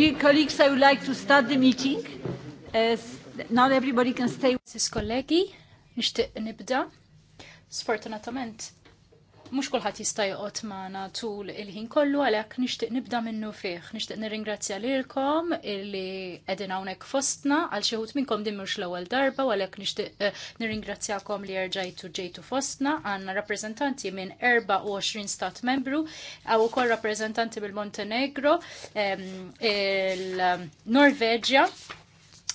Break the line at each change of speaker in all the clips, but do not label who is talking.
Dear colleagues, I would like to start the meeting. As not everybody can stay. Sis kollegi, nixtieq nibda. Sfortunatament, mux kullħat jista' joqgħod magħna tul il-ħin kollu għalhekk nixtieq nibda minnu fih. Nixtieq nirringrazzja lilkom illi qegħdin hawnhekk fostna għal xi wħud minnkom din mhux l-ewwel darba u għalhekk nixtieq eh, nirringrazzjakom li rġajtu ġejtu fostna għandna rappreżentanti minn 24 stat membru għaw ukoll rappreżentanti mill-Montenegro, ehm, il-Norveġja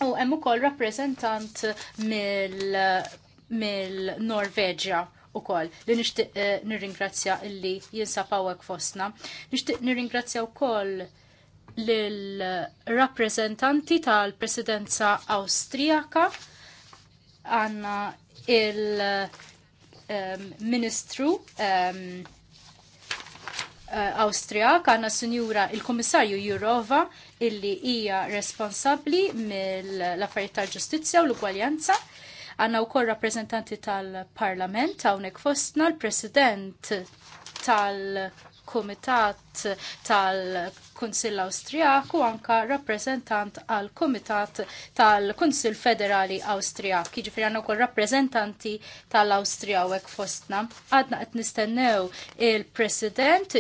u hemm ukoll rappreżentant mill mill-Norveġja u kol. li nishtiq eh, nirringrazzja illi jinsab għawek fosna. Nishtiq nirringrazzja u kol l-rappresentanti tal-presidenza austriaka għanna il-ministru ehm, um, ehm, eh, Awstrijak għanna sinjura il-Komissarju Jurova illi hija responsabli mill-affarijiet tal-ġustizzja u l-ugwaljanza Għanna u koll rappresentanti tal-Parlament, għawnek fostna l-President tal-Komitat tal-Kunsill Awstrijak u anka rappresentant għal-Komitat tal-Kunsill Federali Awstrijak. Kiġifri għanna u koll rappresentanti tal-Awstrija u fostna. Għadna għet nistennew il-President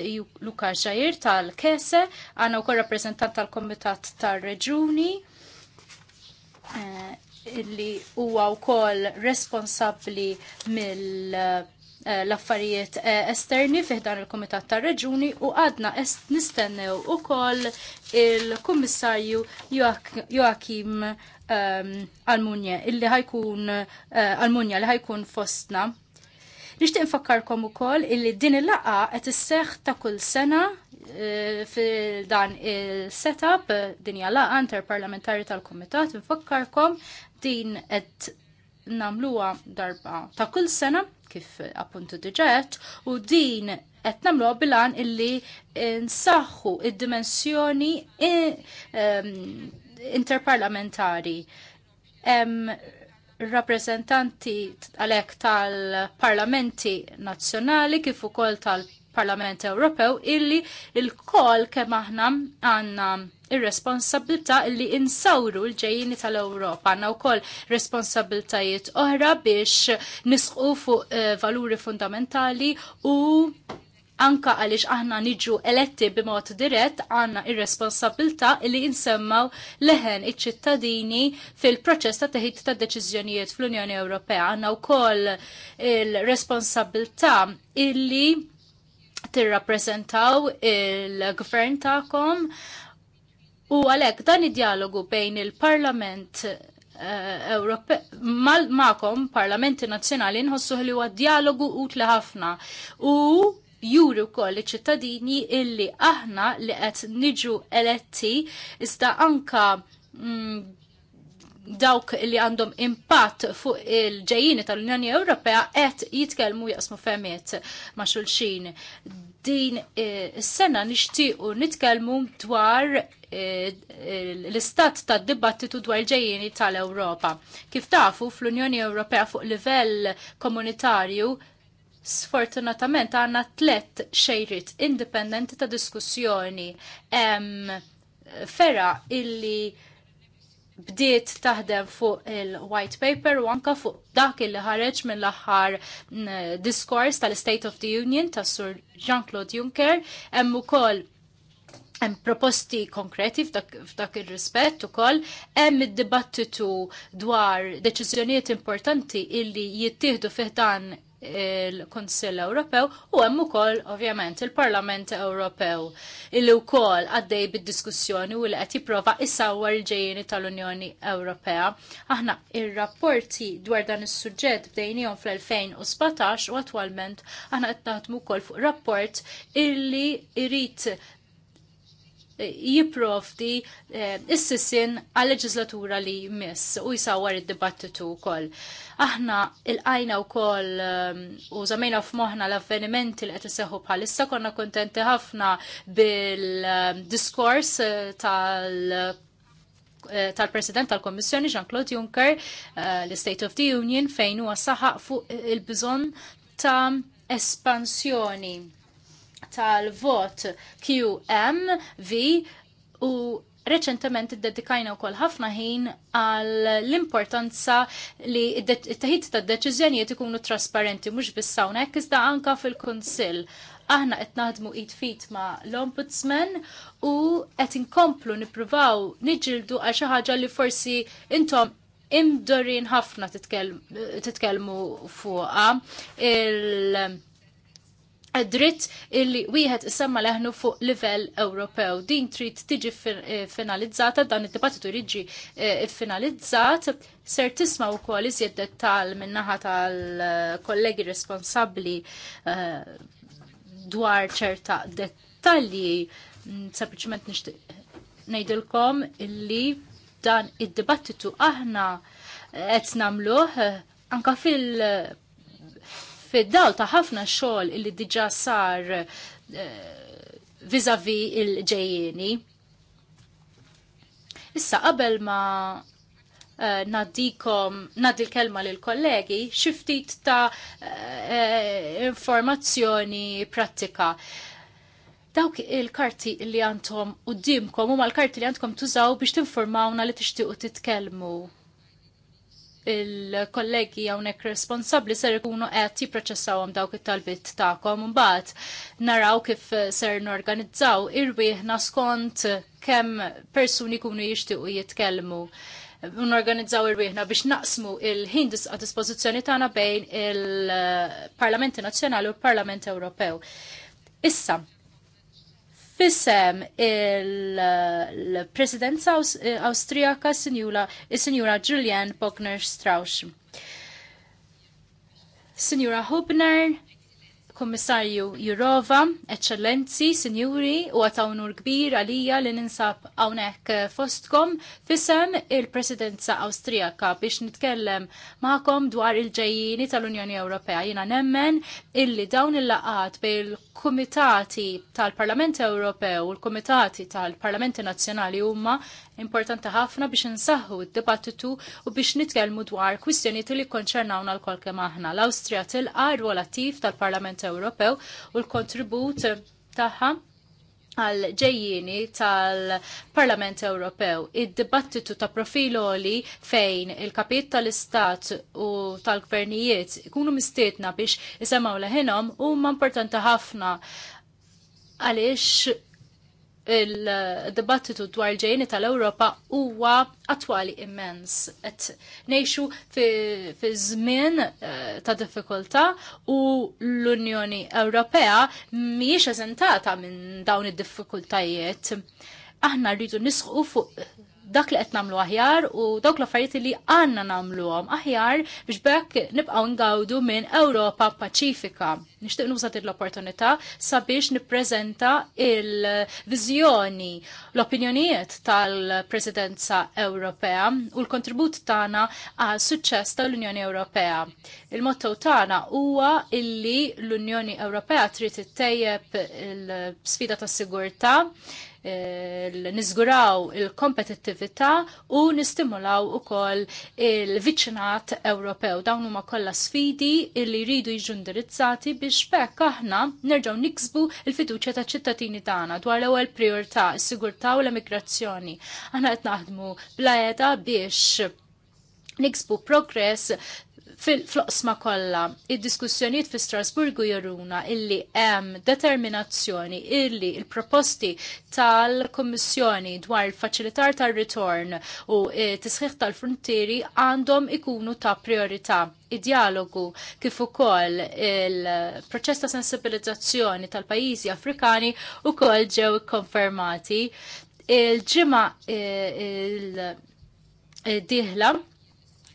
Luka Ġajir tal-Kese, għanna u koll rappresentant tal-Komitat tal-Reġuni. Eh, illi huwa wkoll responsabbli mill l-affarijiet eh, esterni fiħdan il-Komitat tar reġuni u għadna nistennew u koll il-Kummissarju Joachim Almunja illi ħajkun eh, Almunja li ħajkun fostna. Nishtiq nfakkarkom ukoll illi din il-laqa qed isseħħ ta' kull sena eh, fil dan il-setup dinja laqa interparlamentari tal-Komitat nfakkarkom din qed namluwa darba ta' kull sena kif appuntu diġet u din qed namluwa bilan illi nsaħħu id-dimensjoni interparlamentari. Hemm rappresentanti għalek tal-parlamenti nazzjonali kif ukoll tal Parlament Ewropew illi il-kol kemm aħna għandna ir-responsabilità illi insawru l-ġejjini tal-Ewropa. Għandna wkoll responsabiltajiet oħra biex nisqu fuq eh, valuri fundamentali u anka għalix aħna niġu eletti b'mod dirett għanna ir-responsabilta li insemmaw leħen iċ-ċittadini fil-proċess ta' teħid ta' deċiżjonijiet fl-Unjoni Ewropea. Għanna wkoll il-responsabilta illi tirrappreżentaw il-gvern tagħkom u għalhekk dan id-dialogu bejn il-Parlament Ewrope eh, ma'kom parlamenti nazzjonali nħossu li huwa dialogu utli ħafna u juri wkoll iċ-ċittadini illi aħna li qed niġu eletti iżda anka mm, dawk li għandhom impatt fuq il-ġejjini tal-Unjoni Ewropea qed jitkellmu jaqsmu femiet ma' xulxin. Din eh, is-sena nixtiequ nitkellmu dwar eh, l-istat tad dibattitu dwar il-ġejjini tal-Ewropa. Kif tafu fl-Unjoni Ewropea fuq livell komunitarju sfortunatament għanna tlet xejrit indipendenti ta' diskussjoni. fera illi bdiet taħdem fuq il-white paper u anka fuq dak il ħareġ mill aħħar mm, diskors tal-State of the Union tas Sur Jean-Claude Juncker hemm ukoll hemm proposti konkreti f'dak ir-rispett ukoll hemm id-dibattitu dwar deċiżjonijiet importanti illi jittieħdu fih dan il-Konsill Ewropew u hemm ukoll ovvjament il-Parlament Ewropew illi wkoll għaddej bid-diskussjoni u li qed jipprova issawwar il-ġejjieni tal-Unjoni Ewropea. Aħna ir-rapporti dwar dan is-suġġett bdejnihom fl-2017 u attwalment aħna qed naħdmu wkoll fuq rapport illi jrid jiprovdi eh, sissin għal leġislatura li jmiss u jisawar id-dibattitu koll. Aħna il-għajna eh, u koll u zamejna f'moħna l-avvenimenti li qed isseħu bħalissa konna kontenti ħafna bil-diskors eh, tal- eh, tal-President tal-Kommissjoni Jean-Claude Juncker l-State of the Union fejn huwa saħaq fuq il-bżonn ta' espansjoni tal-vot QMV u reċentement id-dedikajna u koll ħafna ħin għal l-importanza li t-teħid ta' deċiżjonijiet ikunu trasparenti mhux biss hawnhekk iżda anka fil-Kunsill. Aħna qed naħdmu id fit ma' l-Ombudsman u qed inkomplu nippruvaw niġildu għal xi ħaġa li forsi intom imdorin ħafna titkellmu fuqha il- dritt illi wieħed semma leħnu fuq livell Ewropew. Din trid tiġi eh, finalizzata, dan id-dibattitu jiġi eh, finalizzat, ser tisma' kol iżjed dettal min-naħa tal-kollegi responsabbli eh, dwar ċerta dettalji mm, sempliċement nixtieq ngħidilkom illi dan id-dibattitu aħna qed nagħmluh anka fil fid-dawl ta' ħafna xogħol illi diġà sar eh, vizavi il-ġejjeni. Issa qabel ma eh, naddikom, naddi l-kelma l-kollegi, xiftit ta' eh, informazzjoni prattika. Dawk il-karti li għandhom u dimkom u l-karti li għandkom tużaw biex tinformawna li tixtiqu titkellmu il-kollegi hawnhekk responsabbli ser ikunu qed jipproċessawhom dawk it-talbit tagħkom imbagħad naraw kif ser norganizzaw irwieħna skont kemm persuni jkunu jixtiequ jitkellmu unorganizzaw ir-riħna biex naqsmu il-ħin a dispożizzjoni tagħna bejn il-Parlamenti Nazzjonali u l-Parlament Ewropew. Issa, Fissem il-presidenza il sinjura Julian Bogner Strauss. Sinjura Hubner, Kommissarju Jurova, Eccellenzi, Sinjuri, u għatawnur kbir għalija li ninsab għawnek eh, fostkom fissem il-Presidenza Austrijaka biex nitkellem maħkom dwar il-ġejjini tal-Unjoni Ewropea. Jina nemmen illi dawn il-laqat bil-Komitati tal-Parlament Ewropew u l-Komitati tal-Parlamenti Nazzjonali huma importanti ħafna biex nsaħħu d-dibattitu u biex nitkellmu dwar kwistjonijiet li konċernawna l-kol kemm aħna. L-Awstrija tilqa' r attiv tal-Parlament Ewropew u l-kontribut tagħha għal ġejjini tal-Parlament Ewropew. Id-dibattitu ta' profiloli fejn il-kapiet tal-istat u tal-gvernijiet ikunu mistietna biex jisemaw leħinhom u ma' importanti ħafna għaliex il-dibattitu dwar ġejni tal-Ewropa huwa attwali immens. Et neħxu fi żmien eh, ta' diffikultà u l-Unjoni Ewropea mhijiex eżentata minn dawn id-diffikultajiet. Aħna rridu nisqu fuq dak li qed nagħmlu aħjar u dawk l-affarijiet li għandna nagħmluhom aħjar biex bekk nibqgħu ngawdu minn Ewropa Paċifika. Nixtieq nuża din l-opportunità sabiex nippreżenta il-viżjoni, l-opinjonijiet tal-Presidenza Ewropea u l-kontribut tagħna għal suċċess tal-Unjoni Ewropea. Il-motto tagħna huwa illi l-Unjoni Ewropea trid ittejjeb il-sfida tas-sigurtà nizguraw il-kompetittività u nistimulaw ukoll il-viċinat Ewropew. Dawn huma kollha sfidi li jridu jiġu indirizzati biex bekk aħna nerġgħu niksbu il-fiduċja ta' ċittadini tagħna dwar l-ewwel priorità s-sigurtà u l-immigrazzjoni. Aħna qed naħdmu bla biex niksbu progress fil-floqsma kollha. il diskussjonijiet fi Strasburgu joruna illi hemm determinazzjoni illi il-proposti tal-Kommissjoni dwar il-faċilitar tar-ritorn u tisħiħ tal-frontieri għandhom ikunu ta' priorità id-dialogu kif ukoll il-proċess ta' sensibilizzazzjoni tal-pajjiżi Afrikani ukoll ġew ikkonfermati il-ġimgħa il-dieħla eh, il eh,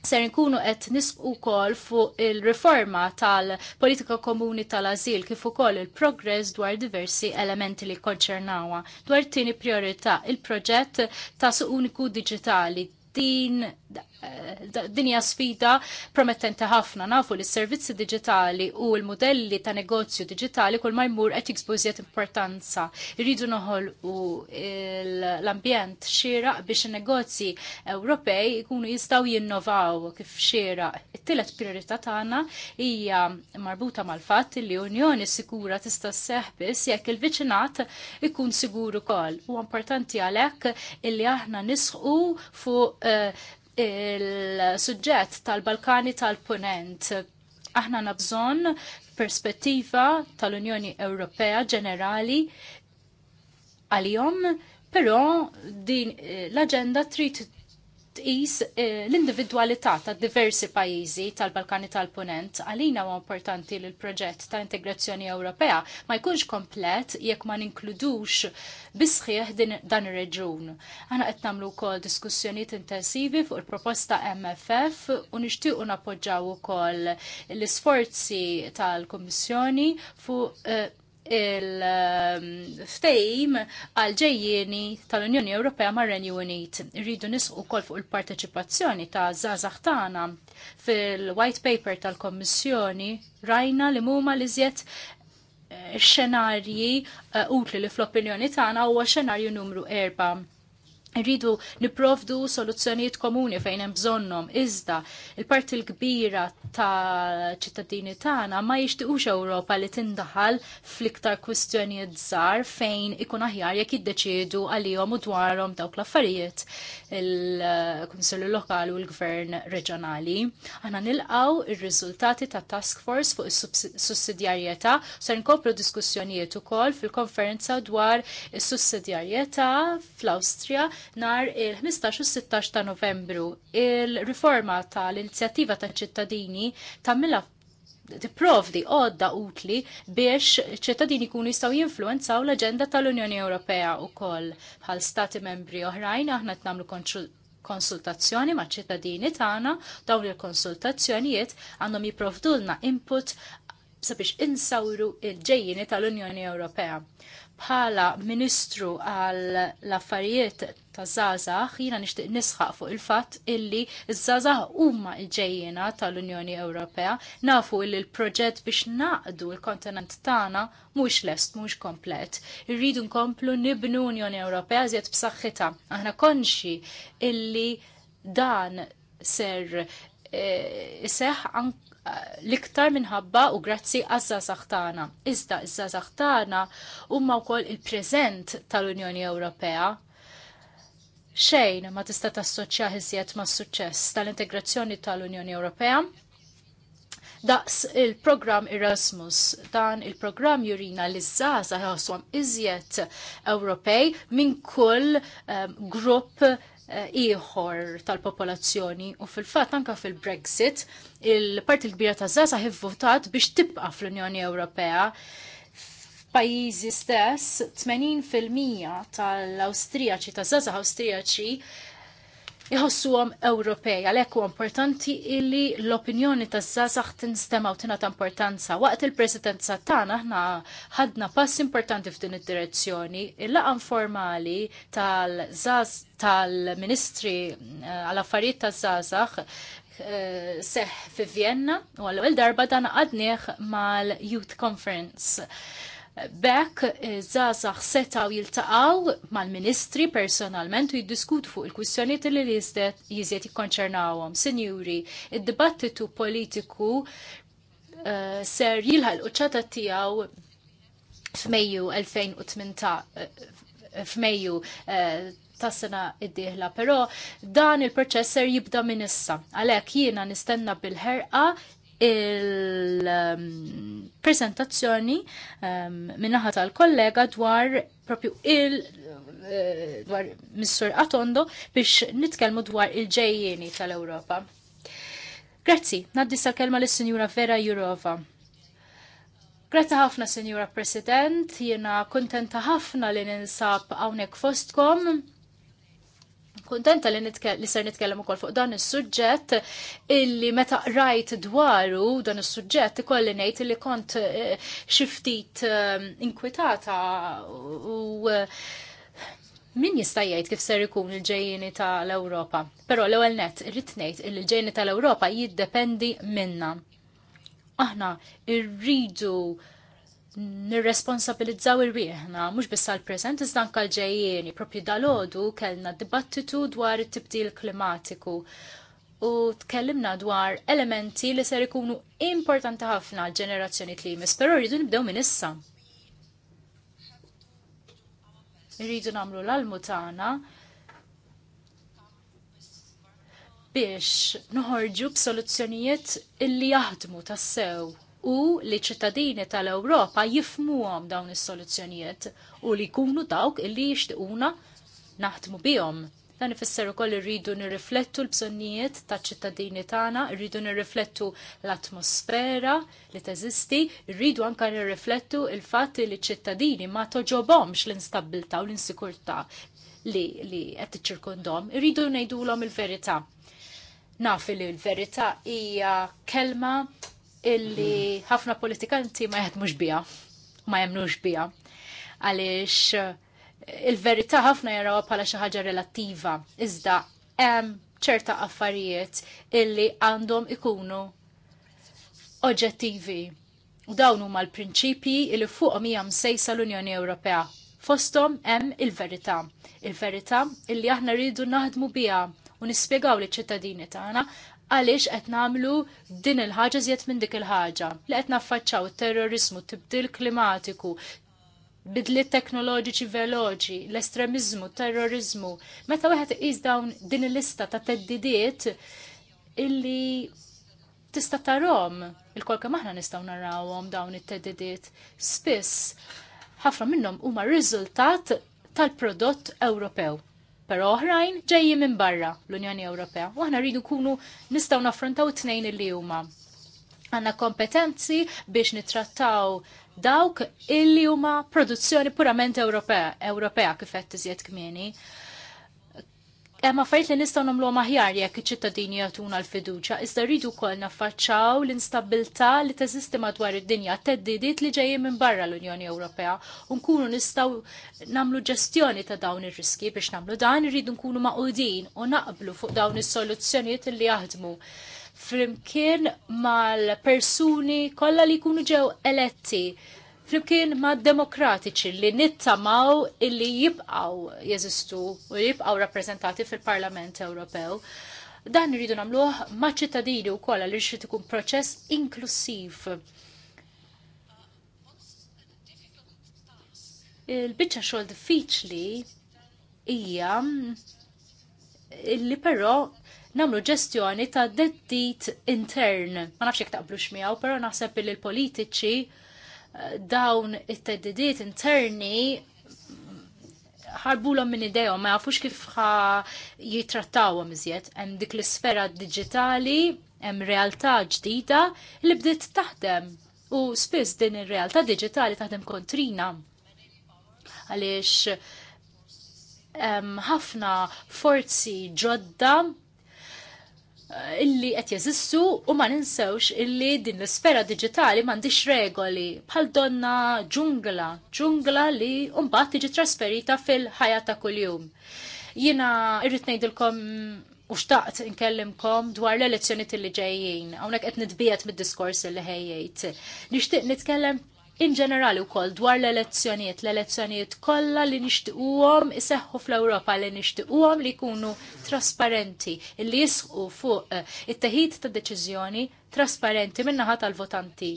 ser nkunu qed nisqu ukoll fuq il-riforma tal-politika komuni tal-azil kif ukoll il-progress dwar diversi elementi li konċernawa. Dwar tieni priorità il-proġett ta' suq uniku diġitali din Eh, dinja sfida promettenti ħafna nafu li s-servizzi digitali u l-modelli ta' negozju digitali kull ma jmur qed jiksbużiet importanza. jridu noħol u l-ambjent xieraq biex in-negozji Ewropej jkunu jistgħu jinnovaw kif xieraq. It-tielet priorità tagħna hija marbuta mal-fatt li Unjoni Sikura tista' sseħħ biss jekk il-viċinat ikun siguru kol. U importanti għalhekk illi aħna nisħu fuq eh, il-suġġett tal-Balkani tal-Punent. Aħna nabżon perspettiva tal-Unjoni Ewropea ġenerali għal-jom Però din l-agenda trid tqis eh, l-individwalità ta' diversi pajjiżi tal-Balkani tal-Punent għalina huwa importanti li l-proġett ta' integrazzjoni Ewropea ma jkunx komplet jekk ma ninkludux bisħieħ dan ir-reġun. Aħna qed nagħmlu wkoll diskussjonijiet intensivi fuq il-proposta MFF u nixtiequ nappoġġaw ukoll l-isforzi tal-Kummissjoni fuq eh, il-ftejm għal-ġejjieni tal-Unjoni Ewropea mar renju Unit. Rridu nisqu kol fuq il-parteċipazzjoni ta' zazax tagħna fil-white paper tal-Kommissjoni rajna li muma li zjed eh, xenarji eh, utli li fl-opinjoni tagħna huwa xenarju numru erba' Rridu niprovdu soluzzjonijiet komuni fejn hemm bżonnhom, iżda il-parti l-kbira ta' ċittadini tagħna ma jixtiequx Ewropa li tindaħal fl-iktar kwistjonijiet żgħar fejn ikun aħjar jekk jiddeċiedu għalihom u dwarhom dawk l-affarijiet il kunsilli Lokali u l-Gvern Reġjonali. Aħna nilqgħu ir-riżultati ta' task force fuq is-sussidjarjetà se nkomplu diskussjonijiet ukoll fil-konferenza dwar is-sussidjarjetà fl-Awstrija nar il-15 u 16 ta' novembru. Il-riforma tal-inizjattiva ta' ċittadini tammilla tipprovdi għodda utli biex ċittadini kunu jistaw jinfluenzaw l-agenda tal-Unjoni Ewropea u koll. Bħal stati membri oħrajn aħna t-namlu konsultazzjoni ma' ċittadini tagħna dawn il-konsultazzjonijiet għandhom jipprovdulna input sabiex insawru il-ġejjini tal-Unjoni Ewropea bħala Ministru għal l-affarijiet ta' Zazax jina nixtieq nisħaq fuq il-fatt illi Zazax huma l-ġejjina tal-Unjoni Ewropea nafu illi l-proġett biex naqdu l-kontinent tagħna mhux lest mhux komplet. Irridu nkomplu nibnu Unjoni Ewropea żied b'saħħitha. Aħna konxi illi dan ser eh, seħ anke l-iktar minħabba u grazzi għazza saħtana. Iżda iżda saħtana umma u koll il-prezent tal-Unjoni Ewropea. Xejn ma tista tassoċja ħizjet ma suċċess tal-integrazzjoni tal-Unjoni Ewropea. Daqs il-program Erasmus, dan il-program jurina li zaza ħaswam iżjed Ewropej minn kull um, grupp Eh, ieħor tal-popolazzjoni u fil-fatt anka fil-Brexit il-parti l-kbira ta' Zaza votat biex tibqa' fl-Unjoni Ewropea f'pajjiżi stess 80% tal-Awstrijaċi ta' Zaza Awstrijaċi għom Ewropej. Għalhekk huwa importanti illi l-opinjoni taż-żgħażagħ tinstema' u tingħata importanza. Waqt il-presidenza tagħna aħna ħadna pass importanti f'din id-direzzjoni. Il-laqgħa formali tal-żgħaż tal-Ministri eh, għal-affarijiet taż zazax eh, seħ fi Vienna u għal darba dan għadnieħ mal-Youth Conference Bekk eh, zazax setaw jiltaqaw mal-ministri personalment u jiddiskutu fuq il kwissjoniet li jizjet jikkonċernawhom. Sinjuri, id-dibattitu politiku eh, ser jilħal uċċata tiegħu f'Mejju 2018 eh, f'Mejju uh, tas-sena id-dieħla, però dan il-proċess ser jibda minn issa. Għalhekk jiena nistenna bil-ħerqa il-presentazzjoni um, um, minnaħa tal-kollega dwar propju il- uh, dwar Missur Atondo biex nitkellmu dwar il-ġejjieni tal-Ewropa. Grazzi, naddisa kelma l-Sinjura Vera Jurova. Grazzi ħafna, Senjura President, jiena kontenta ħafna li ninsab hawnhekk fostkom Kontenta li, li ser nitkellem ukoll fuq dan is-suġġett illi meta rajt dwaru dan is-suġġett ikolli ngħid li kont eh, xi ftit eh, inkwitata u eh, min jista' jgħid kif ser ikun il-ġejjini tal-Ewropa. Però l-ewwel nett irrid ngħid li l-ġejjini tal-Ewropa jiddependi minna. Aħna rridu nirresponsabilizzaw ir-rieħna, mhux biss l preżent iżda anke propju ġejjieni proprju dalodu kellna dibattitu dwar it-tibdil klimatiku u tkellimna dwar elementi li ser ikunu importanti ħafna l ġenerazzjoni tlimis, però rridu nibdew minn issa. Rridu nagħmlu l-almu tagħna biex noħorġu b'soluzzjonijiet illi jaħdmu tassew u li ċittadini tal-Ewropa jifmuhom dawn is-soluzzjonijiet u li jkunu dawk illi jixtiquna naħdmu bihom. Dan ifisser ukoll irridu nirriflettu l-bżonnijiet taċ ċittadini tagħna, irridu nirriflettu l-atmosfera li teżisti, irridu anke nirriflettu l fatt li ċittadini ma toġobhomx l-instabilità u l-insikurtà li li qed tiċċirkundhom, irridu ngħidulhom il-verità. Naf li l-verità hija kelma illi ħafna politikanti ma jaħdmux bija, ma jemnux bija. Għaliex eh, il-verità ħafna jaraw bħala xi ħaġa relattiva, iżda hemm ċerta affarijiet illi għandhom ikunu oġġettivi. U dawn huma l-prinċipji li fuqhom hija msejsa l-Unjoni Ewropea. Fosthom hemm il-verità. Il-verità illi aħna rridu naħdmu biha u nispjegaw liċ ċittadini tagħna għaliex qed nagħmlu din il-ħaġa żjed minn dik il-ħaġa li qed naffaċċaw terrorizmu, tibdil klimatiku, bidliet teknoloġiċi veloċi, l-estremizmu, terrorizmu. Meta wieħed iqis dawn din il-lista ta' teddidiet illi tista' tarhom il kolka maħna aħna nistgħu narawhom dawn it-teddidiet. Spiss ħafna minnhom huma r-riżultat tal-prodott Ewropew pero oħrajn ġejjin minn barra l-Unjoni Ewropea. U aħna rridu kunu nistgħu naffrontaw tnejn illi huma. Għandna kompetenzi biex nitrattaw dawk illi huma produzzjoni purament Ewropea, Ewropea kif qed tiżjed kmieni. Emma fajt li nistgħu nagħmlu maħjar jekk iċ-ċittadini jagħtuna l-fiduċja, iżda rridu wkoll naffaċċaw l-instabilità li teżisti madwar id-dinja t-teddidiet li ġejjin minn barra l-Unjoni Ewropea u nkunu nistgħu nagħmlu ġestjoni ta' dawn ir-riski biex nagħmlu dan irridu nkunu maqudin u naqblu fuq dawn is-soluzzjonijiet li jaħdmu flimkien mal-persuni kollha li jkunu ġew eletti flimkien ma' demokratiċi li nittamaw illi jibqaw jeżistu u jibqaw rappresentati fil-Parlament Ewropew. Dan rridu namluħ ma' ċittadini u kolla li rrid ikun proċess inklusiv. Il-bicċa xogħol diffiċli hija illi però namlu ġestjoni ta' dettit intern. Ma nafx ktaqblu taqblux miegħu, però naħseb li l il politiċi dawn it-teddidiet interni ħarbulhom minn idejhom ma jafux kif jitrattawhom iżjed. Hemm dik l-isfera diġitali, hemm realtà ġdida li bdiet taħdem. U spiss din ir-realtà diġitali taħdem kontrina. Għaliex ħafna forzi ġodda Eh, illi qed jeżistu u ma ninsewx illi din l-sfera digitali m'għandix regoli bħal donna ġungla, ġungla li mbagħad tiġi trasferita fil-ħajja ta' kuljum. Jiena irrid ngħidilkom u xtaqt nkellimkom dwar l-elezzjonijiet li ġejjin, hawnhekk qed nitbiet mid-diskors li ħejjejt. Nixtieq nitkellem in ġenerali wkoll dwar l-elezzjonijiet, l-elezzjonijiet kollha li nixtiquhom iseħħu fl-Ewropa li nixtiquhom li jkunu trasparenti, li jisqu fuq eh, it-teħid ta' deċiżjoni trasparenti min-naħa tal-votanti.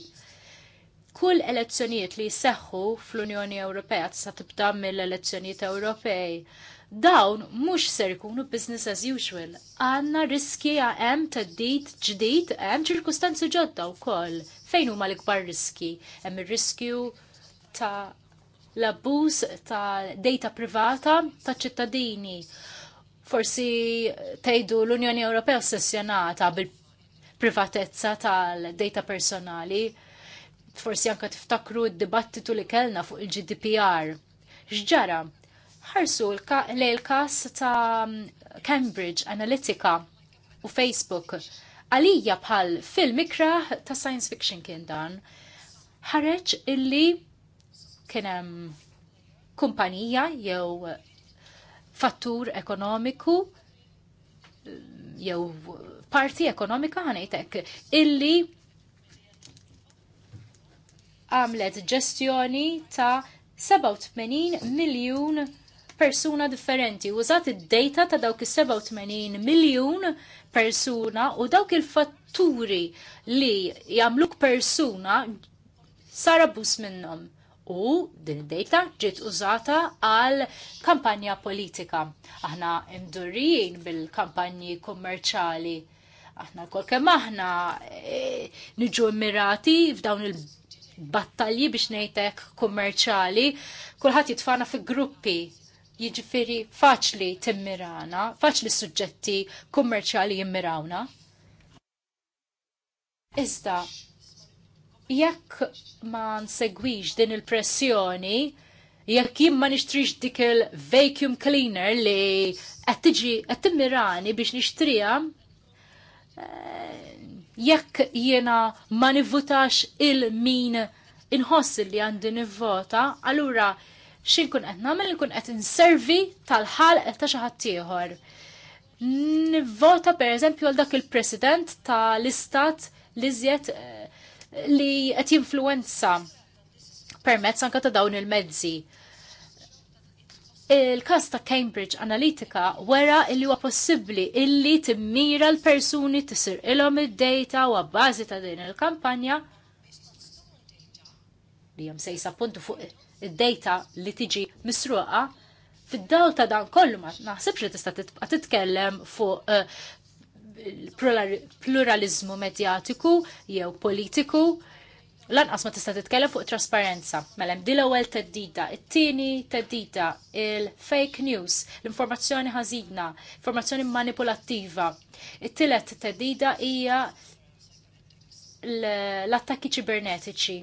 Kull elezzjonijiet li jseħħu fl-Unjoni Ewropea tista' tibda mill-elezzjonijiet Ewropej dawn mhux ser ikunu business as usual. Għanna riski hemm dit ġdid hemm ċirkustanzi ġodda wkoll. Fejn huma l-ikbar riski? Hemm ir-riskju ta' l-abbuż ta' data privata ta' ċittadini. Forsi tgħidu l-Unjoni Ewropea ossessjonata bil-privatezza tal-data personali. Forsi anka tiftakru d-dibattitu li kellna fuq il-GDPR. X'ġara ħarsu l-kas ta' Cambridge Analytica u Facebook. Għalija bħal film ikra ta' science fiction kien dan. Ħareġ illi kienem kumpanija jew fattur ekonomiku jew parti ekonomika ħanejtek illi għamlet ġestjoni ta' 87 miljun persuna differenti. Użat id-data ta' dawk is-87 miljun persuna u dawk il-fatturi li jagħmluk persuna sar abbuż minnhom. U din id-data ġiet użata għal kampanja politika. Aħna imdurrijin bil-kampanji kommerċali. Aħna kol kemm aħna e, niġu immirati f'dawn il- battalji biex nejtek kummerċali, kulħadd jitfana fi gruppi jiġifieri faċli timmirana, faċli suġġetti kummerċjali jimmirawna. Iżda jekk ma nsegwix din il-pressjoni, jekk jien ma nixtrix dik il-vacuum cleaner li qed tiġi timmirani biex nixtriha, eh, jekk jiena ma nivvutax il-min inħoss li għandi nivvota, allura Xi kun qed nagħmel nkun qed inservi tal-ħalq ta' xi ħadd ieħor. Nivvota pereżempju għal dak il-President tal-Istat li żjed eh, li qed jinfluwenza permezz anke ta' dawn il-mezzi. Il-kas ta' Cambridge Analytica wera illi huwa possibbli illi timmira l-persuni tisir ilhom id-data u bażi ta' din il-kampanja li jom sejsa puntu fuq id-data li tiġi misruqa fid-dawl ta' dan kollu ma naħsibx li tista' tibqa' titkellem fuq eh, pluralizmu medjatiku jew politiku lanqas ma tista' titkellem fuq trasparenza. Mela di l-ewwel teddida, it-tieni teddida il-fake news, l-informazzjoni ħażina, informazzjoni manipulattiva. It-tielet teddida hija l-attakki ċibernetiċi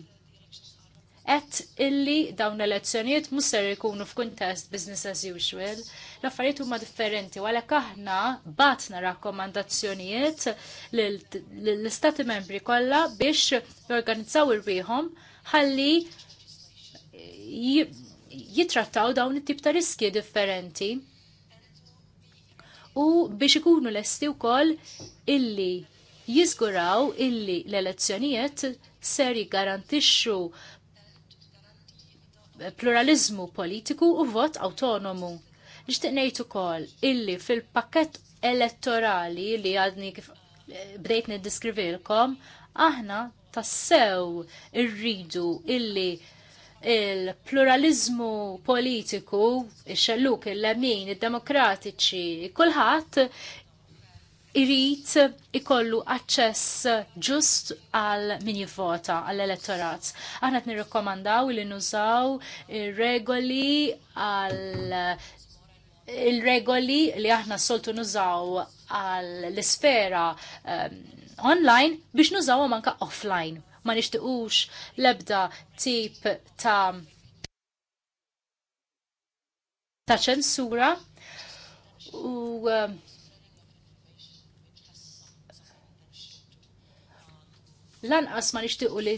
et illi dawn l-elezzjonijiet musser ikunu f'kuntest business as usual, l-affarijiet huma differenti, għalhekk aħna batna rakkomandazzjonijiet l-istati membri kollha biex jorganizzaw irwieħhom ħalli jitrattaw dawn it-tip ta' riski differenti. U biex ikunu lesti wkoll illi jiżguraw illi l-elezzjonijiet ser jiggarantixxu pluralizmu politiku u vot autonomu. Nixtieq ngħid ukoll illi fil-pakket elettorali li għadni eh, bdejt niddiskrivilkom, aħna tassew irridu illi il-pluralizmu politiku, il xelluk il-lemin, id-demokratiċi, kulħadd irrit ikollu aċċess ġust għal min jivvota għall elettorat Aħna qed nirrikkomandaw li nużaw regoli għal il-regoli li aħna soltu nużaw għal l-sfera um, ehm, online biex nużaw manka offline. Ma l lebda tip ta' ta' ċensura u um, lanqas ma nixtiequ li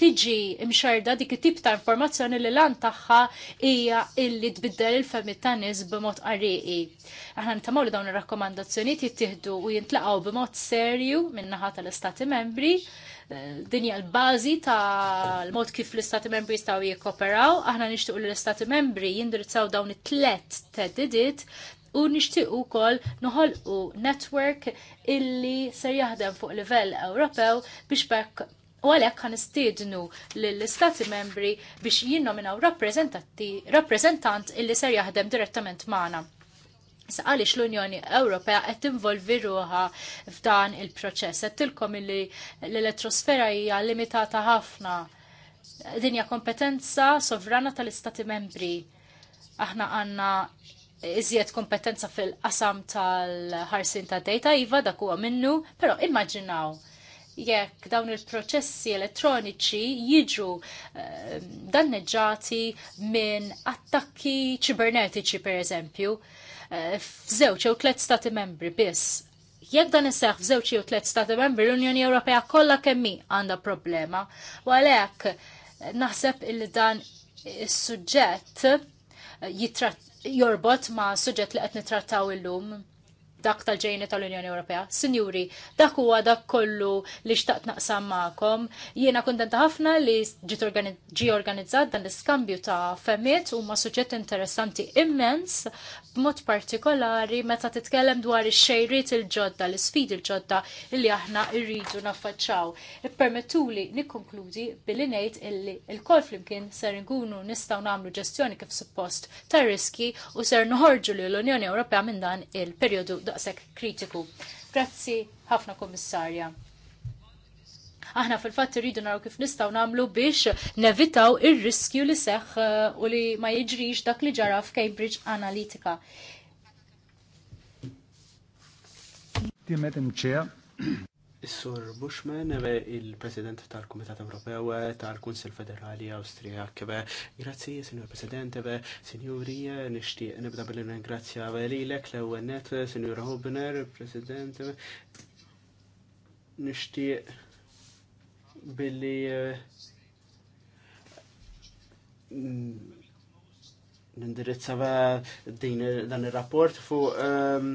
tiġi imxarda dik it-tip ta' informazzjoni li lan tagħha hija illi tbiddel il-femi ta' nies b'mod qariqi. Aħna nittamaw li dawn ir-rakkomandazzjonijiet jittieħdu u jintlaqgħu b'mod serju min-naħa tal-Istati Membri eh, dinja l-bazi tal-mod kif l-Istati membri jistaw jikoperaw, aħna nixtuq l-Istati membri jindirizzaw dawn it-tlet teddidiet u nixtieq ukoll noħolqu network illi ser jaħdem fuq livell Ewropew biex bekk u għalhekk kan istiednu l-istati membri biex jinnominaw rappreżentant illi ser jaħdem direttament magħna. Issa għaliex l-Unjoni Ewropea qed tinvolvi ruha f'dan il-proċess. Qed tilkom illi l-elettrosfera hija limitata ħafna. Din hija kompetenza sovrana tal-Istati membri. Aħna għandna iżjed kompetenza fil-qasam tal-ħarsin ta' data, iva dak huwa minnu, però immaġinaw jekk dawn il-proċessi elettroniċi jiġu eh, danneġġati minn attakki ċibernetiċi per eżempju, eh, f'żewġ jew tliet stati membri biss. Jekk dan iseħħ f'żewġ jew tliet stati membri, l-Unjoni Ewropea kollha kemm għandha problema. U għalhekk naħseb il dan is-suġġett jitrat jorbot ma' suġġett li qed nitrattaw illum dak tal-ġejni tal-Unjoni Ewropea. Sinjuri, dak huwa dak kollu li xtaqt naqsam magħkom. Jiena kuntenta ħafna li ġi organizzat dan l-iskambju ta' femiet u ma' suġġett interessanti immens b'mod partikolari meta titkellem dwar ix-xejriet il-ġodda, l-isfid il-ġodda li aħna rridu naffaċċaw. Ippermettuli nikkonkludi billi ngħid illi l-kol flimkien ser nkunu nistgħu nagħmlu ġestjoni kif suppost ta' riski u ser noħorġu lil unjoni Ewropea minn dan il-perjodu daqshekk kritiku. Grazzi ħafna Kummissarja. Aħna fil-fatt irridu naraw kif nistgħu nagħmlu biex nevitaw ir-riskju li seħħ uh, u li ma jiġrix dak li ġara f'Cambridge Analytica. Dear Madam Chair,
Is-Sur Bushman, eh, il-President tal-Kumitat Ewropew eh, tal-Kunsil Federali Awstrijak. Eh, grazzi, Sinjur President, Sinjuri, nixtieq nibda billi ringrazzja lilek l-ewwel net, Sinjur Hubner, President. Nixtieq billi eh, nindirizza din dan ir-rapport fuq ehm,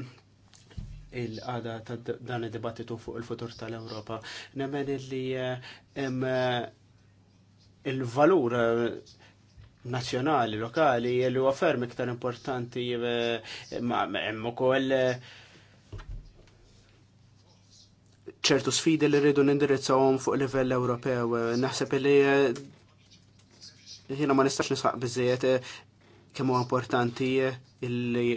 il għada ta' dan id-dibattitu fuq il-futur tal europa Nemmen li eh, hemm eh, il-valur nazzjonali, lokali, li huwa ferm iktar importanti emmu kol ċertu sfidi li rridu nindirizzawhom fuq livell Ewropew. Naħseb li eh, jiena ma nistax nisħaq biżejjed eh, kemm huwa importanti eh, illi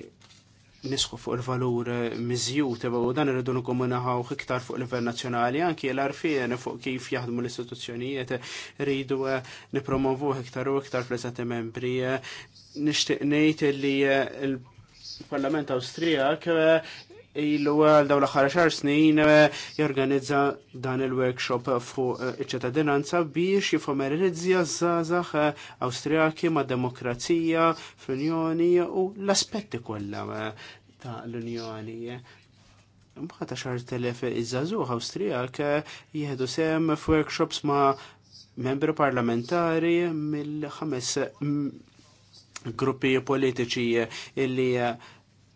nisħu fuq il-valur miżjut u dan irridu nikkomunaw iktar fuq livell nazzjonali anki l-arfien fuq kif jaħdmu l-istituzzjonijiet rridu nipromovu iktar u iktar fl-eżati membri. Nixtieq ngħid li l-Parlament Awstrijak ilu għal daw l-axar xar snin eh, jorganizza dan il-workshop fuq eh, iċ-ċittadinanza biex jifomerizja zazax eh, Awstrijaki ma' demokrazija fl-Unjoni u l-aspetti kollha ta' l-Unjoni. Mbħata xar telef iż-żazuħ Awstrijak jieħdu sem f'workshops ma' membri parlamentari mill-ħames mm, gruppi politiċi illi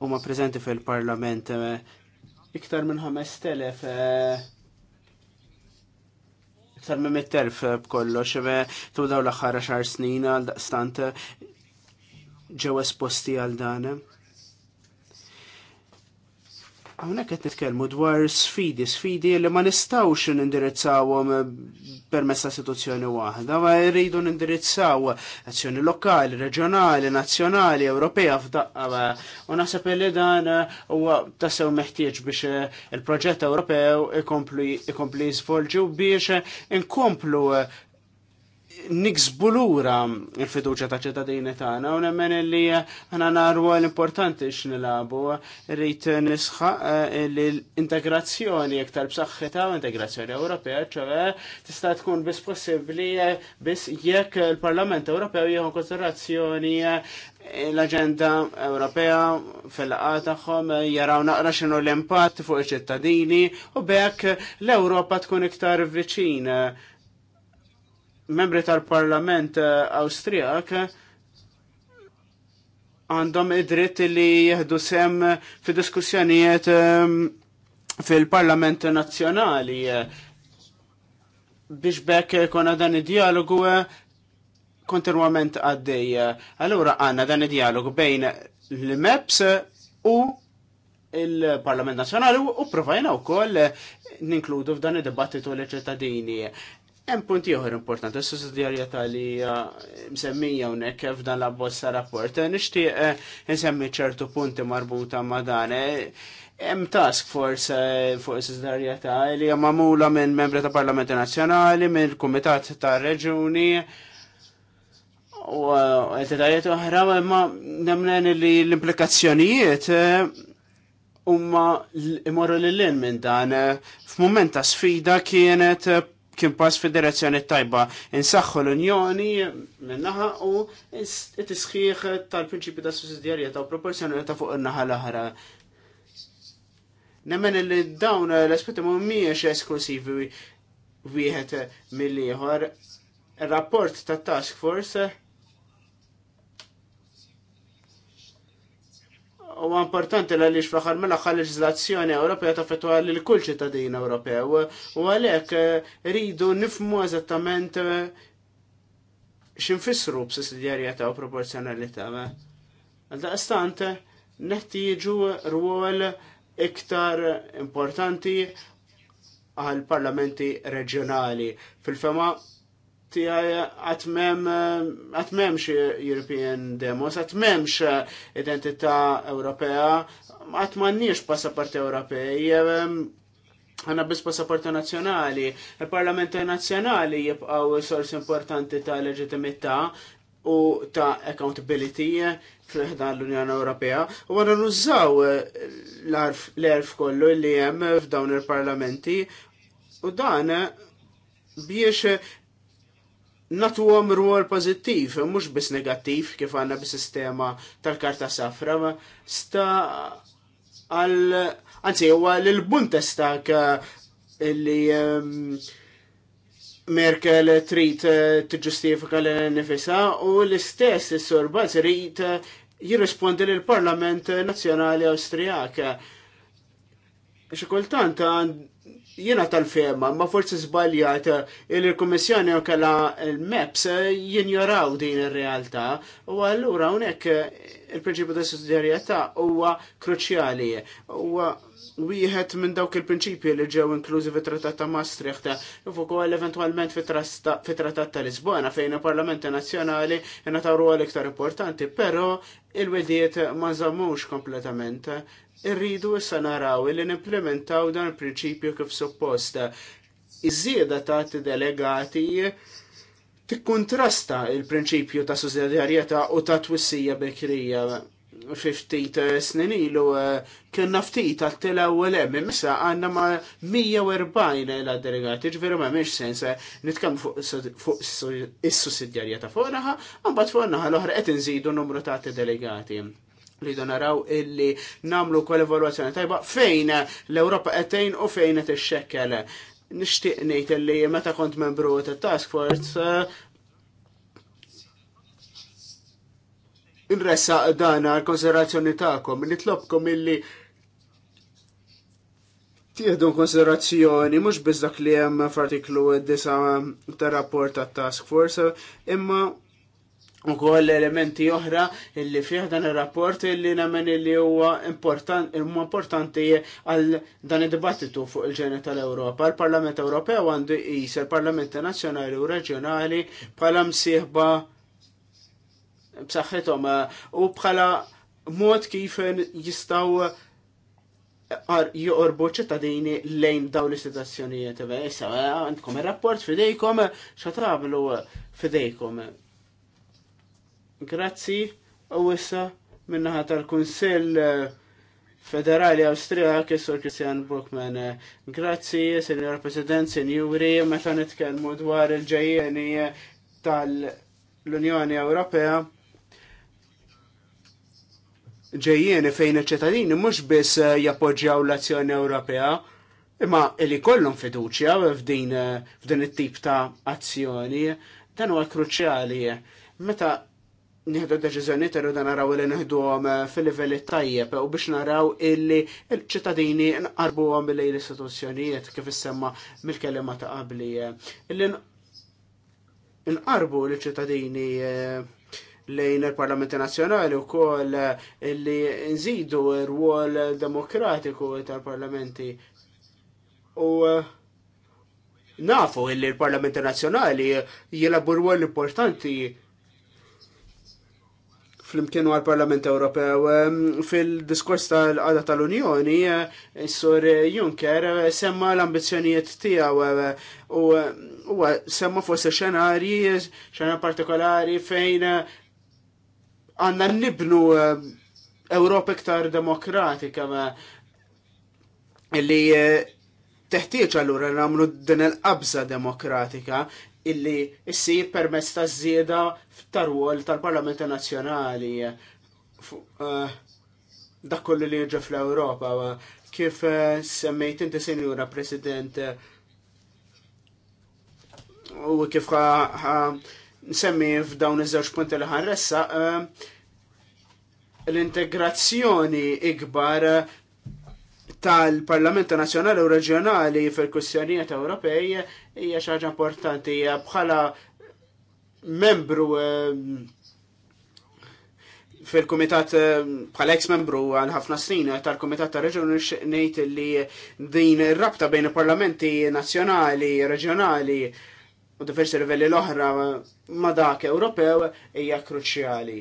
huma preżenti fil-Parlament eh, iktar minn 5000 eh, iktar minn 100,000 eh, b'kollox, tu daw l-aħħar xar snin għal daqstant ġewes esposti għal danem. Għawnek għet nitkelmu dwar sfidi, sfidi li ma nistawx nindirizzawom eh, per messa situazzjoni wahda, ma rridu nindirizzaw azzjoni lokali, regionali, nazzjonali, Ewropea f'daqqa. U naħseb li dan eh, huwa tassew meħtieġ biex eh, il-proġett Ewropew ikomplu jisvolġu biex inkomplu niksbu lura il-fiduċa ta' ċittadini tagħna u nemmen li eh, għana narwa l-importanti x'nilabu rrid nisħaq eh, l-integrazzjoni iktar b'saħħitha u integrazzjoni Ewropea, ċewe tista' tkun biss possibbli eh, biss jekk il-Parlament Ewropew jieħu konsiderazzjoni l-agenda Ewropea fil-laqa tagħhom jaraw naqra x'inhu l-impatt fuq iċ-ċittadini u bekk l-Ewropa tkun iktar viċin membri tal-Parlament eh, Awstrijak għandhom id-dritt li jieħdu sem fi diskussjonijiet eh, fil-Parlament Nazzjonali biex bekk kona dan id-dialogu eh, kontinuament għaddej. Allura għanna dan id-dialogu bejn l-MEPS u il-Parlament Nazjonali u provajna u koll ninkludu f'dan id-dibattitu l ċittadini. Hemm punti oħra importanti, s-sussidjarjetà li msemmija hawnhekk f'dan l abbozza rapport. Nixtieq eh, insemmi ċertu punti marbuta ma' dan. Eh. Hemm task force eh, fuq is-sussidjarjetà li hija magħmula minn membri ta' Parlamenti Nazzjonali, mill kumitat ta' Reġuni u entitajiet oħra, ma nemmen li l-implikazzjonijiet huma imorru lil minn dan f'mument ta' sfida kienet kien pass federazzjoni tajba insaħħu l-Unjoni minnaħa u t-isħiħ tal-prinċipi ta' sussidjarjetà u proporzjonalità fuq in-naħa l-aħra. Nemmen li dawn l-aspetti mhijiex esklusivi wieħed mill-ieħor. il rapport tat-task force U importanti għaliex fl-axar mela axar leġizlazzjoni Ewropea taffettwa l kull ċittadin Ewropew. U għalhekk eh, rridu nifmu eżattament eh, x'infissru ta' u proporzjonalità. Għaldaqstant jiġu rwol iktar importanti għal parlamenti reġjonali. Fil-fema tijaj għatmemx European demos, għatmemx identità Ewropea, għatmanniex passaport Ewropej, għanna bis Passaporti nazjonali. Il-Parlament nazjonali jibqaw sors importanti ta' leġitimità u ta' accountability fl ħda l-Unjoni Ewropea u għanna nużaw l-erf kollu li jem f'dawn il-parlamenti u dan biex natu għom ruol pozittiv, mux bis negattiv kif għanna bis-sistema tal-karta safra, ma sta għal, anzi, huwa l-Bundestag eh, li ehm, Merkel trid eh, tiġġustifika l-nifisa u l-istess is-Sur Baz irid eh, jirrispondi lill parlament Nazzjonali Awstrijak. Xi kultant jena tal-fema, ma forsi zbaljat eh, il komissjoni u kalla il-MEPS eh, jinjoraw din il-realtà u għallura unek eh, il-prinċipju ta' sussidjarietà huwa kruċjali. Huwa wieħed minn dawk il-prinċipji li ġew inklużi fit-Trattat ta' Maastricht fuq ukoll eventwalment fit-Trattat ta' Lisbona fejn il-Parlamenti Nazzjonali jena ta' rwol iktar importanti, però il-wedijiet ma nżammux kompletament irridu issa naraw li nimplementaw dan il-prinċipju kif supposta. Iż-żieda ta' delegati tikkuntrasta il-prinċipju ta' sussidjarjetà u ta' twissija bekrija. Fiftit eh, snin ilu eh, kien ftit għal ewwel hemm issa għandna ma' 140 l delegati, ġveru ma' mhix sens eh, nitkam fuq is-sussidjarjetà fuq naħa, mbagħad fuq naħa l-oħra qed inżidu numru ta' delegati rridu naraw illi namlu kol evalwazzjoni tajba fejn l-Ewropa qed u fejn qed ixxekkel. Nixtieq ngħid illi meta kont membru tat-task force Inressa eh, dana l-konsiderazzjoni ta'kom, nitlobkom illi tieħdu konsiderazzjoni mhux biss dak li hemm f'artiklu 9 tar rapport tat task force, imma u koll elementi oħra illi fih dan il-rapport illi namen illi huwa important, importanti għal dan id-dibattitu fuq il-ġenet tal-Europa. Il-Parlament Ewropew għandu jis il-Parlamenti Nazzjonali u Reġjonali bħala msieħba b'saħħithom eh, u bħala mod kif jistaw jorbu ċittadini lejn daw l-istituzzjonijiet. Issa, eh, għandkom il-rapport fidejkom, eh, xatablu fidejkom. Grazzi, u issa minnaħa tal-Kunsill eh, Federali Awstrijak, Sur Christian Bukman. Grazzi, Senjor President, Senjuri, meta nitkellmu dwar il-ġejjeni tal-Unjoni Ewropea Ġejjeni fejn iċ-ċittadini mhux biss eh, jappoġġjaw l-azzjoni Ewropea, imma li kollhom fiduċja f'din eh, f'din it-tip ta' azzjoni, dan huwa kruċjali. Meta nieħdu deċiżjoni terru da naraw li għom fil-livelli tajjeb u biex naraw illi l-ċittadini nqarbuhom lejn l-istituzzjonijiet kif semma mill-kelima ta' qabli. Illi nqarbu l-ċittadini eh, lejn il-Parlamenti Nazzjonali u koll li nżidu r-wol demokratiku tal-Parlamenti. U eh, nafu li l-Parlamenti Nazzjonali jilabu rwol importanti fl-imkienu għal-Parlament Ewropew. Fil-diskors tal-qada tal-Unjoni, s-sur eh, Juncker semma l-ambizjonijiet tijaw eh, u semma forse xenarji, xena partikolari fejn għanna nibnu eh, Ewropa iktar demokratika li teħtieġ allura nagħmlu din il-qabża demokratika illi ssir permezz ta' żieda tar wol tal-Parlament Nazzjonali eh, dak kollu li jiġu fl-Ewropa kif eh, semmejt inti senjura President eh, u kif nsemmi f'dawn iż-żewġ punti li ħanressa l-integrazzjoni ikbar tal-Parlamenta Nazzjonali u Reġjonali fil-kwistjonijiet Ewropej hija xi ħaġa importanti bħala membru eh, fil kumitat eh, bħala ex membru għal ħafna snin tal kumitat ta' Reġjoni ngħid li din ir-rabta bejn il-parlamenti nazzjonali, reġjonali u diversi livelli l-oħra ma dak Ewropew hija kruċjali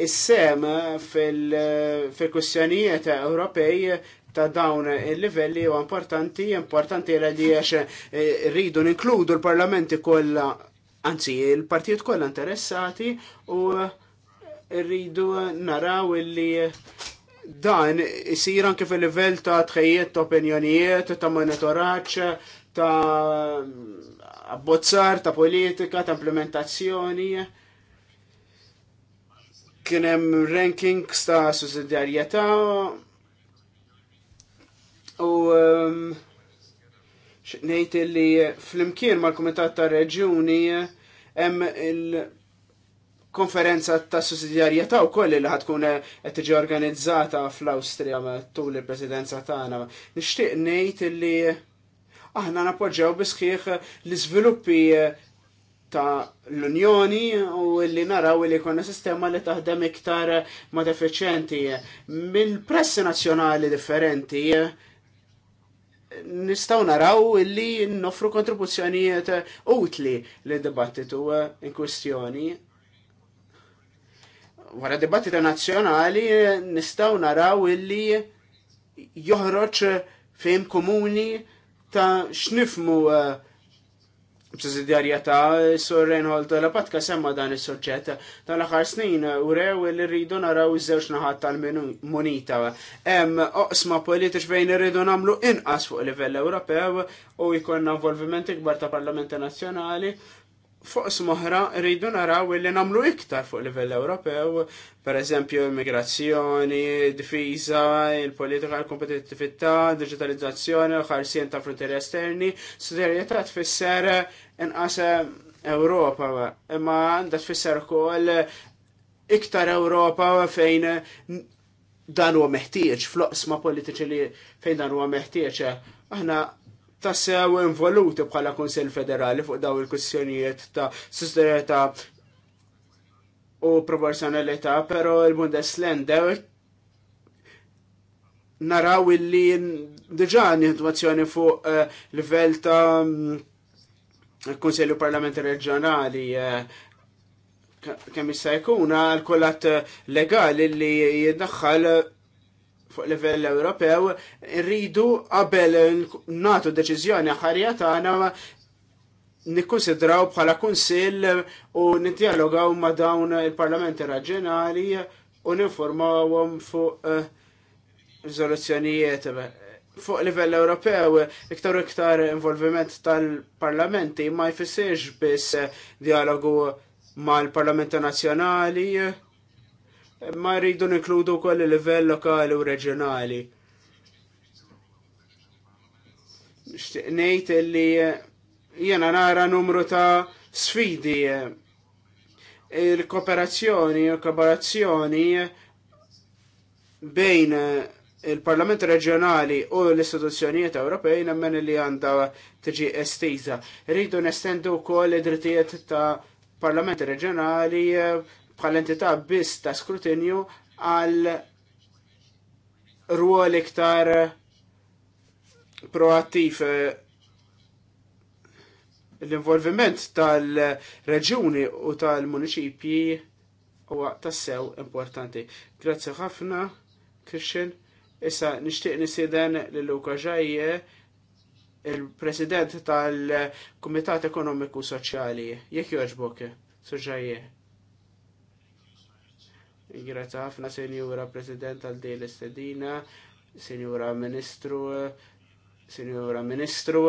is-sem fil-kwistjonijiet fil Ewropej ta' dawn il-livelli u importanti, importanti l li għax eh, rridu ninkludu l-parlamenti kollha, anzi il-partijiet kollha interessati u rridu naraw illi dan jisir anke fil-livell ta' tħejjiet ta' opinjonijiet, ta' monitoraġġ, ta' abbozzar, ta' politika, ta' implementazzjoni Kienem rankings ta' sussidjarjetà u ehm, xnejt li fl-imkien mal-Komitat ta' Reġjuni hemm il-konferenza ta' sussidjarjetà wkoll li ħatkun qed tiġi organizzata fl-Awstrija tul il-Presidenza tagħna. Nixtieq ngħid li aħna nappoġġjaw bi l-iżviluppi ta' l-Unjoni u li naraw li konna sistema li taħdem iktar ma' deficienti. minn pressi nazzjonali differenti nistaw naraw li noffru kontribuzzjonijiet utli li dibattitu in kwestjoni. Wara dibattita nazzjonali nistaw naraw li joħroġ fejn komuni ta' xnifmu uh, ta' sur Reinhold Lapatka semma dan is soċċet tal-aħħar snin u rew li rridu naraw iż-żewġ naħat tal-munita. Hemm oqsma politiċ fejn irridu nagħmlu inqas fuq livell Ewropew u jkollna involviment ikbar ta' Parlamenti Nazzjonali fuq smoħra rridu naraw li namlu iktar fuq livell Ewropew, per eżempju immigrazzjoni, difiża, il-politika l-kompetittività, digitalizzazzjoni, l-ħarsien ta' frontieri esterni, suderjetà tfisser inqas Ewropa, imma għandha tfisser ukoll iktar Ewropa fejn dan huwa meħtieġ, floqsma politiċi li fejn dan huwa meħtieġ. Aħna tassew involuti bħala Kunsill Federali fuq daw il-kwistjonijiet ta' sistereta u proporzjonalità, però il-Bundesländer naraw illi diġa situazzjoni fuq eh, livell ta' mm, um, Parlamenti Regionali eh, kemm jista' jkun għal kullat legali li jiddaħħal fuq livell Ewropew rridu qabel natu deċiżjoni ħarja tagħna nikkonsidraw bħala kunsill u nitdialogaw ma' dawn il-parlamenti raġjonali u ninformawhom fuq eh, riżoluzzjonijiet fuq livell Ewropew iktar u iktar involviment tal-parlamenti ma jfissirx biss dialogu mal-parlamenti nazzjonali ma rridu nikludu il livell lokali u reġjonali. Ngħid li eh, jena nara numru ta' sfidi eh, il-kooperazzjoni u kooperazzjoni eh, bejn il-Parlament Reġjonali u l-istituzzjonijiet Ewropej nemmen li għandha tiġi estiża. Rridu nestendu wkoll id-drittijiet ta' Parlament Reġjonali bħal entità biss ta' skrutinju għal ruol iktar proattiv eh, l-involviment tal-reġuni u tal-municipji huwa tassew importanti. Grazzi ħafna, Christian. Issa nixtieq nisiden l-Luka Ġajje, il-President tal-Kumitat Ekonomiku Soċjali. Jekk joġbok, Soġajje. Grazie ħafna, Senjura President għal l istedina, Senjura Ministru, Senjura Ministru,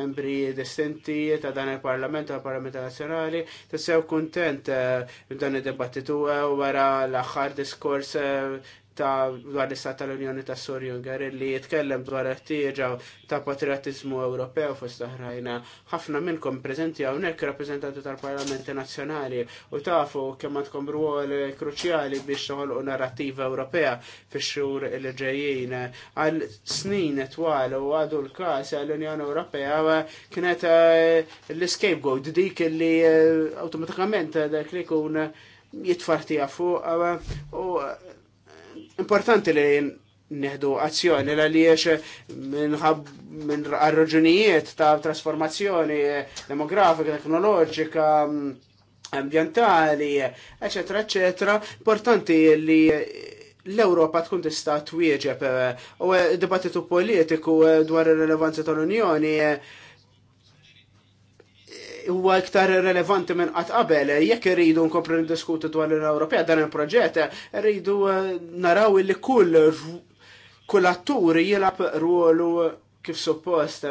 membri distinti ta' dan il-Parlament, ta' Parlament Nazjonali, ta' sew kontent eh, dan il debattitu eh, wara l-axħar diskors eh, ta' dwar l-istat tal-Unjoni ta' Sor Juncker li jitkellem dwar ħtieġa ta' patriotizmu Ewropew fost oħrajna. Ħafna minnkom preżenti hawnhekk rappreżentanti tal-Parlamenti Nazzjonali u tafu kemm għandkom rwol kruċjali biex toħolqu narrattiva Ewropea fix-xhur li ġejjin. Għal snin twal u għadu l-każ għall-Unjoni Ewropea kienet eh, l-scapegoat dik li eh, awtomatikament dak li jkun jitfartija fuq eh, u Importanti li neħdu azzjoni l għaliex jiex minn raġunijiet ta' trasformazzjoni demografika, teknoloġika, ambientali, eccetera, eccetera, importanti li l-Europa tkun tista' twieġeb u dibattitu politiku dwar ir-relevanza tal-Unjoni huwa iktar relevanti minn qatt qabel, jekk irridu nkomplu ndiskutu dwar l-Unjoni Ewropea dan il-proġett, irridu eh, naraw li kull kull attur jilab ruolu kif suppost,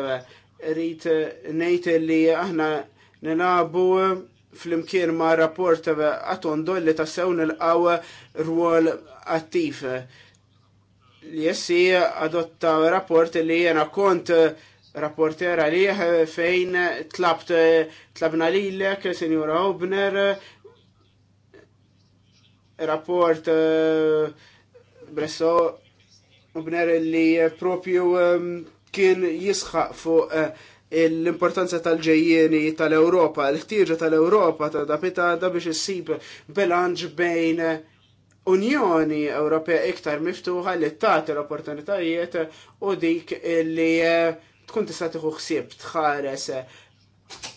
rrid eh, ngħid li aħna nilabu eh, fl-imkien ma' rapport għatondo li ta' sew nil-qaw ruol attiv. Jessi adotta rapport li jena kont uh, rapporter għalih fejn tlabt tlabna lilek, Senjora Obner, rapport eh, Bresso Obner li propju eh, kien jisħaq fuq eh, l-importanza tal-ġejjeni tal-Europa, l-ħtieġa tal-Europa ta' da biex issib bilanġ bejn Unjoni Ewropea iktar miftuħa li tagħti l-opportunitajiet u dik li tkun tista' tieħu ħsieb tħares eh,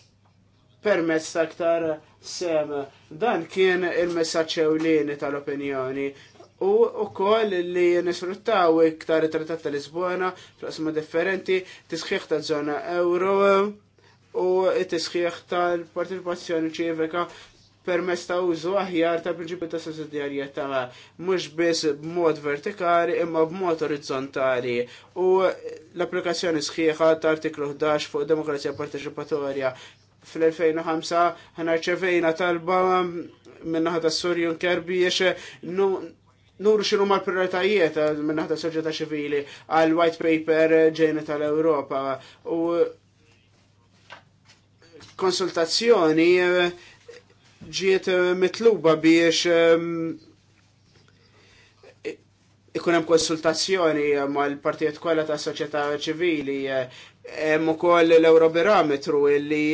permezz aktar eh, sem. Dan kien il-messaġġ ewlieni tal-opinjoni. U wkoll li nisfruttaw iktar it-Trattat ta' Lisbona fl differenti, tisħiħ ta' żona euro u t-tisħiħ tal-partizipazzjoni ċivika permess ta' użu aħjar ta' prinċipju ta' sussidjarjetà mhux biss b'mod vertikali imma b'mod orizzontali u l-applikazzjoni sħiħa ta' artiklu 11 fuq demokrazija partecipatorja fl-2005 ċevejna talba minnaħa ta' Sur Juncker biex nuru xinu mal prioritajiet minnaħa ta' soċjetà ċivili għal white paper ġejna tal-Ewropa u konsultazzjoni ġiet eh, mitluba biex eh, ikun hemm konsultazzjoni mal-partijiet kollha ta' soċjetà ċivili eh, hemm ukoll l-Eurobarometru illi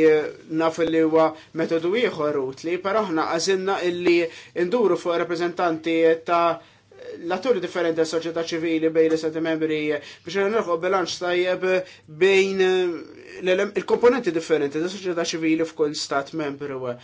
naf li huwa metodu ieħor utli, però aħna għażilna illi nduru fuq rappreżentanti ta' l-atturi differenti ta' soċjetà ċivili bejn l-istati membri biex nilħu bilanċ tajjeb bejn il-komponenti differenti ta' soċjetà ċivili f'kull stat membru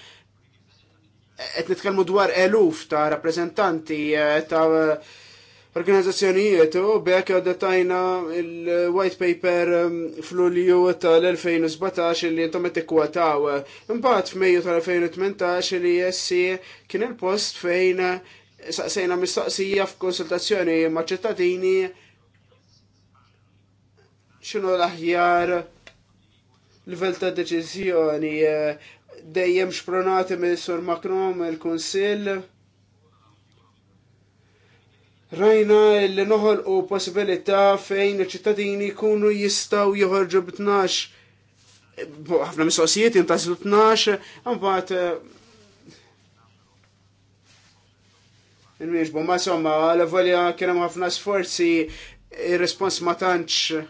qed nitkellmu dwar eluf ta' rappreżentanti eh, ta' organizzazzjonijiet u bekk għaddetajna il-white paper mm, fl-ulju tal-2017 li jintom et ikkwataw. Imbagħad f'Mejju tal-2018 li jessi kien il-post fejn saqsejna mistoqsija f'konsultazzjoni ma' ċittadini x'inhu l-aħjar livell ta' deċiżjoni eh, dejjem xpronati mill sur Macron il konsil Rajna li noħol u possibilità fejn iċ-ċittadini kunu jistaw joħorġu b'12 ħafna mistoqsijiet jintazlu 12, għambat eh, il-miex ma somma, għal-volja kienem għafna sforzi, il-respons ma tantx,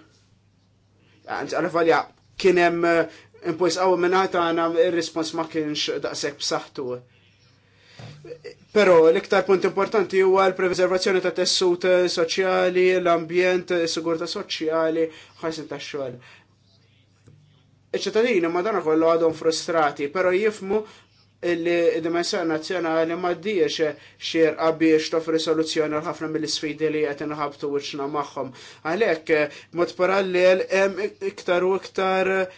għal-volja kienem impwis għaw minnata għana il-respons ma kienx daqsek b'saħtu. Pero l-iktar punt importanti huwa l-preservazzjoni ta' tessut soċjali, l-ambjent, sigurta soċjali, xajsin ta' xogħol. Iċ-ċittadini dana kollu għadhom frustrati, pero jifmu il-dimensjoni nazzjonali ma ddiex xir biex toffri soluzzjoni għal ħafna mill-sfidi li qed inħabtu wiċċna magħhom. Għalhekk mod parallel hemm iktar u iktar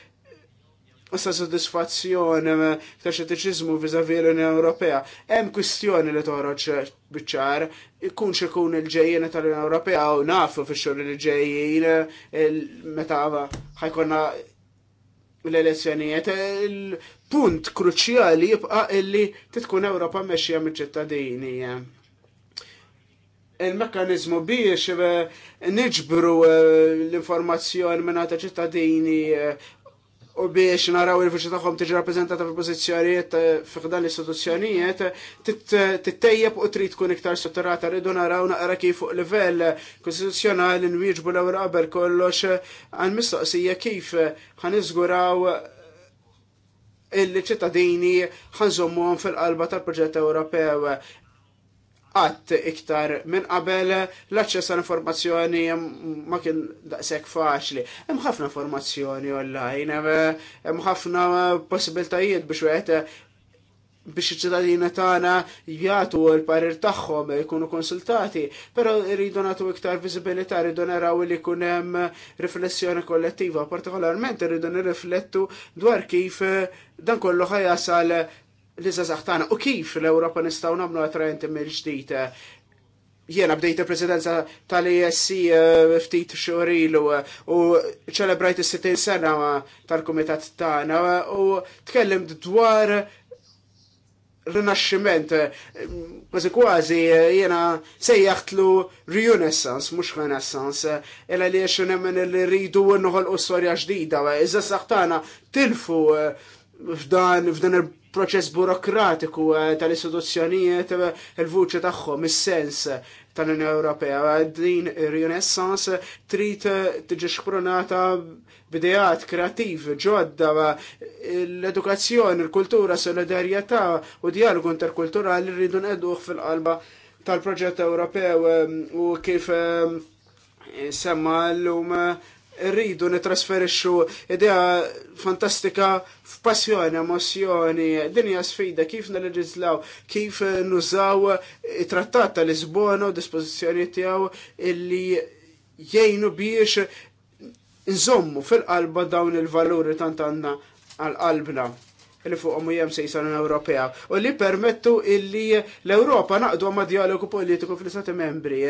Issa soddisfazzjoni eh, ta' xetiċizmu vizavi l-Unjoni Ewropea. Hemm kwistjoni li toħroġ eh, biċċar, ikun ikun il-ġejjien tal-Unjoni Ewropea u nafu fix-xogħol li ġejjin eh, meta ħajkonna l-elezzjonijiet, il-punt kruċjali jibqa' illi titkun Ewropa mexxija mill-ċittadini. Il-mekkanizmu biex niġbru l-informazzjoni minna ta' ċittadini u biex naraw il-vuċi tagħhom tiġi rappreżentata fil-pożizzjonijiet f'dan l-istituzzjonijiet tittejjeb u trid kun iktar sotterata rridu naraw naqra kif fuq livell kostituzzjonali nwieġbu l-ewwel qabel kollox għan mistoqsija kif ħaniżguraw il-ċittadini ħanżommhom fil-qalba tal-proġett Ewropew għatt iktar minn qabel l-aċċess informazzjoni ma kien daqshekk faċli. Hemm ħafna informazzjoni online, hemm ħafna possibiltajiet biex wieħed biex iċ-ċittadini tagħna jagħtu l-parir tagħhom jkunu konsultati, però rridu nagħtu iktar viżibilità, rridu naraw li jkun hemm riflessjoni kollettiva, partikolarment rridu nirriflettu dwar kif dan kollu ħajasal l-iżazax tagħna u kif l-Ewropa nistgħu nagħmlu attraenti mill-ġdid. Jiena bdejt il-presidenza tal-ESC eh, ftit xhur ilu eh, u ċelebrajt is 60 sena tal-kumitat tagħna eh, u tkellim dwar rinaxximent, kważi kważi jena sejjaħtlu renaissance, mux renaissance, illa li jiex nemmen li rridu nħol u storja ġdida, iżda saħtana tilfu f'dan f'dan proċess burokratiku eh, tal-istituzzjonijiet eh, il-vuċi tagħhom is-sens tal-Unjoni Ewropea. Din renaissance trid tiġi xpronata b'idejat kreativ, ġodda, l-edukazzjoni, l-kultura, solidarjetà u dialogu interkulturali rridu nqeduh fil-qalba tal-proġett Ewropew eh, u kif semma l-lum rridu nitrasferixxu idea fantastika f'passjoni, emozjoni, dinja sfida kif naleġizlaw, kif nużaw it-trattat tal-Lisbona u dispożizzjoni tiegħu illi jgħinu biex nżommu fil-qalba dawn il-valuri tant għandna għal-qalbna li fuqhom u jem sejsa Ewropea u li permettu illi l-Ewropa naqdu ma' dialogu politiku fil-sati membri.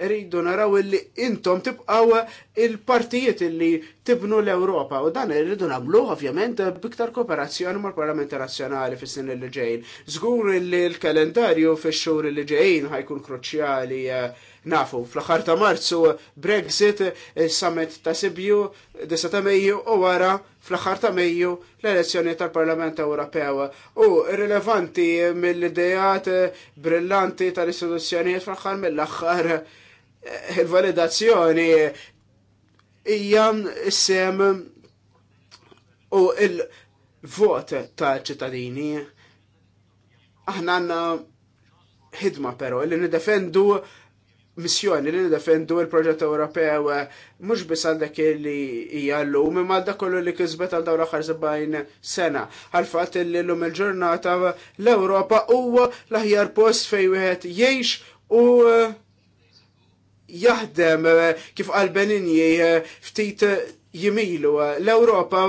Rridu naraw illi intom tibqaw il-partijiet illi tibnu l-Ewropa u dan irridu namlu ovvjament biktar kooperazzjoni mal-Parlament Nazzjonali fis-sin l ġejjin. Żgur li l-kalendarju fix xur li ġejjin ħajkun kruċjali eh, nafu. Fl-aħħar ta' Marzu Brexit, eh, summit ta' Sibju, disa ta' Mejju u wara fl-aħħar ta' Mejju l-elezzjoni tal-Parlament Ewropew. U rilevanti mill-idejat eh, brillanti tal-istituzzjonijiet fl-aħħar mill-aħħar eh, il-validazzjoni hija sem u il-vot ta' ċittadini aħna għanna ħidma pero li nidefendu missjoni li defendu il-proġett Ewropew eh, mhux biss għal dak li hija llum imma għal kollu li kisbet għal dawn l-aħħar 70 sena. Għal fatt li llum il-ġurnata l-Ewropa huwa l-aħjar post fejn wieħed jgħix u eh, jaħdem eh, kif għal Beninji ftit jimilu. L-Ewropa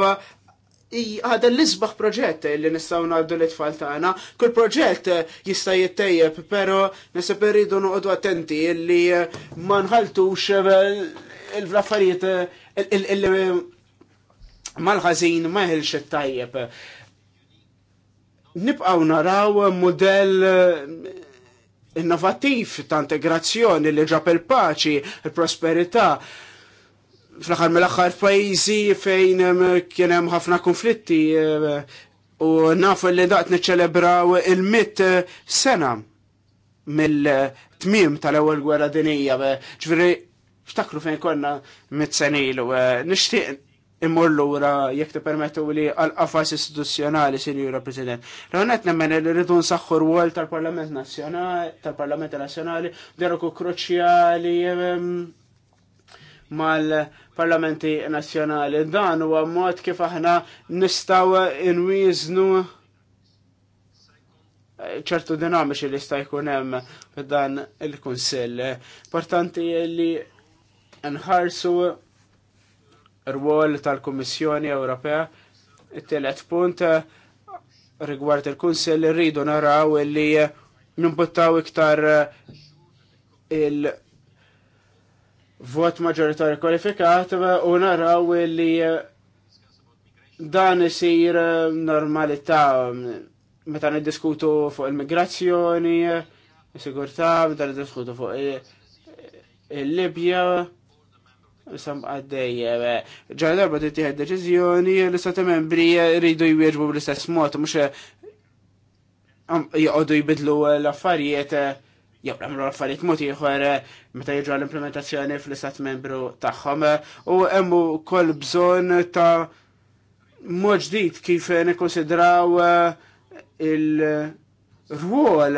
għada l-isbaħ proġett li nistaw naddu l-itfall tagħna. Kull proġett eh, jista' jittejjeb, pero nisib irridu noqogħdu attenti li eh, ma nħaltux eh, il affarijiet il mal-ħażin ma jħilx it-tajjeb. Nibqgħu naraw modell innovattiv ta' integrazzjoni li ġab il-paċi, il-prosperità, il prosperita prosperità fl-axar mill-axar pajzi fejn kien hemm ħafna konflitti eh, u nafu li daqt niċċelebraw il-mit eh, sena mill-tmim tal-ewwel gwerra dinija. Eh, ġifieri ftakru fejn konna mit senilu. Nixtieq immur lura jekk permettu li għal-qafas istituzzjonali, Sinjura President. l nemmen li rridu nsaħħu rwol tal-Parlament Nazzjonali, tal-Parlament Nazzjonali, deroku kruċjali mal parlamenti nazzjonali. Dan huwa mod kif aħna nistgħu inwiżnu eh, ċertu dinamiċi li sta' jkun hemm f'dan il-Kunsill. Importanti li nħarsu r-wol tal-Kummissjoni Ewropea. It-telet punt rigward il-Kunsill rridu naraw li nimbuttaw iktar il- vot maġoritarju kwalifikat eh, u naraw li eh, dan isir eh, normalità meta niddiskutu fuq il-migrazzjoni, il sigurtà meta niddiskutu fuq il-Libja, sam għaddej, ġara darba tittieħed deċiżjoni li stati membri jridu jwieġbu bl-istess mod, mhux jgħodu jbidlu l-affarijiet jew għamlu affarijiet mod ieħor eh, meta jiġu l-implementazzjoni fl-istat membru tagħhom eh, u hemm ukoll bżonn ta' mod kif nikkonsidraw eh, il-rwol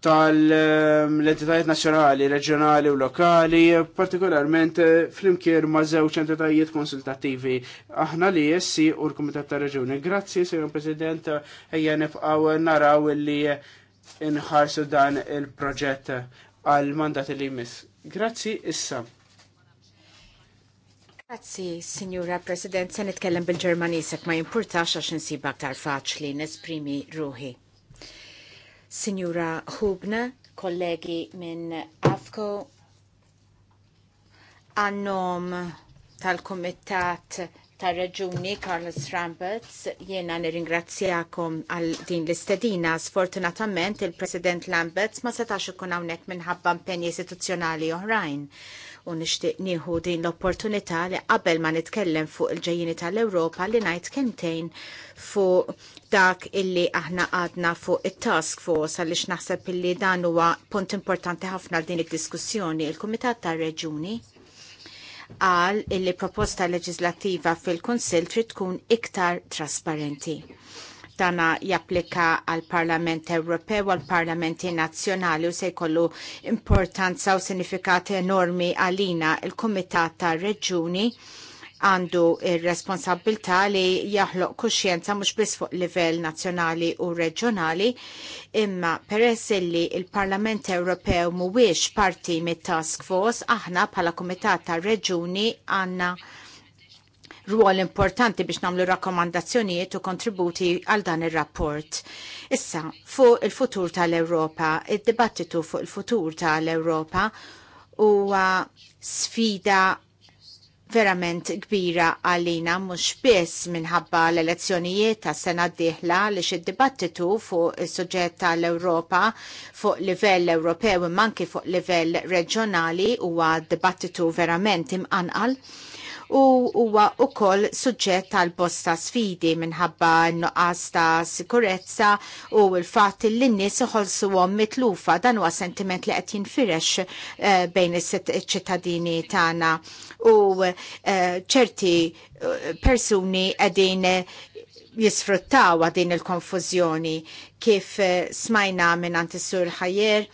tal-entitajiet ehm, nazzjonali, reġjonali u lokali, partikolarment eh, flimkien ma' żewġ entitajiet konsultattivi. Aħna li jessi u l-Kumitat ta' Reġuni. Grazzi, Sejjon President, ejja nifqaw naraw li inħarsu dan il-proġett għal-mandat li jmiss. Grazzi, issa.
Grazzi, Signora President, se nitkellem bil-Ġermanisek ma jimpurtax għax insibak tar faċli nesprimi ruħi. Signora Hubna, kollegi minn AFCO, Annom tal-Komitat tar reġuni Carlos Ramberts jiena nirringrazzjakom għal din l-istedina. Sfortunatament il-President Lamberts ma setax ikun hawnhekk minħabba impenji istituzzjonali oħrajn. U nixtieq nieħu din l-opportunità li qabel ma nitkellem fuq il-ġejjini tal-Ewropa li ngħid kemmtejn fuq dak illi aħna għadna fuq it-task force għaliex naħseb illi dan huwa punt importanti ħafna din id-diskussjoni. Il-Kumitat tar-Reġuni għal illi proposta leġislattiva fil-Kunsill trid tkun iktar trasparenti. Dana japplika għal Parlament Ewropew għal Parlamenti Nazzjonali u se jkollu importanza u sinifikati enormi għalina il-Kumitat tar-Reġuni għandu il-responsabilta li jaħloq kuxjenza mhux biss fuq livell nazzjonali u reġjonali, imma peress li il-Parlament Ewropew mhuwiex parti mit-task force, aħna bħala Kumitat ta' Reġuni għandna ruol importanti biex namlu rakkomandazzjonijiet u kontributi għal dan ir-rapport. Issa, fuq il-futur tal-Ewropa, id-dibattitu fuq il-futur tal-Ewropa huwa sfida verament kbira għalina mhux biss minħabba l-elezzjonijiet ta' sena d-dieħla li xid-dibattitu fuq is-suġġett tal-Ewropa fuq livell Ewropew imma anke fuq livell reġjonali huwa dibattitu verament imqanqal u huwa wkoll suġġett tal bosta sfidi minħabba n nuqqas ta' sikurezza u l-fatt li n-nies iħolsuhom mitlufa dan huwa sentiment li qed jinfirex eh, bejn iċ-ċittadini tagħna u eh, ċerti eh, persuni qegħdin jisfruttaw din il-konfuzjoni kif smajna minn antisur ħajer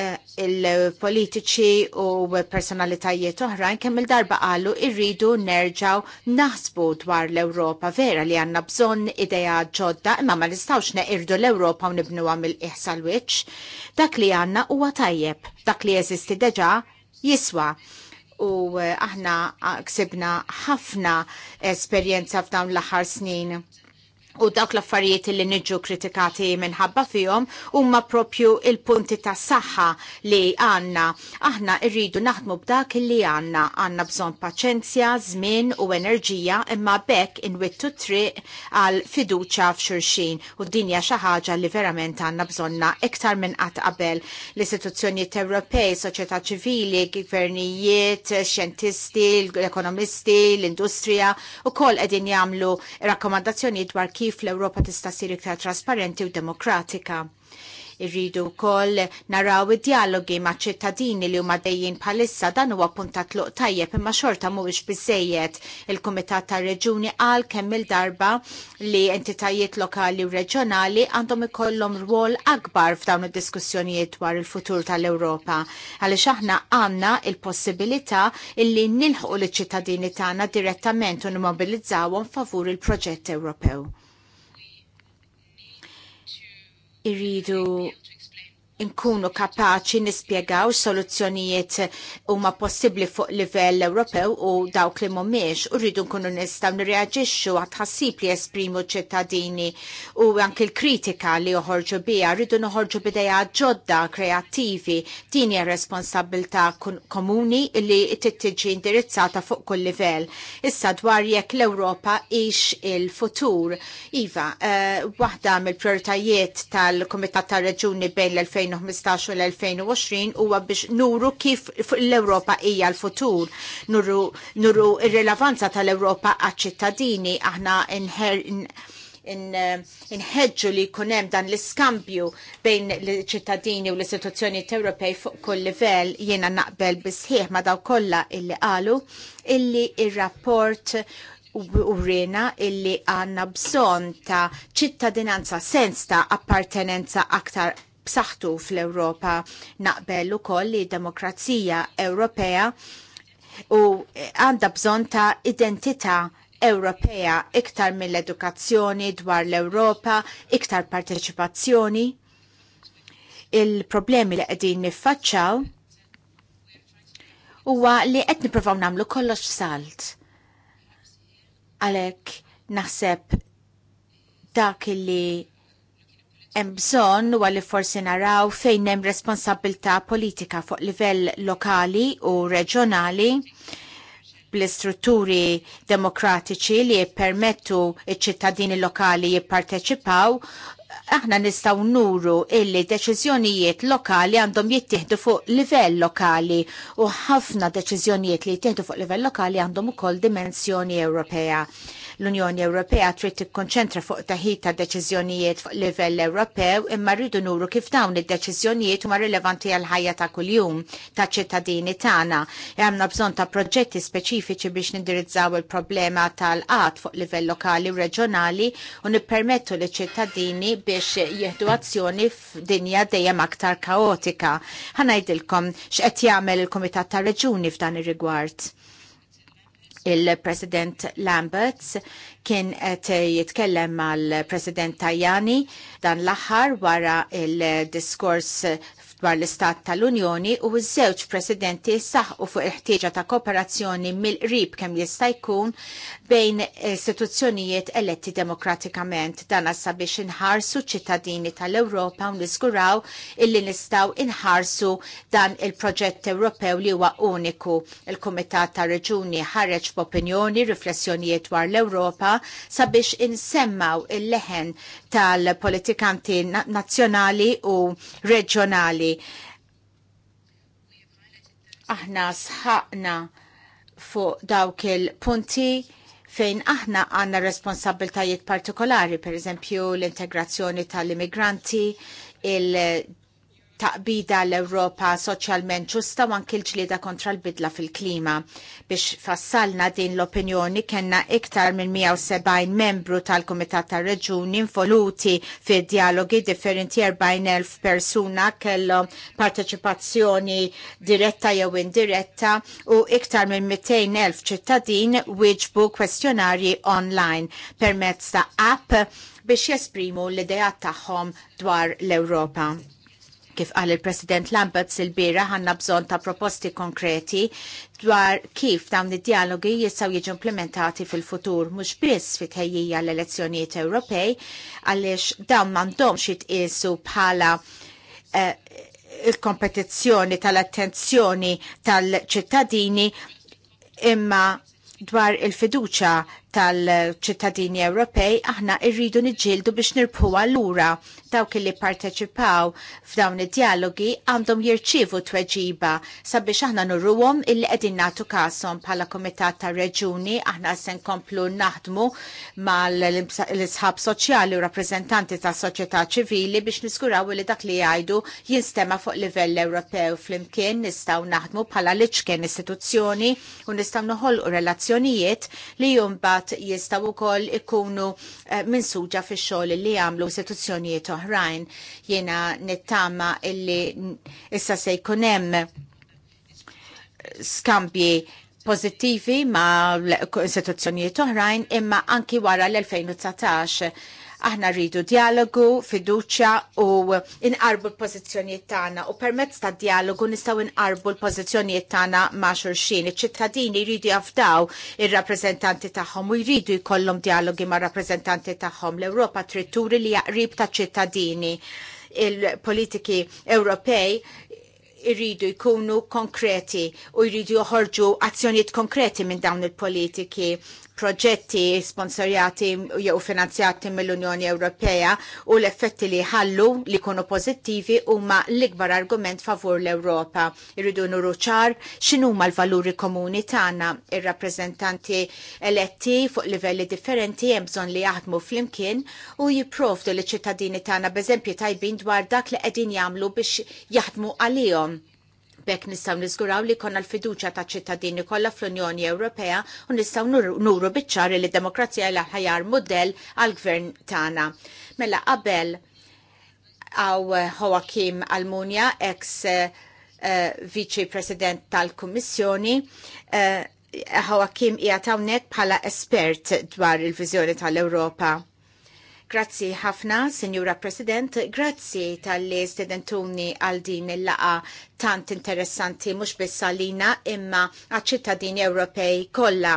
Eh, il-politiċi u personalitajiet oħrajn kemm il-darba qalu irridu nerġaw naħsbu dwar l-Ewropa vera li għanna bżonn ideja ġodda imma ma nistawx neqirdu l-Ewropa u nibnuha mill-iħsal wiċċ. Dak li għanna huwa tajjeb, dak li jeżisti deġa jiswa u eh, aħna ksibna ħafna esperjenza f'dawn l-aħħar snin u dak l-affarijiet li niġu kritikati minħabba fihom huma propju il-punti ta' saħħa li għanna. Aħna rridu naħdmu b'dak li għanna. Għanna bżon paċenzja, żmien u enerġija imma bekk inwittu triq għal fiduċa f'xurxin u dinja xi ħaġa li verament għanna bżonna iktar minn qatt qabel. L-istituzzjonijiet Ewropej, soċjetà ċivili, gvernijiet, xjentisti, l-ekonomisti, l-industrija u qegħdin jagħmlu rakkomandazzjoni dwar kif kif l-Ewropa tista' sir iktar trasparenti u demokratika irridu wkoll naraw id-dialogi ma' ċittadini li huma dejjin bħalissa dan huwa puntat luq tajjeb imma xorta mhuwiex biżejjed il-Kumitat tar-Reġuni qal kemm il-darba li entitajiet lokali u reġjonali għandhom ikollhom rwol akbar f'dawn id-diskussjonijiet dwar il-futur tal-Ewropa għaliex aħna għandna il-possibilità illi nilħu l-ċittadini tagħna direttament u nimmobilizzawhom favur il-proġett Ewropew irridu nkunu kapaċi nispiegaw soluzzjonijiet huma possibbli fuq livell Ewropew u dawk li mhumiex u rridu nkunu nistgħu nirreaġixxu għat-ħassib li esprimu ċittadini u anke l-kritika li joħorġu biha rridu noħorġu bideja ġodda kreattivi din hija responsabilità komuni li tittiġi indirizzata fuq kull livell. Issa dwar jekk l-Ewropa ix il-futur. Iva, eh, waħda mill-prioritajiet tal-Komitat tar-Reġuni bejn l 2020 2015 u l-2020 huwa biex nuru kif l-Ewropa hija l-futur, nuru, nuru ir-rilevanza tal-Ewropa għaċ-ċittadini, aħna inħedġu in, eh, li kunem dan l-iskambju bejn l-ċittadini u l-istituzzjoni Ewropej fuq kull livell jiena naqbel bisħieħ ma daw kollha illi qalu illi ir-rapport u rena illi għanna bżon ta' ċittadinanza, sens ta' appartenenza aktar b'saħħtu fl-Ewropa naqbel ukoll li demokrazija Ewropea u għandha bżonn ta' identità Ewropea iktar mill-edukazzjoni dwar l-Ewropa, iktar parteċipazzjoni. Il-problemi li qegħdin niffaċċaw huwa li qed nippruvaw nagħmlu kollox salt. Għalhekk naħseb dak li hemm bżonn huwa li forsi naraw fejn hemm responsabilità politika fuq livell lokali u reġjonali bl-istrutturi demokratiċi li jippermettu iċ-ċittadini lokali jipparteċipaw aħna nistaw nuru illi deċiżjonijiet lokali għandhom jittieħdu fuq livell lokali u ħafna deċiżjonijiet li jittieħdu fuq livell lokali għandhom ukoll dimensjoni Ewropea. L-Unjoni Ewropea trid tikkonċentra fuq taħit ta' deċiżjonijiet fuq livell Ewropew imma rridu nuru kif dawn id-deċiżjonijiet huma rilevanti għal ħajja ta' kuljum ta' ċittadini tagħna. Hemmna bżonn ta' proġetti speċifiċi biex nindirizzaw il-problema tal-qatt fuq livell lokali u reġjonali u nippermettu li ċittadini biex jieħdu azzjoni f'dinja dejjem aktar kaotika. Ħanajdilkom x'qed jagħmel il-Kumitat tar Reġuni f'dan ir-rigward il-President Lamberts kien qed jitkellem mal-President Tajani dan l-aħħar wara il-diskors dwar l-Istat tal-Unjoni u ż-żewġ presidenti saħqu fuq il-ħtieġa ta' kooperazzjoni mill-qrib kemm jista' jkun bejn istituzzjonijiet eletti demokratikament dan sabiex inħarsu ċittadini tal-Ewropa u niskuraw illi nistaw inħarsu dan il-proġett Ewropew li huwa uniku. Il-Kumitat ta' Reġuni ħareġ b'opinjoni riflessjonijiet dwar l-Ewropa sabiex insemmaw il-leħen tal-politikanti nazzjonali u reġjonali. Aħna sħaqna fuq dawk il-punti fejn aħna għanna responsabiltajiet partikolari, per eżempju l-integrazzjoni tal-immigranti, il taqbida l-Europa soċjalment ġusta u anki l-ġlieda kontra l-bidla fil-klima. Biex fassalna din l-opinjoni kena iktar minn 170 membru tal-Komitat tar-Reġuni involuti fi dialogi differenti 40.000 persuna kellhom parteċipazzjoni diretta jew indiretta u iktar minn 200.000 ċittadin wieġbu kwestjonarji online permezz ta' app biex jesprimu l-idea tagħhom dwar l-Ewropa. Kif qal il-President Lamberts il-bira ħanna bżon ta' proposti konkreti dwar kif dawn id-dialogi jistgħu jiġu implementati fil-futur mhux biss fit ħejjija l-elezzjonijiet Ewropej għaliex dawn m'għandhomx jitqisu bħala eh, il-kompetizzjoni tal-attenzjoni tal-ċittadini imma dwar il-fiduċa tal-ċittadini Ewropej aħna irridu niġġieldu biex nirbħuha lura dawk li parteċipaw f'dawn id-dialogi għandhom jirċievu tweġiba sabiex aħna nurruhom illi qegħdin nagħtu kasom bħala Kumitat tar Reġuni aħna se nkomplu naħdmu mal-isħab soċjali u rappreżentanti tas soċjetà ċivili biex niskuraw li dak li jgħidu jinstema fuq livell Ewropew flimkien nistgħu naħdmu bħala liċken istituzzjoni u nistgħu noħolqu relazzjonijiet li jumba mbagħad jistgħu wkoll ikunu eh, minsuġa fix-xogħol li jagħmlu istituzzjonijiet oħrajn. Jiena nittama illi issa se jkun hemm skambji pozittivi ma istituzzjonijiet oħrajn imma anki wara l-2019 Aħna rridu dialogu, fiduċja u inqarbu l-pożizzjonijiet tagħna u permezz ta' dialogu nistgħu inqarbu l-pożizzjonijiet tagħna ma' xulxin. Iċ-ċittadini jridu jafdaw ir-rappreżentanti tagħhom u jridu jkollhom dialogi ma' rappreżentanti tagħhom. L-Ewropa trid turi li jaqrib ta' ċittadini il-politiki Ewropej irridu jkunu konkreti u jridu joħorġu azzjonijiet konkreti minn dawn il-politiki proġetti sponsorjati jew finanzjati mill-Unjoni Ewropea u l-effetti li ħallu li kunu pozittivi huma l-ikbar argument favur l-Ewropa. Irridu nuru ċar x'inhuma l-valuri komuni tagħna. Ir-rappreżentanti eletti fuq livelli differenti hemm bżonn li jaħdmu flimkien u jipprovdu li ċittadini tagħna b'eżempju tajbin dwar dak li qegħdin jagħmlu biex jaħdmu għalihom bekk nistgħu niżguraw li konna l-fiduċja ta' ċittadini kollha fl-Unjoni Ewropea u nistgħu nuru biċċar li demokrazija l ħajar modell għal-gvern tagħna. Mela qabel għaw eh, Joachim Almunia, ex uh, viċi president tal-Kummissjoni, Hawakim eh, Joachim jgħatawnek bħala espert dwar il-vizjoni tal-Europa Grazzi ħafna, Sinjura President, grazzi tal-li stedentuni għal din il-laqa tant interessanti mux bissalina imma għal ċittadini Ewropej kolla.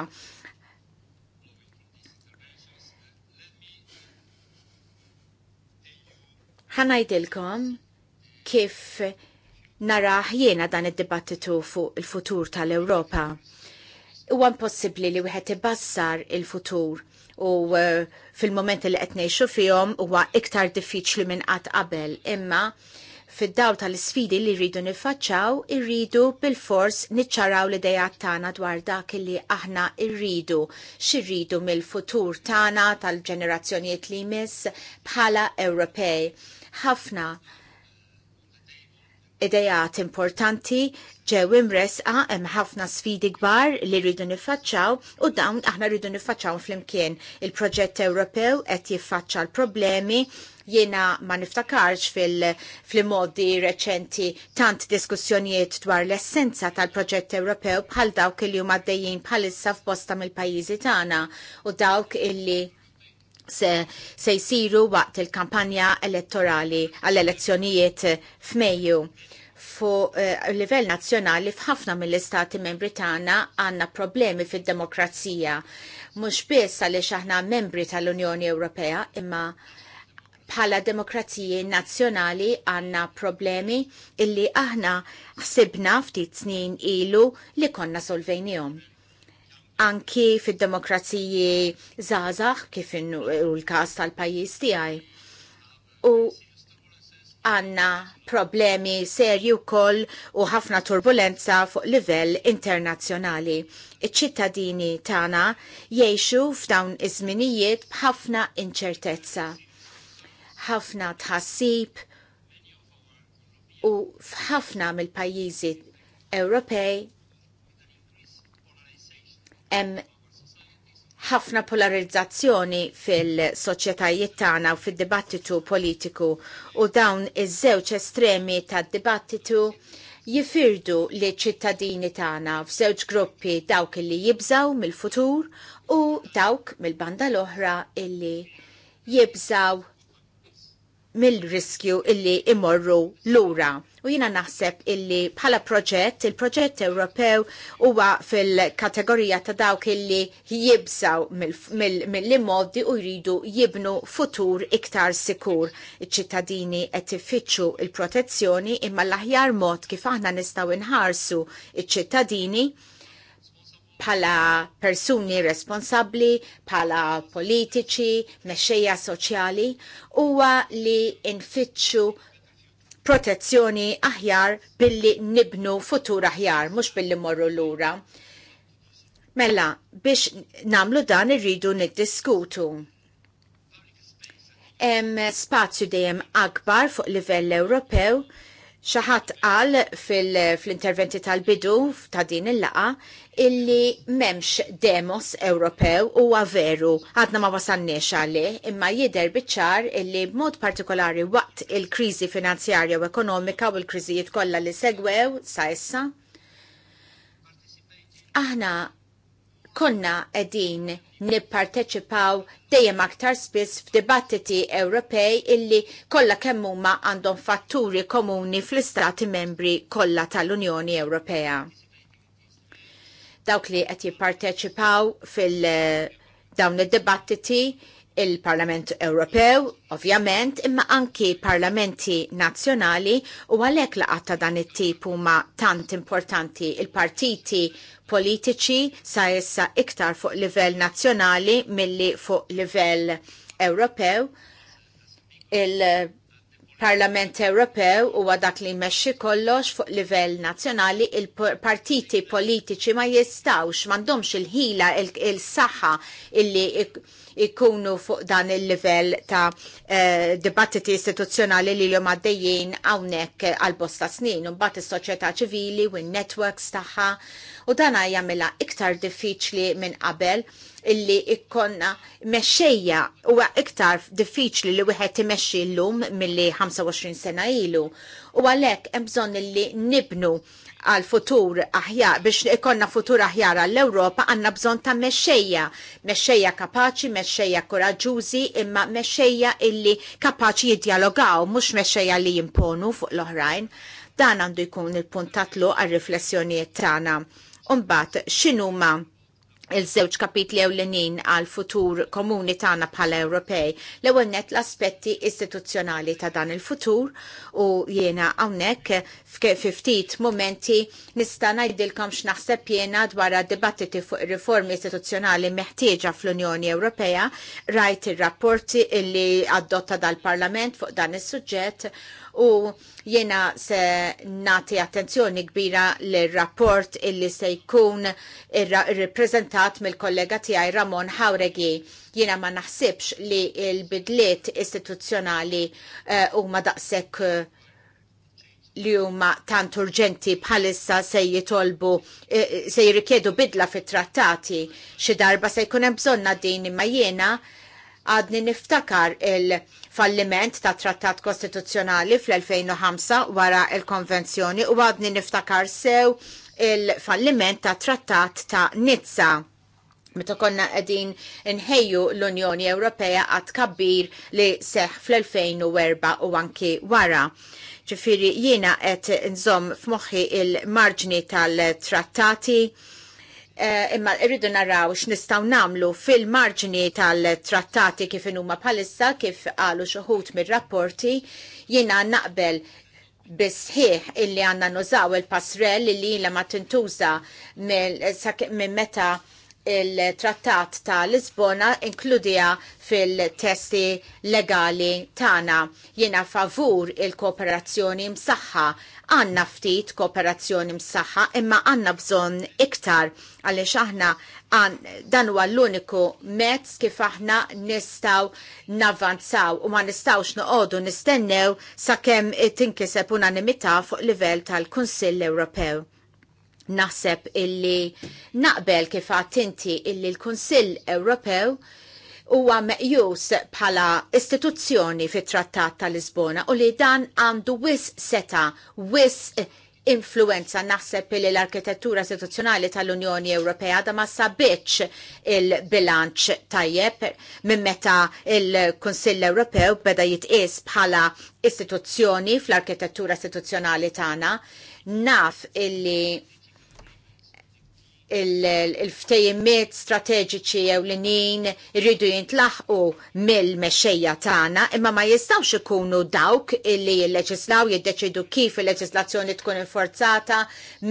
ħanajdilkom kif naraħ jiena dan id-dibattitu fuq il-futur tal-Ewropa. Huwa possibli li wieħed ibassar il-futur u uh, fil-moment li qed ngħixu fihom huwa iktar diffiċli minn qatt qabel. Imma fid-daw tal-sfidi li rridu nifaċċaw, irridu bil-fors niċċaraw l-idea tagħna dwar dak li aħna rridu xirridu mill-futur tagħna tal-ġenerazzjonijiet li jmiss bħala Ewropej. Ħafna idejat importanti ġew imresqa hemm ħafna sfidi kbar li rridu niffaċċaw u dawn aħna rridu niffaċċaw flimkien. Il-proġett Ewropew qed jiffaċċa l-problemi jiena ma niftakarx fil-modi reċenti tant diskussjonijiet dwar l-essenza tal-proġett Ewropew bħal dawk li huma dejjin bħalissa f'bosta mill-pajjiżi tagħna u dawk illi se, se jisiru waqt il-kampanja elettorali għall-elezzjonijiet f'Mejju. Fu uh, livell nazzjonali f'ħafna mill-istati membri tagħna għandna problemi fid-demokrazija. Mhux biss għaliex aħna membri tal-Unjoni Ewropea imma bħala demokrazija nazzjonali għandna problemi illi aħna ħsibna ftit snin ilu li konna solvejnihom anki fid-demokraziji zazax kif l-kas tal-pajis tiegħi. U għanna problemi serju koll u ħafna turbulenza fuq livell internazzjonali. Iċ-ċittadini tagħna jgħixu f'dawn iż-żminijiet b'ħafna inċertezza, ħafna tħassib u f'ħafna mill-pajjiżi Ewropej hemm ħafna polarizzazzjoni fil-soċjetajiet tagħna u fid-dibattitu politiku u dawn iż-żewġ estremi tad-dibattitu jifirdu li ċittadini tagħna f'żewġ gruppi dawk li jibżaw mill-futur u dawk mill-banda l-oħra illi jibżaw mill-riskju illi imorru lura. U jina naħseb illi bħala proġett, il-proġett Ewropew huwa fil-kategorija ta' dawk illi jibżaw mill-immodi u jridu jibnu futur iktar sikur. Iċ-ċittadini qed ifittxu il-protezzjoni imma l-aħjar mod kif aħna nistgħu inħarsu iċ-ċittadini bħala persuni responsabli, bħala politiċi, mexxejja soċjali, huwa li nfittxu protezzjoni aħjar billi nibnu futur aħjar, mhux billi morru lura. Mella, biex namlu dan irridu niddiskutu hemm spazju dejjem akbar fuq livell Ewropew Xaħat qal fil-interventi tal-bidu ta' din il-laqa illi memx demos Ewropew u veru għadna ma wasanniex għalli imma jider bitċar illi b'mod partikolari waqt il-krizi finanzjarja u ekonomika u l-kriżijiet kollha li segwew sa' issa. Aħna konna edin nipparteċipaw dejjem aktar spiss f'dibattiti Ewropej illi kollha kemm huma għandhom fatturi komuni fl-istati membri kollha tal-Unjoni Ewropea. Dawk li qed jipparteċipaw fil- dawn id-dibattiti il-Parlament Ewropew, ovvjament, imma anki parlamenti nazzjonali u għalhekk laqgħat ta' dan it-tip huma tant importanti il-partiti politiċi sa issa iktar fuq livell nazzjonali milli fuq livell Ewropew. Il-Parlament Ewropew huwa dak li jmexxi kollox fuq livell nazzjonali, il-partiti politiċi ma jistawx m'għandhomx il-ħila il-saħħa il illi ikunu fuq dan il-livell ta' eh, dibattiti istituzzjonali li l-jom għaddejjien għawnek għal-bosta snin, un bat il-soċieta ċivili u n-networks taħħa, u dan għajamela iktar diffiċli minn qabel illi ikkonna meċxejja u iktar diffiċli li wieħed imexxi l-lum mill-li 25 sena ilu. U għalek, jemżon illi nibnu għal futur aħjar, biex ikonna futur aħjar għall ewropa għanna bżon ta' mexxejja, mexxejja kapaċi, mexxejja koraġużi, imma mexxejja illi kapaċi jiddialogaw, mux mexxejja li jimponu fuq l-oħrajn. Dan għandu jkun il-puntatlu għal riflessjonijiet tagħna. Umbat, ma' il-żewġ kapitli ewlenin għal futur komuni tagħna bħala Ewropej. L-ewwel net l-aspetti istituzzjonali ta' dan il-futur u jiena hawnhekk ftit momenti nista' ngħidilkom x'naħseb jiena dwar dibattiti fuq ir-riformi istituzzjonali meħtieġa fl-Unjoni Ewropea, rajt ir-rapporti illi adotta dal-Parlament fuq dan is-suġġett u jena se nati attenzjoni kbira l-rapport illi se jkun irrappreżentat mill-kollega tiegħi Ramon Hawregi. Jena ma naħsibx li l-bidliet istituzzjonali eh, huma uh, daqshekk uh, li huma tant urġenti bħalissa se jitolbu eh, se jirrikjedu bidla fit trattati xi darba se jkun hemm bżonna din imma jiena għadni niftakar il-falliment ta' trattat kostituzzjonali fl-2005 wara il-konvenzjoni u għadni niftakar sew il-falliment ta' trattat ta' Nizza. Meta konna qegħdin inħejju l-Unjoni Ewropea għad kabbir li seħ fl-2004 u anki wara. Ġifiri jiena qed nżomm f'moħħi il-marġni tal-trattati Eh, imma irridu naraw x'nistgħu nagħmlu fil-marġini tal-trattati kif huma bħalissa kif qalu xi wħud mir-rapporti jiena naqbel bisħiħ illi għandna nużaw il passrell illi la ma tintuża minn meta il-trattat ta' Lisbona inkludija fil-testi legali tana. Jiena favur il-kooperazzjoni msaħħa Għanna ftit kooperazzjoni msaħħa imma għanna bżon iktar għaliex aħna dan huwa l-uniku mezz kif aħna nistaw navvanzaw u ma nistawx noqogħdu nistennew sakemm tinkiseb unanimità fuq livell tal-Kunsill Ewropew naħseb illi naqbel kif inti illi l kunsill Ewropew huwa meqjus bħala istituzzjoni fit-Trattat ta' Lisbona u li dan għandu wis seta, wis influenza naħseb li l-arkitettura istituzzjonali tal-Unjoni Ewropea da ma sabiċ il-bilanċ tajjeb minn meta il-Kunsill Ewropew beda jitqies bħala istituzzjoni fl-arkitettura istituzzjonali tagħna naf illi il-ftejimiet strateġiċi jew l-inin irridu jintlaħqu mill-mexxejja tagħna, imma ma jistgħux ikunu dawk illi jilleġislaw jiddeċidu kif il-leġislazzjoni tkun inforzata,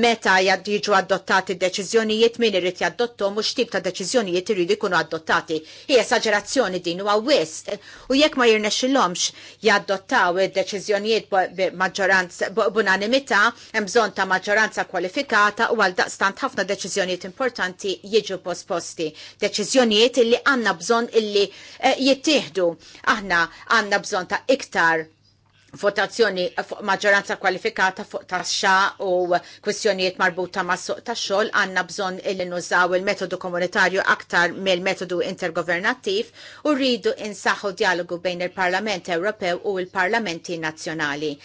meta jiġu adottati deċiżjonijiet min irid jaddottu u x'tip ta' deċiżjonijiet irridu jkunu adottati. Hija esaġerazzjoni din huwa wisq u jekk ma jirnexxilhomx jaddottaw id-deċiżjonijiet maġġoranza b'unanimità hemm bżonn ta' maġġoranza kwalifikata u għal daqstant ħafna deċiżjoni deċizjonijiet importanti jiġu posposti. Deċiżjonijiet illi għanna bżon illi eh, jittieħdu. Aħna għanna bżon ta' iktar votazzjoni fuq maġġoranza kwalifikata fuq taxxa u kwistjonijiet marbuta ma' suq ta' xogħol għandna bżonn illi nużaw il-metodu komunitarju aktar mill-metodu intergovernattiv u rridu insaħħu dialogu bejn il-Parlament Ewropew u l-Parlamenti Nazzjonali.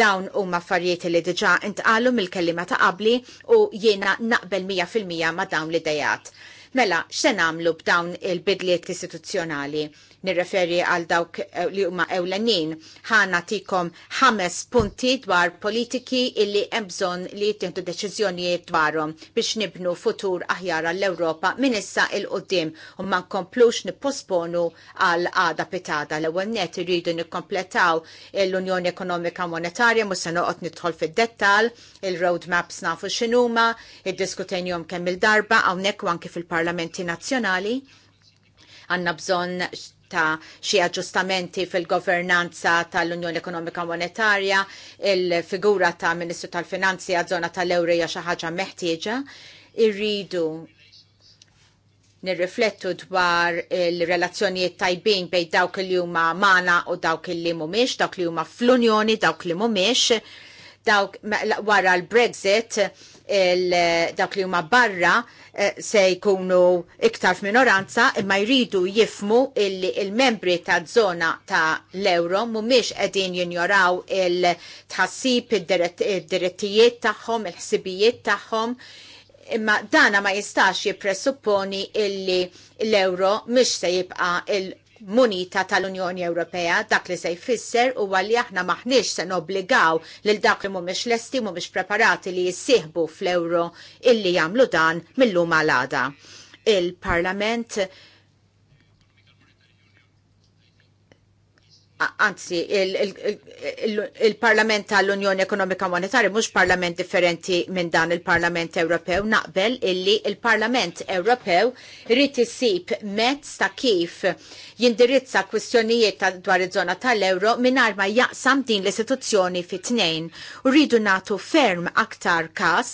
Dawn huma affarijiet li diġà intqalu mill-kelliema ta' qabli u jiena naqbel 100% ma' dawn l-idejat. Mela, x'se nagħmlu b'dawn il-bidliet istituzzjonali? nirreferi għal dawk eh, li huma ewlenin. Ħana tikom ħames punti dwar politiki illi hemm bżonn li jittieħdu deċiżjonijiet dwarhom biex nibnu futur aħjar għall ewropa minn issa il qudiem u ma nkomplux nipposponu għal għada pitada. L-ewwel net irridu nikkompletaw l-Unjoni Ekonomika Monetarja mhux se noqgħod nidħol fid-dettall, il-roadmaps nafu x'inhuma, id kemm il-darba hawnhekk u anke fil-Parlamenti Nazzjonali għanna bżon ta' xi aġġustamenti fil-governanza tal-Unjoni Ekonomika Monetarja, il-figura ta' Ministru tal-Finanzi għadżona żona tal ewreja xaħġa xi ħaġa meħtieġa, irridu nirriflettu dwar il-relazzjonijiet tajbin bejn dawk li huma mana u dawk li mhumiex, dawk li huma fl-Unjoni, dawk li mhumiex, dawk mela, wara l-Brexit dak li huma barra eh, se jkunu iktar f'minoranza imma jridu jifmu illi il-membri ta' zona ta' l-euro mhumiex edin jinjoraw il-tħassib id-direttijiet tagħhom, il-ħsibijiet tagħhom imma dana ma jistax jippresupponi illi l-euro mhix se jibqa' il- munita tal-Unjoni Ewropea dak li se jfisser u għalli aħna maħniex se nobligaw lil dak li mhumiex lesti mhumiex preparati li jissihbu fl-euro illi jagħmlu dan mill-lum għal il-Parlament anzi, il-Parlament tal-Unjoni Ekonomika Monetari mhux parlament differenti minn dan il-Parlament Ewropew naqbel illi il-Parlament Ewropew irid isib mezz ta' kif jindirizza kwistjonijiet dwar iż-żona tal-euro mingħajr ma jaqsam din l-istituzzjoni fit tnejn u rridu nagħtu ferm aktar każ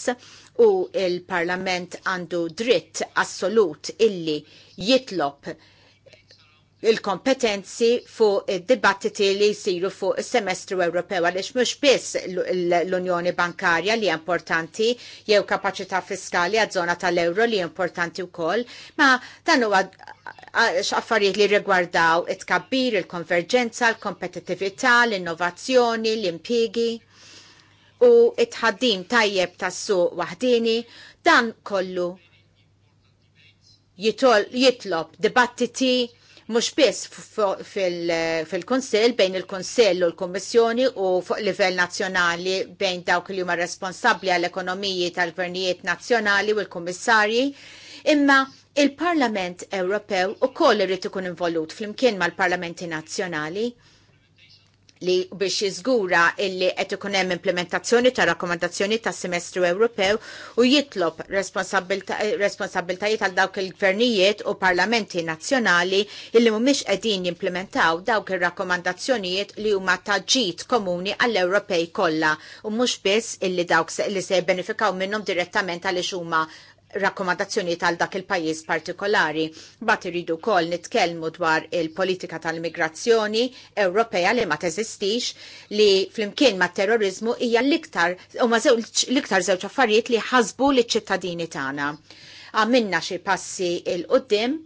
u il-Parlament għandu dritt assolut illi jitlob il-kompetenzi fuq id-dibattiti li jisiru fuq il-semestru Ewropew għalix mhux biss l-Unjoni Bankarja li importanti jew kapaċità fiskali għaż-żona tal-euro li importanti wkoll, ma dan huwa affarijiet li rigwardaw it-kabbir, il-konverġenza, l kompetitivita l-innovazzjoni, l impigi u it-ħaddim tajjeb tas wahdini, waħdini, dan kollu jitlob dibattiti mhux biss fil-Kunsill bejn il-Kunsill u l-Kummissjoni u fuq livell nazzjonali bejn dawk li huma responsabbli għall-ekonomiji tal-gvernijiet nazzjonali u l-kummissarji, imma il-Parlament Ewropew ukoll irid ikun involut flimkien mal-Parlamenti Nazzjonali li biex jiżgura illi qed ikun hemm implementazzjoni ta' rakkomandazzjoni ta' semestru Ewropew u jitlob responsabiltajiet għal dawk il-gvernijiet u parlamenti nazzjonali illi mhumiex qegħdin jimplementaw dawk ir-rakkomandazzjonijiet li huma ta' ġid komuni għall-Ewropej kollha u mhux biss illi dawk li se jbenefikaw minnhom direttament għaliex huma rakkomandazzjoni tal dak il-pajjiż partikolari. Bat iridu wkoll nitkellmu dwar il-politika tal-immigrazzjoni Ewropea li ma teżistix li flimkien ma' terrorizmu hija l-iktar u ma l-iktar żewġ affarijiet li ħasbu liċ ċittadini tagħna. Għamilna xi passi il-qudiem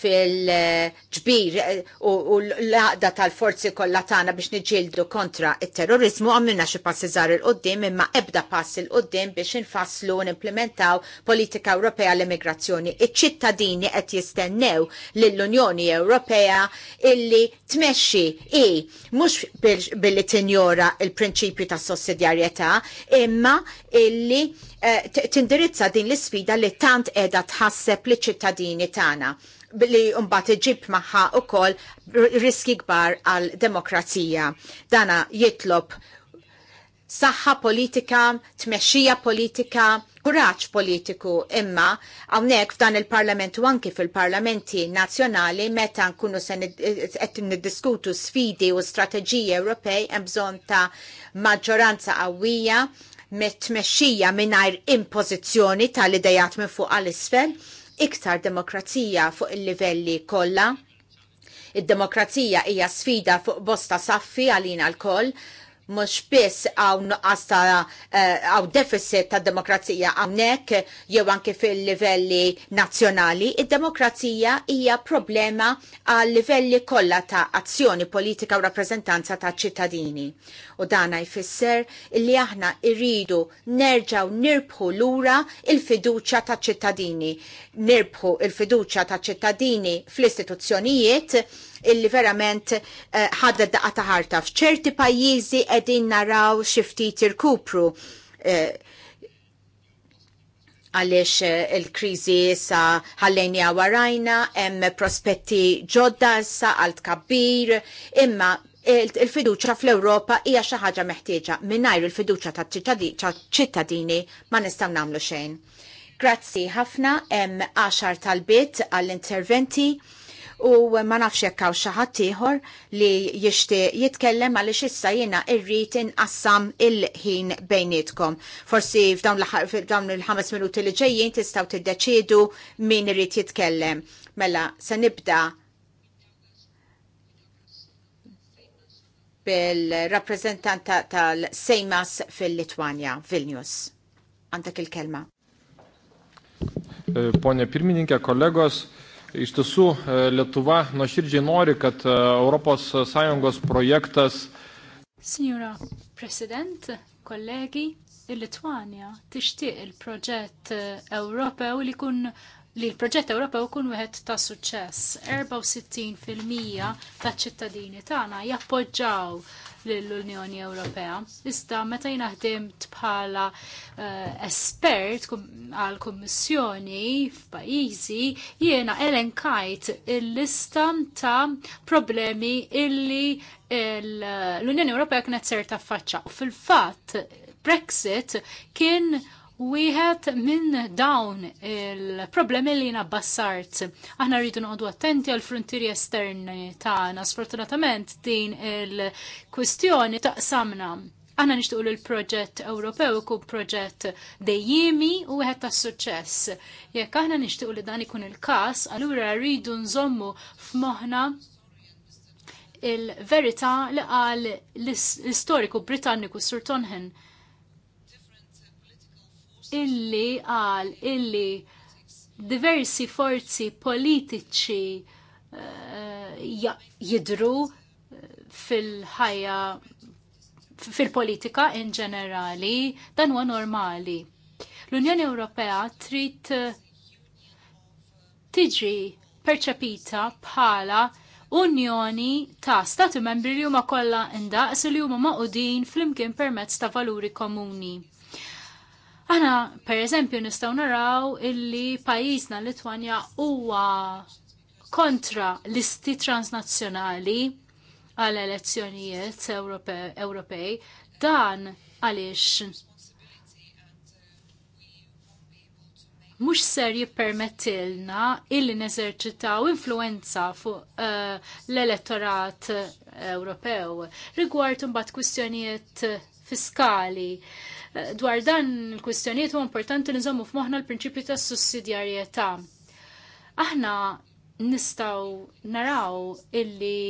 fil-ġbir eh, u l-għaqda tal-forzi kollha tagħna biex niġildu kontra it-terrorizmu għamilna xi passi żar il qudiem imma ebda pass il qudiem biex infasslu u nimplementaw politika Ewropea l-immigrazzjoni. Iċ-ċittadini qed jistennew lill-Unjoni Ewropea illi tmexxi i mhux billi tinjora il-prinċipju ta' sussidjarjetà imma illi eh, tindirizza din l-isfida li tant qiegħda tħasseb li ċittadini tagħna li mbagħad iġib magħha wkoll riski kbar għal demokrazija. Dana jitlob saħħa politika, tmexxija politika, kuraġġ politiku imma hawnhekk f'dan il-Parlament u anki fil-Parlamenti nazzjonali meta nkunu se qed niddiskutu sfidi u strateġiji Ewropej hemm bżonn ta' maġġoranza qawwija mit-tmexxija mingħajr impożizzjoni tal-idejat minn fuq għall isfel iktar demokrazija fuq il-livelli kollha. Id-demokrazija hija sfida fuq bosta saffi għalina l-koll mhux biss hawn nuqasta eh, għaw deficit ta' demokrazija hawnhekk jew anke fil-livelli nazzjonali, id-demokrazija hija problema għal livelli kollha ta' azzjoni politika u rappreżentanza ta' ċittadini. U dana jfisser li aħna irridu nerġaw nirbħu lura il-fiduċja ta' ċittadini, nirbħu il-fiduċja ta' ċittadini fl-istituzzjonijiet illi verament eh, ħadda uh, daqqa ta' ħarta. F'ċerti pajjiżi qegħdin naraw xi ftit irkupru eh, għaliex eh, il-krizi sa ħallejni warajna, hemm prospetti ġodda sa għal tkabbir, imma il-fiduċa fl-Ewropa hija xi ħaġa meħtieġa. Mingħajr il-fiduċa taċ-ċittadini ma nistgħu nagħmlu xejn. Grazzi ħafna hemm għaxar talbiet għall-interventi u ma nafx jekk hawn xi ħadd ieħor li jixtieq jitkellem għaliex issa jiena irrid inqassam il-ħin bejnietkom. Forsi f'dawn il-ħames minuti li ġejjin tistgħu tiddeċiedu min irid jitkellem. Mela, se nibda bil-rappreżentanta tal-Sejmas fil-Litwanja, Vilnius. Għandek il-kelma.
Eh, Pone pirmininke, kollegos.
Iš tiesų, e, Lietuva nuoširdžiai nori, kad ES projektas.
Signora President, kollegi, il-Litwania tixtieq il-proġett e, Ewropew li kun li l-proġett Ewropew kun wieħed ta' suċċess. 64% fil-mija taċ ċittadini tagħna jappoġġaw l-Unjoni Ewropea. Iżda meta jina ħdimt bħala uh, espert għal kummissjoni f'pajjiżi jiena elenkajt il-lista ta' problemi illi l-Unjoni Ewropea kienet ser taffaċċa. U fil-fatt Brexit kien wieħed minn dawn il-problemi li jina bassart. Aħna rridu noqdu attenti għal frontieri esterni tagħna. Sfortunatament din il-kwistjoni taqsamna. Aħna nixtuq li l-proġett Ewropew ikun proġett dejjimi u wieħed ta' suċċess. Jekk aħna nixtuq li dan ikun il-każ, allura rridu nżommu f'moħħna il-verità li qal l-istoriku Britanniku Sir Tonhen illi għal illi diversi forzi politiċi eh, jidru eh, fil-ħajja fil-politika in ġenerali dan huwa normali. L-Unjoni Ewropea trid eh, tiġi perċepita bħala unjoni ta' stati membri li huma kollha indaqs li huma maqudin flimkien permezz ta' valuri komuni. Aħna, per eżempju, nistaw naraw illi pajjiżna Litwanja huwa kontra listi transnazzjonali għal elezzjonijiet Ewropej. Dan għaliex mux ser jippermettilna illi neżerċitaw influenza fuq uh, l-elettorat eh, Ewropew rigward bat kwistjonijiet fiskali. Uh, Eh, dwar dan il-kwistjonijiet huwa importanti li nżommu f'moħħna l-prinċipju ta' sussidjarjetà. Aħna nistgħu naraw illi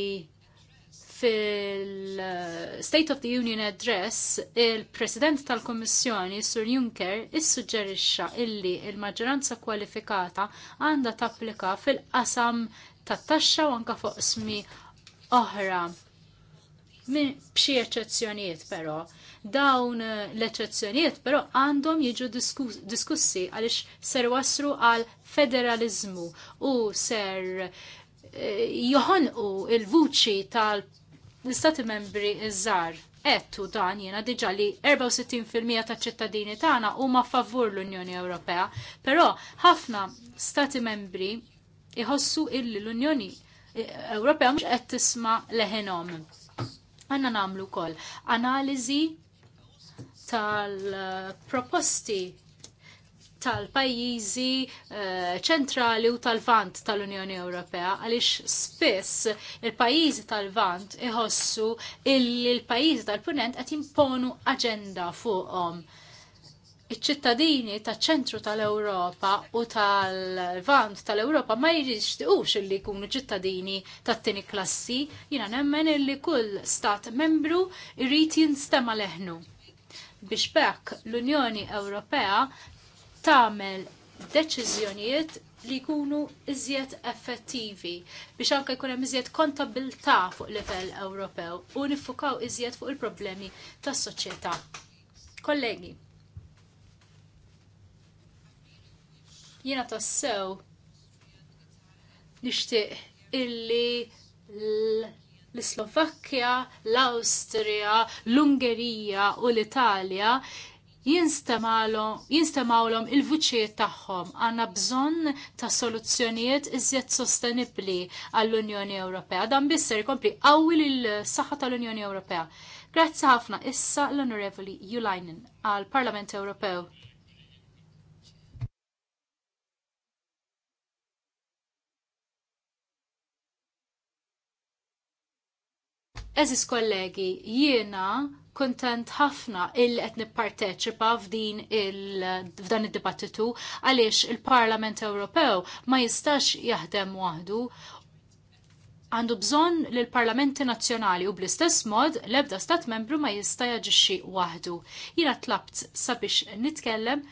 fil-State of the Union Address il-President tal-Kommissjoni Sur Juncker issuġġerixxa illi il-maġġoranza kwalifikata għandha tapplika fil-qasam tat-taxxa u anke fuq smi oħra bxie eċċezzjonijiet però. Dawn eh, l-eċċezzjonijiet però għandhom jiġu diskussi għaliex ser wasru għal federalizmu u ser eh, joħonqu il-vuċi tal-istati membri iż ettu dan jena diġa li 64% ta' ċittadini tagħna huma favur l-Unjoni Ewropea, però ħafna stati membri iħossu illi l-Unjoni eh, Ewropea mhux qed tisma' leħenhom. Għanna namlu kol analizi tal-proposti tal-pajjiżi eh, ċentrali u tal-vant tal-Unjoni Ewropea għaliex spiss il-pajjiżi tal-vant iħossu il-pajjiżi tal-punent qed jimponu aġenda fuqhom. -um iċ-ċittadini taċ ċentru tal-Ewropa u tal-Vant tal-Ewropa ma jixtiqux illi jkunu ċittadini tat-tieni klassi, jiena nemmen illi kull stat membru jrid jinstema leħnu. Biex bekk l-Unjoni Ewropea tagħmel deċiżjonijiet li jkunu iżjed effettivi biex anke jkun hemm iżjed kontabilità fuq livell Ewropew u nifukaw iżjed fuq il-problemi tas-soċjetà. Kollegi, Jiena tassew nixtieq illi l-Slovakkja, l-Awstrija, l-Ungerija u l-Italja jinstemawlom il-vuċiet tagħhom għandna bżonn ta' soluzzjonijiet iżjed sostenibbli għall-Unjoni Ewropea. Dan bisser jkompli qawwi il saħħa tal-Unjoni Ewropea. Grazzi ħafna issa l-Onorevoli Julajnin għall-Parlament Ewropew. Eżis kollegi, jiena kontent ħafna il qed nipparteċipa f'din f'dan id-dibattitu għaliex il-Parlament Ewropew ma jistax jaħdem waħdu għandu bżonn li l-parlamenti nazzjonali u bl-istess mod l-ebda stat membru ma jista' jaġixxi waħdu. Jiena tlabt sabiex nitkellem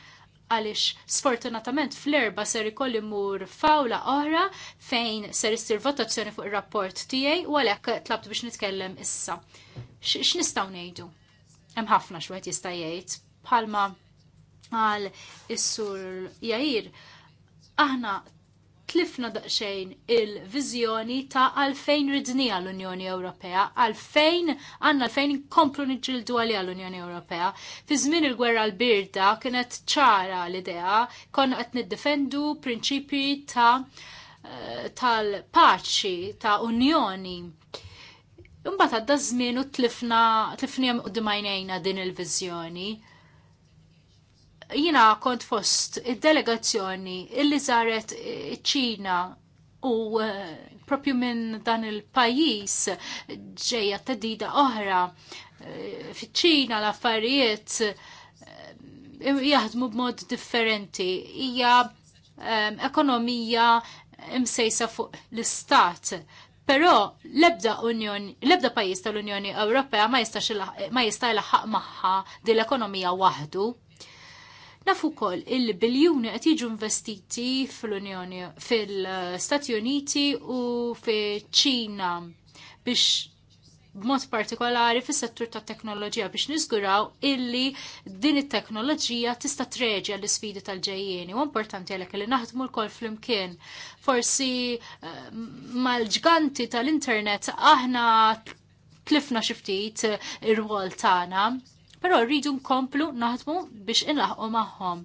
għalix sfortunatament fl-erba ser ikolli mur fawla oħra fejn ser issir votazzjoni fuq ir-rapport tiegħi u għalhekk tlabtu biex nitkellem issa. X'nistgħu ngħidu? Hemm ħafna xwet jista' jgħid bħalma għal is-sur Jair aħna tlifna daqxejn il-vizjoni ta' għalfejn ridnija l-Unjoni Ewropea, għalfejn għanna għalfejn komplu nġildu għalija l-Unjoni Ewropea. Fi żmien il-gwerra l-birda kienet ċara l-idea konna qed niddefendu prinċipji ta' eh, tal-paċi, ta' unjoni. Imbagħad għadda żmien u tlifna għam u din il vizjoni Jina kont fost id-delegazzjoni illi zaret eh, ċina u eh, propju minn dan il-pajis ġeja tedida oħra eh, fiċ-ċina l-affarijiet jaħdmu b'mod differenti. Hija um, ekonomija imsejsa fuq l-istat. Però l-ebda Unjoni, lebda pajis pajjiż tal-Unjoni Ewropea ma jistax ma jista' jlaħħaq magħha din l-ekonomija waħdu Nafu kol il-biljuni qed jiġu investiti fl-Unjoni fil-Stati Uniti u fiċ-Ċina biex b'mod partikolari fis-settur ta' teknoloġija biex niżguraw illi din it-teknoloġija tista' treġi għall sfidi tal-ġejjieni. U importanti għalek li naħdmu lkoll flimkien. Forsi eh, mal-ġganti tal-internet aħna tlifna xi ftit ir-rwol tagħna però rridu nkomplu naħdmu biex inlaħqu magħhom.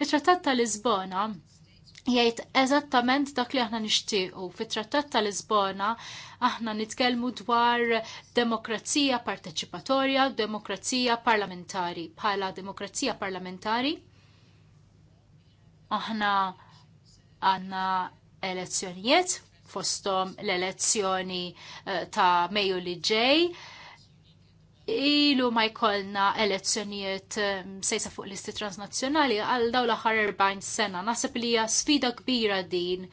Il-Trattat ta' Lisbona jgħid eżattament dak li aħna nixtiequ. Fit-Trattat ta' Lisbona aħna nitkellmu dwar demokrazija parteċipatorja, demokrazija parlamentari. Bħala demokrazija parlamentari aħna għanna elezzjonijiet fostom l-elezzjoni eh, ta' Mejju li ġej ilu ma jkollna elezzjonijiet um, sejsa fuq listi transnazzjonali għal daw l-aħħar 40 sena. Naħseb li hija sfida kbira din.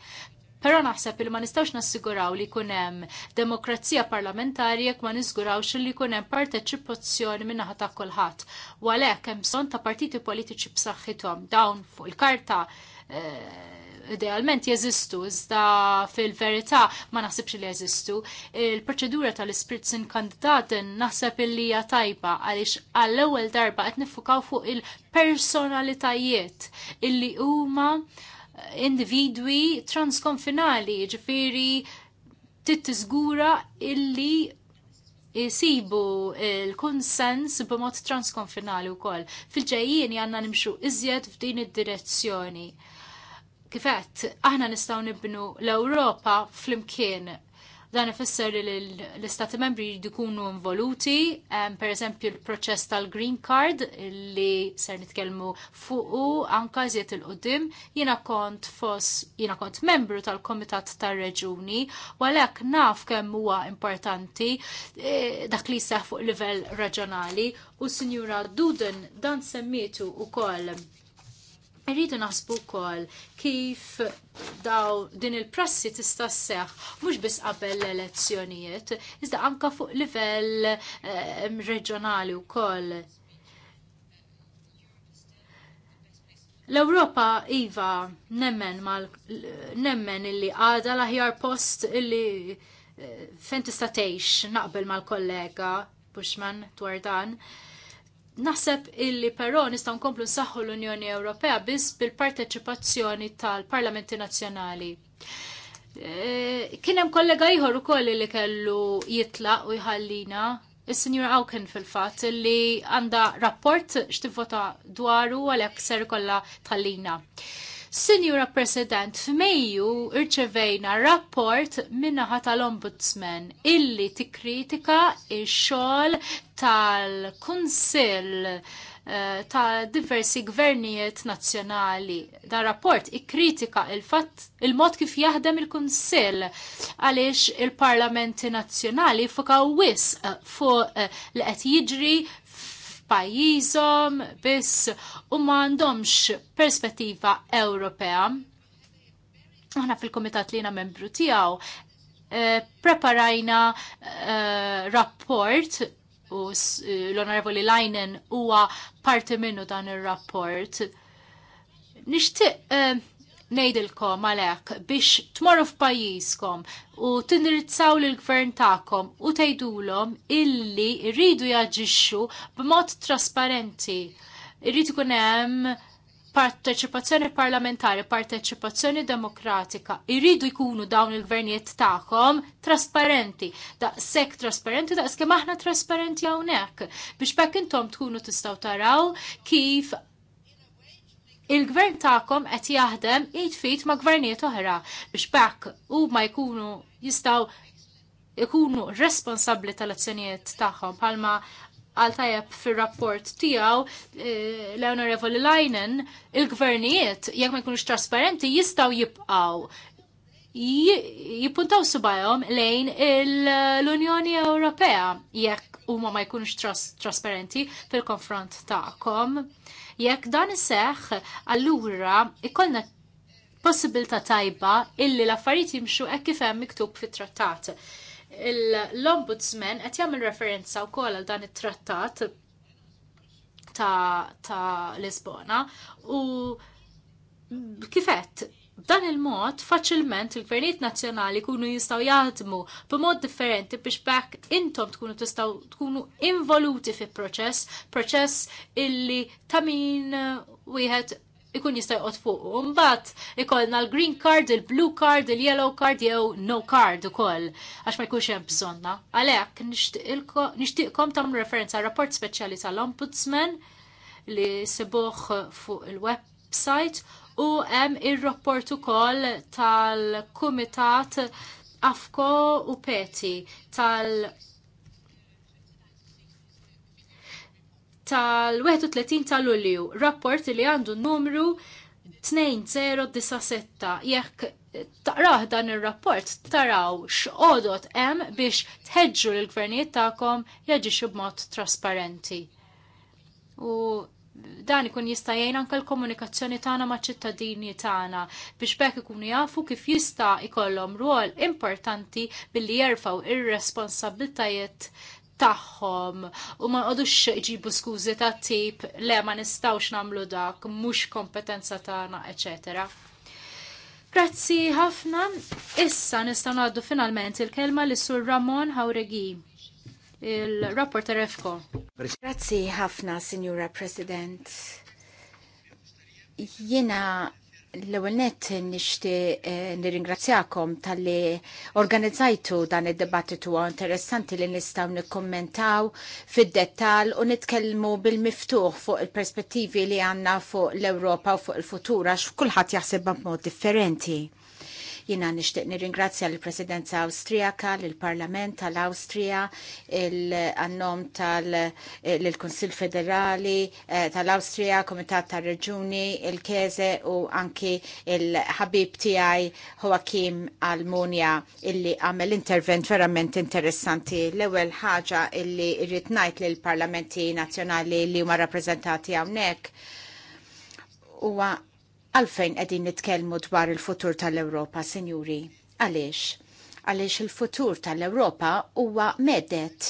Però naħseb li ma nistgħux nassiguraw li jkun hemm demokrazija parlamentari jekk ma niżgurawx li jkun hemm parteċipazzjoni min-naħa ta' kulħadd. U għalhekk hemm bżonn ta' partiti politiċi b'saħħithom dawn fuq il-karta eh, idealment jeżistu, iżda fil-verità ma naħsibx li jeżistu. Il-proċedura tal-Spritzen kandidaten naħseb li hija tajba għaliex għall-ewwel darba qed nifukaw fuq il-personalitajiet illi huma individwi transkonfinali, ġifiri tittiżgura illi jisibu il-konsens b'mod transkonfinali u koll. Fil-ġejjien għandna nimxu iżjed f'din id-direzzjoni kifett, aħna nistaw nibnu l-Ewropa flimkien dan ifisser li l-istati membri jridu jkunu involuti, um, per eżempju l-proċess tal-Green Card li ser nitkellmu fuqu anka żiet il-qudiem, jiena kont fos jiena kont membru tal-Komitat tar-Reġuni, u għalhekk naf kemm huwa importanti eh, dak li jseħħ fuq livell raġjonali, u Sinjura Duden dan semmietu wkoll. Irridu naħsbu wkoll kif daw din il-prassi tista' sseħħ mhux biss qabel l-elezzjonijiet, iżda anka fuq livell ehm, reġjonali wkoll. L-Ewropa iva nemmen mal nemmen illi għada l-aħjar post illi eh, fejn tista' naqbel mal-kollega Bushman dwar dan. Naħseb illi però nistgħu nkomplu nsaħħu l-Unjoni Ewropea biss bil-parteċipazzjoni tal-Parlamenti Nazzjonali. Eh, kien hemm kollega ieħor ukoll li kellu jitlaq u jħallina, is-Sinjur Awken fil-fatt li għandha rapport x'tivvota dwaru għalhekk ser kollha tħallina. Sinjura President, f'Mejju irċevejna rapport minnaħa tal-Ombudsman illi tikkritika ix-xogħol tal-Kunsill eh, ta' diversi gvernijiet nazzjonali. Da' rapport ikkritika il-fatt il-mod kif jaħdem il-Kunsill għaliex il-parlamenti nazzjonali fukaw wis eh, fuq eh, li qed jiġri f'pajjiżhom biss u m'għandhomx perspettiva Ewropea. Aħna fil-komitat li jiena membru tiegħu eh, preparajna eh, rapport u eh, l-Onorevoli Lajnen huwa parti minnu dan ir-rapport. Nixtieq nejdilkom għalek biex tmorru f'pajjiżkom u tindirizzaw lil gvern tagħkom u tgħidulhom illi rridu jaġixxu b'mod trasparenti. Irrid ikun hemm parteċipazzjoni parlamentari, parteċipazzjoni demokratika, irridu jkunu dawn il-gvernijiet tagħkom trasparenti, daqshekk trasparenti, daqs kemm aħna trasparenti hawnhekk. Biex bekk intom tkunu tistgħu taraw kif il-gvern tagħkom qed jaħdem id fit ma' gvernijiet oħra biex bekk huma jkunu jistgħu jkunu responsabbli tal-azzjonijiet tagħhom bħalma għal tajab fil-rapport tijaw eh, l-Honorable Lajnen, il-gvernijiet, jekk ma jkunux trasparenti, jistaw jibqaw jippuntaw subajom lejn l-Unjoni Ewropea jekk huma ma jkunux trasparenti fil-konfront ta'kom. Jekk dan iseħħ, allura ikollna possibilità tajba illi l-affarijiet jimxu hekk kif hemm miktub fit-trattat. L-Ombudsman qed jagħmel referenza wkoll għal dan it-trattat ta', ta Lisbona u kifet B'dan il-mod, faċilment il-gvernijiet nazzjonali kunu jistaw jaħdmu b'mod differenti biex bekk intom tkunu tistaw tkunu involuti fi proċess, proċess illi tamin uh, wieħed ikun jista' jqod fuq. Mbagħad ikollna l-green card, il-blue card, il-yellow card jew no card ukoll għax ma jkunx hemm bżonna. Għalhekk nixtieqkom tagħmlu referenza rapport speċjali tal-Ombudsman li sibuh fuq il-website u hemm ir-rapport ukoll tal-Kumitat Afko u Peti tal- tal-31 tal-Ulju, rapport li għandu numru 2017. Jekk taqraħ dan ir-rapport taraw x'qodot hemm biex tħeġġu l-gvernijiet tagħkom jaġixxu b'mod trasparenti. U dan ikun jista' jgħin anke l-komunikazzjoni tagħna maċ-ċittadini tagħna biex bekk ikunu jafu kif jista' jkollhom rwol importanti billi jerfgħu ir-responsabbiltajiet tagħhom u ma nqogħdux iġibu skużi ta' tip le ma nistgħux nagħmlu dak mhux kompetenza tagħna, eċetera. Grazzi ħafna. Issa nistgħu ngħaddu finalment il-kelma lis Sur Ramon Hawregi
il-rapport Refko. Grazzi ħafna, Signora President. Jena l-ewwel nett nixtieq eh, nirringrazzjakom talli organizzajtu dan id debattitu għu interessanti li nistgħu nikkommentaw fid-dettall u nitkellmu bil-miftuħ fuq il-perspettivi li għandna fuq l-Ewropa u fuq il futura għax jaħseb b'mod differenti. Jina nishtiq nirringrazzja l-Presidenza Awstrijaka, l-Parlament tal-Awstrija, l-annom tal-Konsil Federali eh, tal-Awstrija, Komitat tal-Reġuni, il-Keze u anki il-ħabib tijaj Joachim Almunia illi għamel intervent verament interessanti. L-ewel ħaġa illi irrit l-Parlamenti Nazjonali li huma rappresentati hawnhekk Uwa Għalfejn qegħdin nitkellmu dwar il-futur tal-Ewropa, sinjuri? Għaliex? Għaliex il-futur tal-Ewropa huwa medet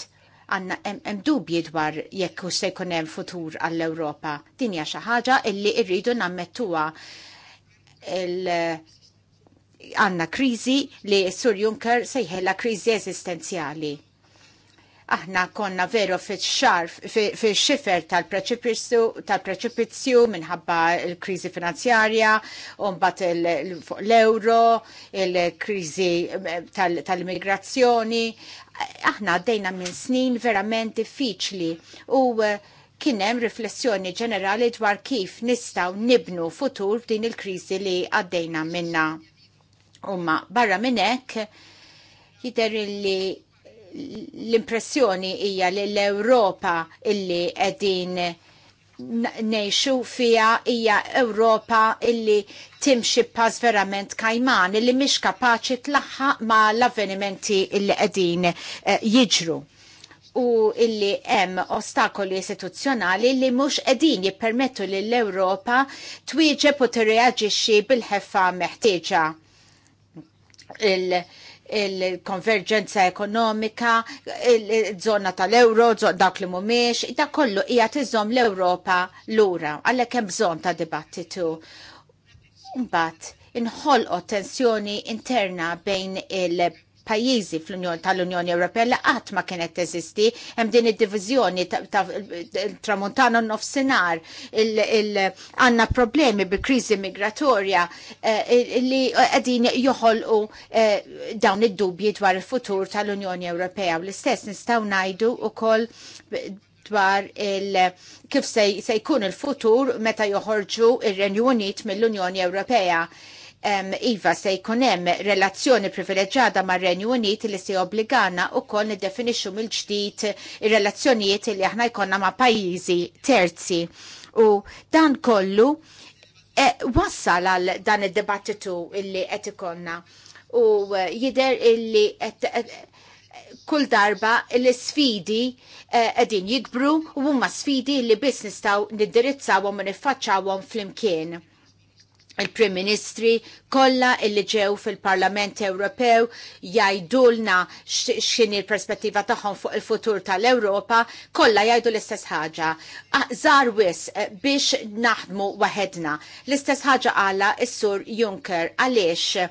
għanna hemm dubji dwar jekk se jkun hemm futur għall-Ewropa. Din hija xi ħaġa illi rridu nammettuha il għanna kriżi li s-Sur Juncker sejħela kriżi eżistenzjali aħna konna veru fit xarf fit xifer tal-preċipizzju minħabba il-krizi finanzjarja, unbat l-euro, il-krizi eh, tal-immigrazzjoni. Aħna għaddejna minn snin verament diffiċli u eh, kienem riflessjoni ġenerali dwar kif nistaw nibnu futur f'din il-krizi li għaddejna minna. Umma barra minnek jider li l-impressjoni hija li l-Ewropa illi qegħdin nejxu fija hija Ewropa illi timxi pass verament kajman illi mhix kapaċi tlaħħaq ma l-avvenimenti illi qegħdin eh, jiġru u illi hemm ostakoli istituzzjonali li mhux qegħdin jippermettu li l ewropa twieġeb u tirreaġixxi bil-ħeffa meħtieġa il-konverġenza ekonomika, il-zona tal-euro, dak li mumiex, da kollu hija tizom l-Ewropa lura, għalhekk hemm bżonn ta' dibattitu. Mbagħad inħolqot tensjoni interna bejn il- pajjiżi fl-Unjoni tal-Unjoni Ewropea li qatt ma kienet teżisti hemm din id-diviżjoni ta' tramuntana nofsinhar għandna problemi bi kriżi migratorja eh, li qegħdin joħolqu eh, dawn id-dubji dwar il-futur tal-Unjoni Ewropea u l-istess nistgħu ngħidu wkoll dwar il kif se jkun il-futur meta joħorġu ir-Renju Unit mill-Unjoni Ewropea Iva se jkun hemm relazzjoni privileġġjata mar-Renju Unit li se obbligana wkoll niddefinixxu mill-ġdid ir-relazzjonijiet li aħna jkollna ma' pajjiżi terzi. U dan kollu e, wassal għal dan id-dibattitu illi qed ikollna. U e, jidher illi e, kull darba l-sfidi e, qegħdin jikbru u huma sfidi li biss nistgħu niddirizzawhom u niffaċċawhom flimkien il-Prim Ministri kollha illi ġew fil-Parlament Ewropew jgħidulna x'inhi l-perspettiva tagħhom fuq il-futur tal-Ewropa, kollha jgħidu l-istess ħaġa. Żar wis eh, biex naħdmu waħedna. L-istess ħaġa għala s-Sur Juncker għaliex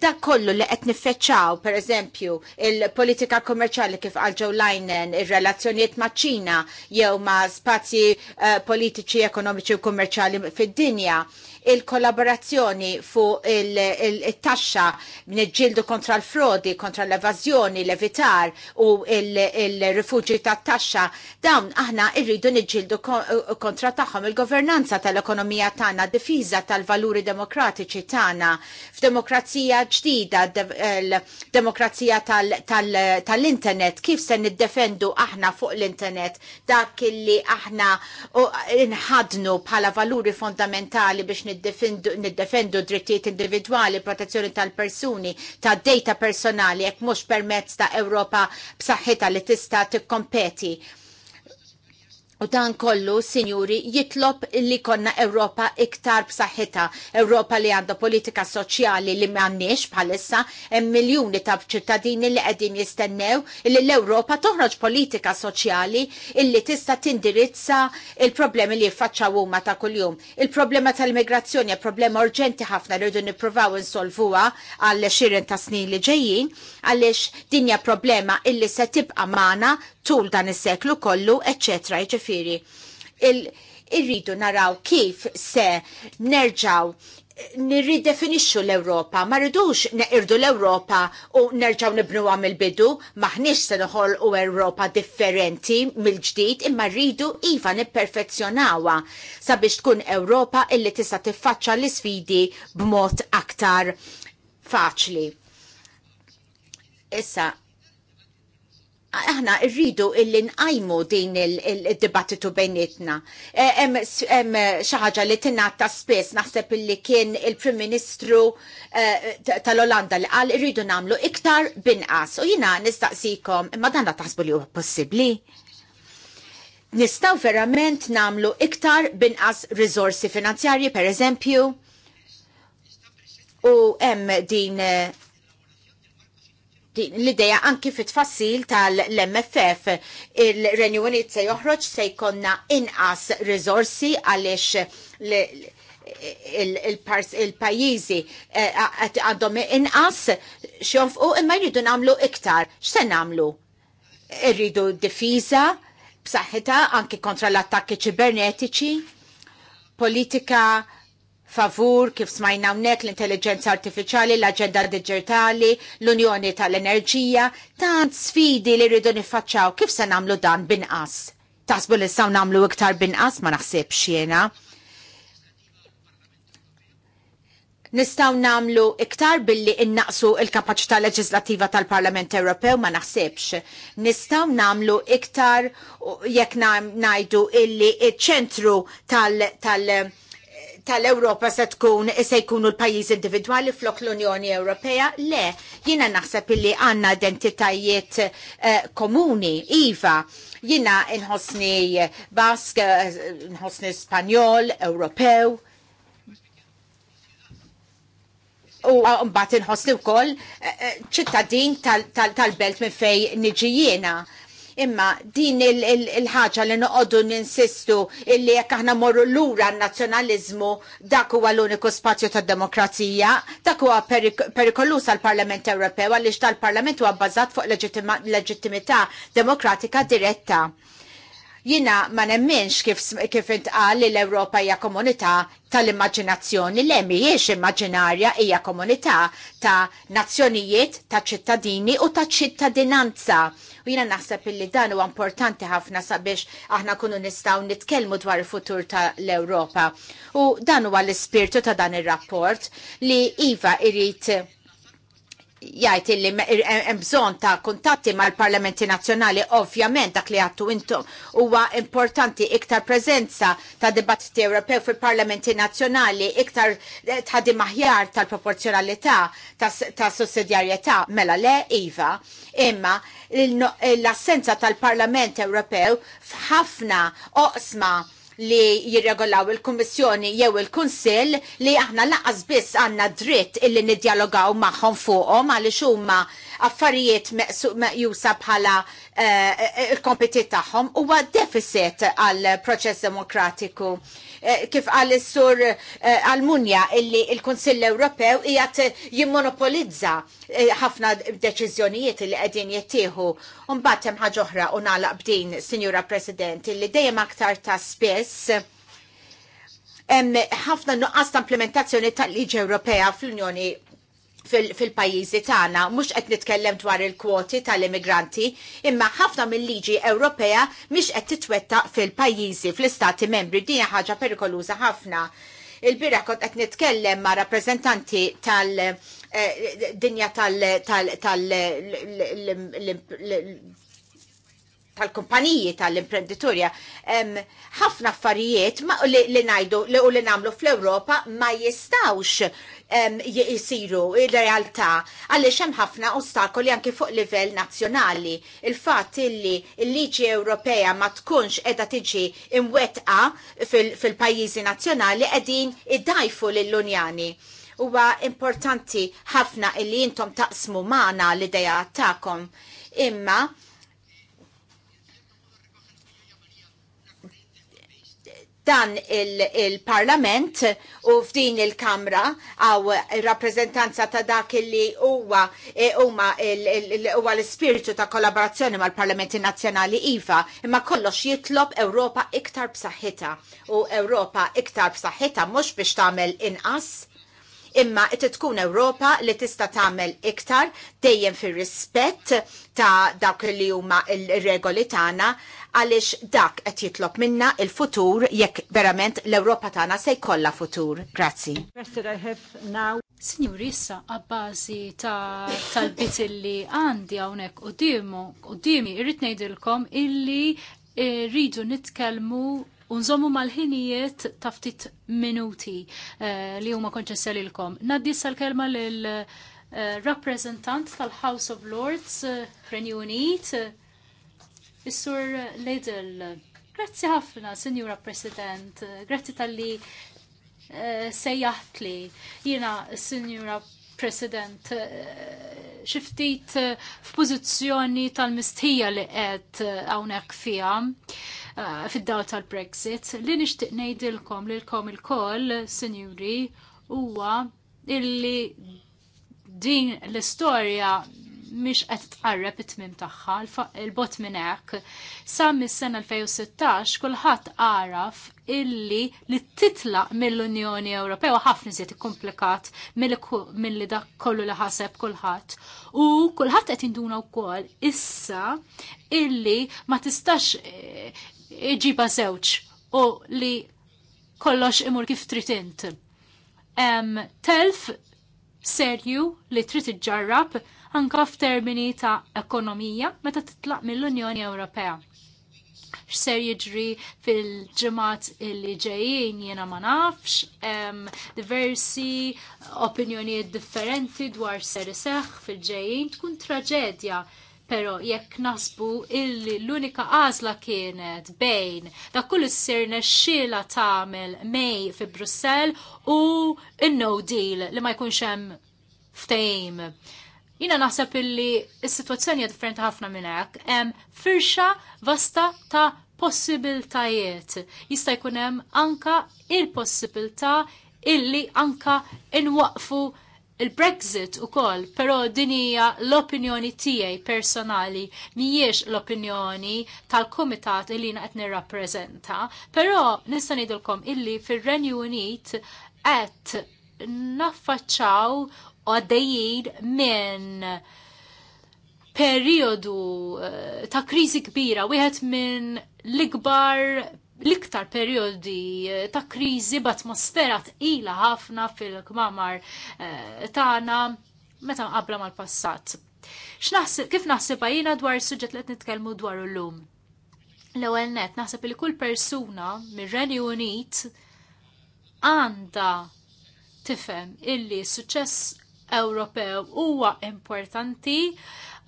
dak kollu li qed niffeċċaw, per eżempju, il-politika kommerċali kif ġew lajnen, ir-relazzjonijiet ma' Ċina jew ma' spazji uh, politiċi, ekonomiċi u kummerċjali fid-dinja il-kollaborazzjoni fuq il-taxxa il-ġildu kontra l-frodi, kontra l-evażjoni, l-evitar u il-rifuġi tat-taxxa, dawn aħna rridu niġġieldu kontra tagħhom il-governanza tal-ekonomija tagħna, difiża tal-valuri demokratiċi tagħna, f'demokrazija ġdida, demokrazija tal-internet, kif se niddefendu aħna fuq l-internet dak illi aħna inħadnu bħala valuri fondamentali biex niddefendu drittijiet individwali, protezzjoni tal-persuni, ta' data personali, jekk mhux permezz ta' Ewropa b'saħħita li tista' tikkompeti U dan kollu, sinjuri, jitlob li konna Ewropa iktar b'saħħitha, Ewropa li għandha politika soċjali li m'għandniex bħalissa, hemm miljuni ta' ċittadini li qegħdin jistennew li l-Ewropa toħroġ politika soċjali illi tista' tindirizza il-problemi li jiffaċċaw huma ta' kuljum. Il-problema tal-immigrazzjoni hija problema urġenti ħafna li rridu nippruvaw insolvuha għal xirin ta' snin li ġejjin, għaliex dinja problema illi se tibqa' magħna tul dan is-seklu kollu, eccetera, ġifiri. Irridu naraw kif se nerġaw nirridefinixxu l-Ewropa, ma rridux neqirdu l-Ewropa u nerġaw nibnuha mill-bidu, maħniex se noħol u Ewropa differenti mill-ġdid imma rridu iva nipperfezzjonawha sabiex tkun Ewropa illi tista' tiffaċċa l-isfidi b'mod aktar faċli. Issa, aħna rridu illi nqajmu din il-dibattitu bejnietna. Hemm e, xaħġa ħaġa li tingħata spess naħseb illi kien il-Prim Ministru e, tal-Olanda li qal irridu nagħmlu iktar binqas u jiena nistaqsikom imma dan taħsbu li huwa possibbli. Nistaw verament namlu iktar binqas rizorsi finanzjarji per eżempju, u hemm din l-ideja anki fit tfassil tal-MFF il-Renju se joħroġ se jkonna inqas rizorsi għaliex il-pajizi eh, għandhom inqas u imma jridu namlu iktar. X'se namlu? Irridu difiża b'saħħitha anki kontra l-attakki ċibernetiċi, politika favur kif smajna hawnhekk l-intelligenza artifiċjali, l-aġenda digitali, l-unjoni tal-enerġija, tant sfidi li rridu niffaċċaw kif se nagħmlu dan binqas. Tasbu li saw nagħmlu iktar binqas ma naħsibx jiena. Nistaw namlu iktar billi innaqsu il-kapacità leġislativa tal-Parlament Ewropew ma naħsibx. Nistaw namlu iktar jekk najdu illi iċ-ċentru tal-, tal, tal tal-Ewropa se tkun se jkunu l-pajjiż individwali flok l-Unjoni Ewropea? Le, jiena naħseb illi għandna identitajiet eh, komuni, iva, jiena nħossni Bask, eh, nħossni Spanjol, Ewropew. U ah, mbagħad inħossni wkoll eh, ċittadin tal-belt minn fejn niġi jiena. Imma din il-ħaġa li noqogħdu ninsistu illi jekk aħna morru lura n-nazzjonaliżmu dak huwa l-uniku spazju tad-demokrazija, dak huwa perikolus għall parlament Ewropew għaliex tal-Parlament huwa bbażat fuq leġittimità demokratika diretta. Jina ma nemminx kif, kif intqal li l-Ewropa hija komunità tal-immaġinazzjoni, le mhijiex immaġinarja hija komunità ta' nazzjonijiet, ta' ċittadini u ta' ċittadinanza. U jina naħseb illi dan huwa importanti ħafna sabiex aħna kunu nistgħu nitkellmu dwar il-futur tal-Ewropa. U dan huwa l-ispirtu ta' dan ir-rapport li iva irid jgħid illi hemm er- bżonn ta' kuntatti mal-Parlamenti Nazzjonali ovvjament dak li għattu intom huwa importanti iktar preżenza ta' dibattiti Ewropew fil-Parlamenti Nazzjonali iktar eh, tħaddim aħjar tal-proporzjonalità ta' sussidjarjetà mela le iva imma l-assenza tal-Parlament Ewropew f'ħafna oqsma li jirregolaw il-Kummissjoni jew il-Kunsill li aħna laqas biss għandna dritt illi nidjalogaw magħhom fuqhom għaliex huma affarijiet meqjusa bħala eh, il-kompeti tagħhom huwa deficit għal proċess demokratiku. Eh, kif għal sur eh, Almunja illi il-Konsill Ewropew jgħat eh, jimmonopolizza ħafna deċiżjonijiet li qegħdin jittieħu. Mbagħad hemm ħaġa oħra u b'din, Sinjura President, illi dejjem aktar ta' spess hemm ħafna nuqqas ta' implementazzjoni tal-liġi Ewropea fl-Unjoni fil-pajizi tagħna mhux qed nitkellem dwar il-kwoti tal-immigranti, imma ħafna mill-liġi Ewropea mux qed titwettaq fil-pajjiżi fl-istati membri din ħaġa perikoluża ħafna. Il-biraħ kont qed nitkellem ma' rappreżentanti tal- eh, dinja tal- tal-kumpaniji tal-imprenditorja ħafna affarijiet li najdu li u li namlu fl-Europa ma jistawx jisiru il-realtà għaliex hemm ħafna ostakoli anki fuq livell nazzjonali. Il-fatt illi l-liġi Ewropea ma tkunx qiegħda tiġi imwetqa fil-pajjiżi nazzjonali qegħdin iddajfu lill-Unjani huwa importanti ħafna illi jintom taqsmu maħna l-ideja taqom Imma Dan il-parlament u f'din il-kamra għaw rappresentanza ta' dak li huwa e, huma huwa l-ispiritu ta' kollaborazzjoni mal-parlamenti nazzjonali iva, imma kollox jitlob Ewropa iktar b'saħħitha u Ewropa iktar b'saħħitha mhux biex tagħmel inqas imma qed tkun Ewropa li tista' tagħmel iktar dejjem fir-rispett ta' dawk li huma il regoli tagħna għaliex dak qed jitlob minna il-futur jekk verament l-Ewropa tagħna se jkollha futur. Grazzi.
Signori, issa għabbażi tal-bit illi għandi hawnhekk u qudiemi irrid ngħidilkom illi eh, rridu nitkellmu unżommu mal-ħinijiet taftit ftit minuti eh, li huma lilkom. Naddi sal-kelma lil eh, rappresentant tal-House of Lords, Renew Unit, Is-sur Lidl. Grazzi ħafna, Sinjura President. Grazzi tal-li uh, sejjaħtli. Jina, Sinjura President, eh, xiftit uh, eh, uh, f'pożizzjoni tal-mistija li qed hawnhekk fiha fid-daw tal-Brexit li nixtieq ngħidilkom lilkom il-koll, Sinjuri, huwa illi din l-istorja mhix qed tqarreb it-tmim tagħha il-bot minn hekk. Sa mis-sena 2016 kulħadd għaraf illi li titlaq mill-Unjoni Ewropew ħafna iżjed ikkomplikat milli dak kollu li ħaseb kulħadd. U kulħadd qed induna wkoll issa illi ma tistax eh, iġiba żewġ u li kollox imur kif trid int. Um, telf serju li trid iġġarrab anka f'termini ta' ekonomija meta titlaq mill-Unjoni Ewropea. X'ser jiġri fil-ġimgħat li ġejjin jiena ma nafx, diversi opinjonijiet differenti dwar ser iseħħ fil-ġejjin tkun traġedja pero jekk nasbu illi l-unika għazla kienet bejn da kull s-sir tagħmel tamel mej fi Brussel u il-no deal li ma jkunx hemm ftehim. Jina naħseb illi s-situazzjoni differenti ħafna minn hekk. Hemm firxa vasta ta' possibiltajiet. Jista' jkun hemm anka il-possibilità illi anka inwaqfu il-Brexit u koll, pero dinija l-opinjoni tijaj personali, mijiex l-opinjoni tal-komitat illi għetni rapprezenta, pero nistanidilkom illi fil-Renju Unit għet naffaċċaw għaddejjid minn periodu eh, ta' kriżi kbira, wieħed minn l-ikbar l-iktar periodi eh, ta' kriżi b'atmosfera mastera tqila ħafna fil-kmamar eh, tagħna meta qabla mal-passat. Kif naħseb jiena dwar is-suġġett li qed nitkellmu dwar illum? L-ewwel net naħseb li kull persuna mir-Renju Unit għandha tifhem illi s-suċċess Ewropew huwa importanti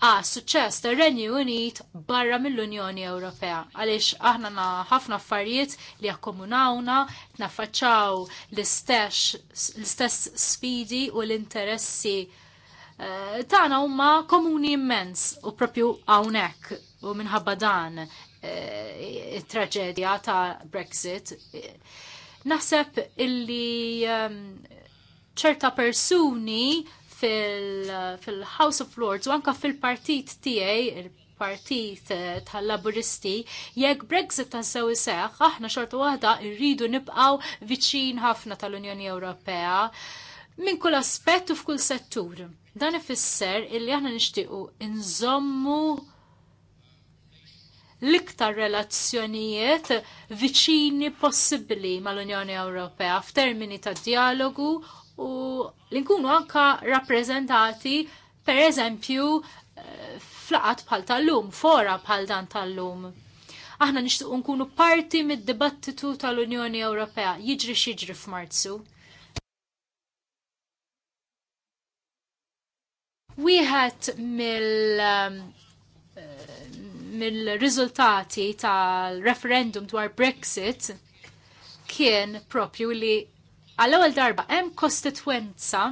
għas suċċess tar renju Unit barra mill-Unjoni Ewropea. Għaliex aħna na ħafna affarijiet li jakkomunawna, tnaffaċċaw l-istess sfidi u l-interessi eh, tagħna huma komuni immens u propju hawnhekk u minħabba dan eh, it-traġedja ta' Brexit. Eh, naħseb illi ehm, ċerta persuni fil-House fil of Lords u anka fil-partit tiegħi, il-partit eh, tal-laburisti, jekk Brexit tassew seħ, aħna xorta waħda irridu nibqaw viċin ħafna tal-Unjoni Ewropea minn kull aspett u f'kull settur. Dan ifisser illi aħna nixtiequ nżommu l-iktar relazzjonijiet viċini possibbli mal-Unjoni Ewropea f'termini ta' dialogu u li nkunu anka rappreżentati per eżempju eh, flaqat bħal tal-lum, fora bħal dan tal-lum. Aħna nixtiequ nkunu parti mid-dibattitu tal-Unjoni Ewropea, jiġri xiġri f'Marzu. Wieħed mill eh, mill-riżultati tal-referendum dwar Brexit kien propju li għall-ewwel darba hemm kostitwenza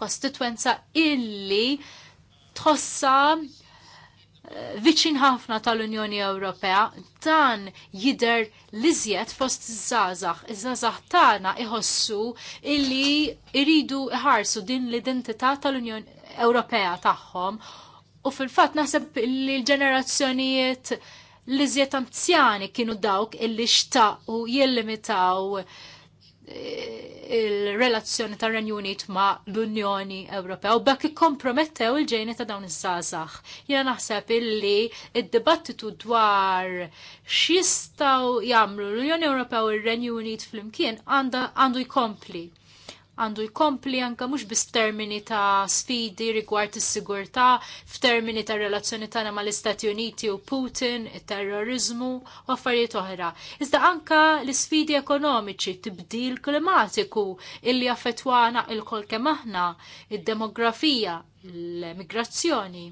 kostitwenza illi tħossa eh, viċin ħafna tal-Unjoni Ewropea dan jider li fost iż-żazax. Iż-żazax tagħna iħossu illi iridu iħarsu din l-identità tal-Unjoni Ewropea tagħhom u fil-fatt naħseb li l-ġenerazzjonijiet liżjed anzjani kienu dawk illi xtaqqu jillimitaw il-relazzjoni tar renju Unit ma' l-Unjoni Ewropea u bekk ikkompromettew il-ġejni ta' dawn iż-żgħażagħ. Jiena naħseb illi id-dibattitu dwar x'jistgħu jagħmlu l-Unjoni Ewropea u r-Renju Unit flimkien għandu jkompli għandu jkompli anka mhux biss termini ta' sfidi rigward is-sigurtà, f'termini ta' relazzjoni tagħna mal-Istati Uniti u Putin, it-terrorizmu u affarijiet oħra. Iżda anka l-sfidi ekonomiċi, tibdil klimatiku illi affettwana il-kol kemm aħna, id-demografija, l-migrazzjoni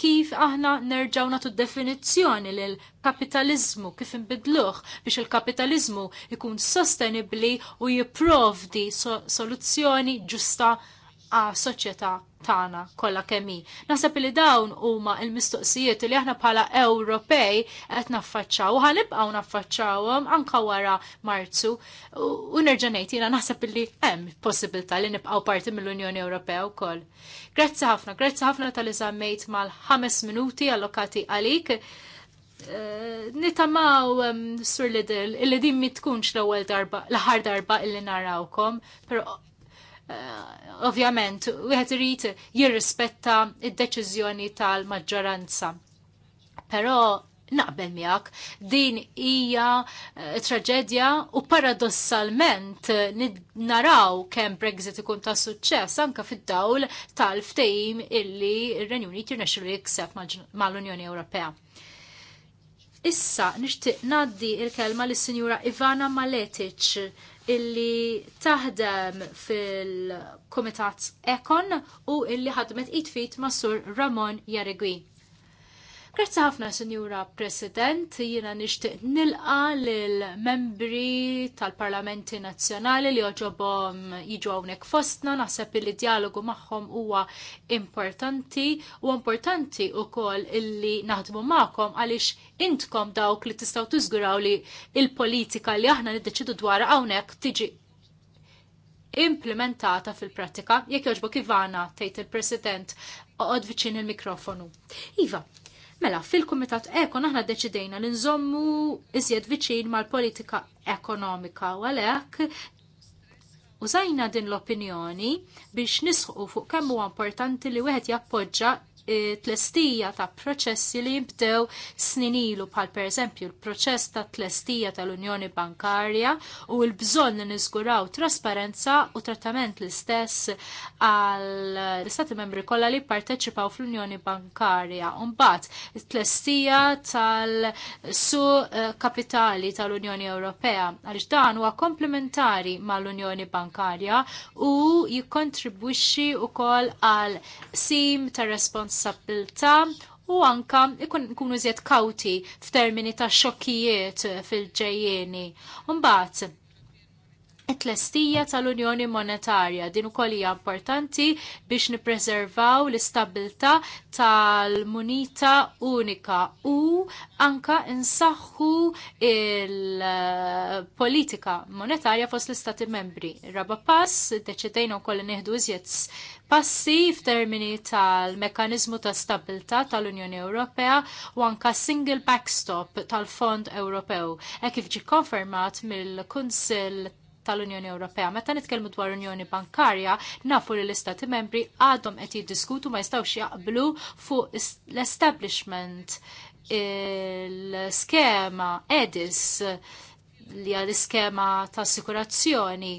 kif aħna nerġaw natu definizzjoni lil kapitalizmu kif imbidluħ biex il-kapitalizmu ikun sostenibli u jiprovdi soluzzjoni ġusta għal soċjetà Tana kollha kemm hi. Naħseb li dawn huma l-mistoqsijiet li aħna bħala Ewropej qed naffaċċaw u ħanibqgħu naffaċċawhom anke wara Marzu u nerġa' ngħid jiena naħseb illi hemm possibilità li nibqgħu parti mill-Unjoni Ewropea wkoll. Grazzi ħafna, grazzi ħafna tal żammejt mal-ħames minuti allokati għalik. Eh, nitamaw Sur l-idil, illi din dimmi tkunx l-ewwel darba, l-aħħar darba illi narawkom, però Eh, ovvjament, wieħed irid jirrispetta id-deċiżjoni tal-maġġoranza. Però naqbel miak, din hija eh, traġedja u paradossalment eh, naraw kemm Brexit ikun ta' suċċess anke fid-dawl tal-ftehim illi r-Renju Unit jirnexxu li jikseb mal-Unjoni Ewropea. Issa nixtieq ngħaddi l kelma lis-Sinjura Ivana Maletic illi taħdem fil-Komitat Ekon u illi ħadmet it-fit ma' Sur Ramon Jaregui. Grazzi ħafna, Sinjura President, jiena nixtieq nilqa lill-membri tal-Parlamenti Nazzjonali li joġobhom jiġu hawnhekk fostna, naħseb li dialogu magħhom huwa importanti u importanti wkoll illi naħdmu magħkom għaliex intkom dawk li tistgħu tiżguraw li l politika li aħna niddeċidu dwar hawnhekk tiġi implementata fil-prattika, jekk jogħġbok ivana tgħid il-President oqgħod viċin il-mikrofonu. Iva, Mela, fil-Kumitat Ekon aħna deċidejna li nżommu iżjed viċin mal-politika ekonomika u għalhekk użajna din l-opinjoni biex nisħu fuq kemm huwa importanti li wieħed jappoġġa tlestija ta' proċessi li jibdew snin ilu bħal pereżempju l-proċess ta' tlestija tal-Unjoni Bankarja u l-bżonn li niżguraw trasparenza u trattament l-istess għall l-istati membri kollha li parteċipaw fl-Unjoni Bankarja. Mbagħad it-tlestija tal-su eh, kapitali tal-Unjoni Ewropea għaliex dan huwa komplementari mal-Unjoni Bankarja u jikkontribwixxi wkoll għal sim ta' respons responsabilta u anka ikunu iżjed kawti f'termini ta' xokkijiet fil-ġejjeni. Mbagħad, it-tlestija tal-Unjoni Monetarja. Din ukoll hija importanti biex nippreservaw l-istabilità tal-munita unika u anka insaħħu il-politika monetarja fost l-Istati membri. Raba pass, deċidejna wkoll nieħdu iżjed passi f'termini tal-mekanizmu ta' stabilta tal-Unjoni Ewropea u anka single backstop tal-Fond Ewropew. E kif ġi konfermat mill-Kunsill tal-Unjoni Ewropea. Meta nitkellmu dwar Unjoni Bankarja, nafu li l-Istati membri għadhom qed jiddiskutu ma jistgħux jaqblu fuq l-establishment il-skema EDIS li għal iskema ta' assikurazzjoni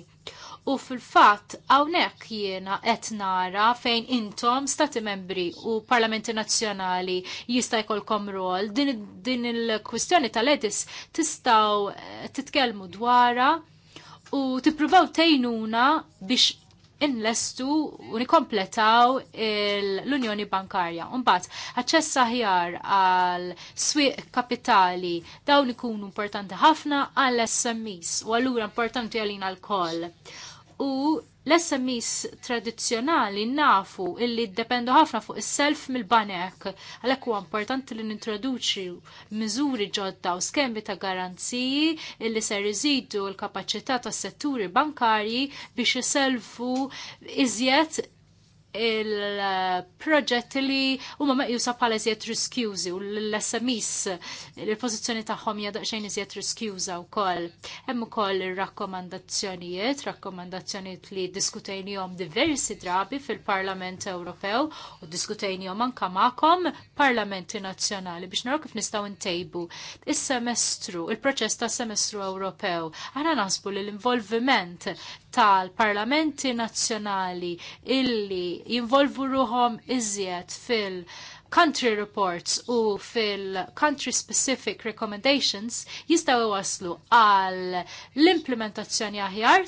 U fil-fatt hawnhekk jiena qed nara fejn intom stati membri u parlamenti nazzjonali jista' jkollkom rol din, din il-kwistjoni tal-edis tistgħu eh, titkellmu dwarha u tippruvaw tgħinuna biex inlestu u nikompletaw l-Unjoni Bankarja. Unbat, aċċess ħjar għal swieq kapitali dawn ikunu importanti ħafna għall SMEs u allura importanti għalina l-koll u l-SMEs tradizjonali nafu illi dependu ħafna fuq is-self mill-banek. Għalhekk huwa importanti li nintroduċi miżuri ġodda u skemi ta' garanziji illi ser iżidu l-kapaċità tas-setturi bankarji biex iselfu iżjed il-proġett li huma meqjusa bħala iżjed riskjużi u l-SMIs il-pożizzjoni tagħhom hija daqsxejn iżjed riskjuża wkoll. Hemm ukoll ir-rakkomandazzjonijiet, rakkomandazzjonijiet li diskutejnihom diversi drabi fil-Parlament Ewropew u diskutejnihom anke makom parlamenti nazzjonali biex naraw kif nistgħu ntejbu is-semestru, il-proċess tas semestru Ewropew. Aħna nasbu li l-involviment tal-parlamenti nazzjonali illi jinvolvu ruhom iżjed fil-country reports u fil-country specific recommendations jistaw waslu għal l-implementazzjoni aħjar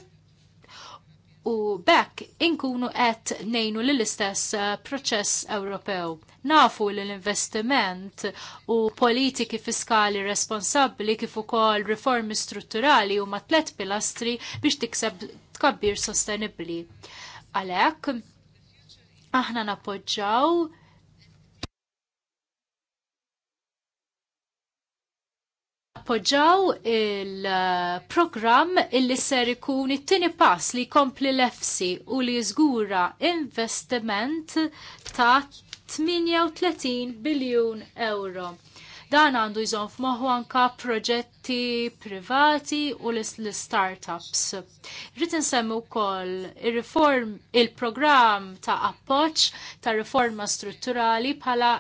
u bekk inkunu qed nejnu l-istess uh, proċess Ewropew. Nafu li l-investiment u politiki fiskali responsabbli kif ukoll riformi strutturali huma tliet pilastri biex tikseb tkabbir sostenibli. Għalhekk aħna nappoġġaw appoġġaw il-programm illi ser ikun it-tieni pass li kompli l-efsi u li jżgura investiment ta' 38 biljun euro. Dan għandu jżon f'moħu anka proġetti privati u l-startups. Rrit nsemmu wkoll il-reform il-programm ta' appoġġ ta' riforma strutturali bħala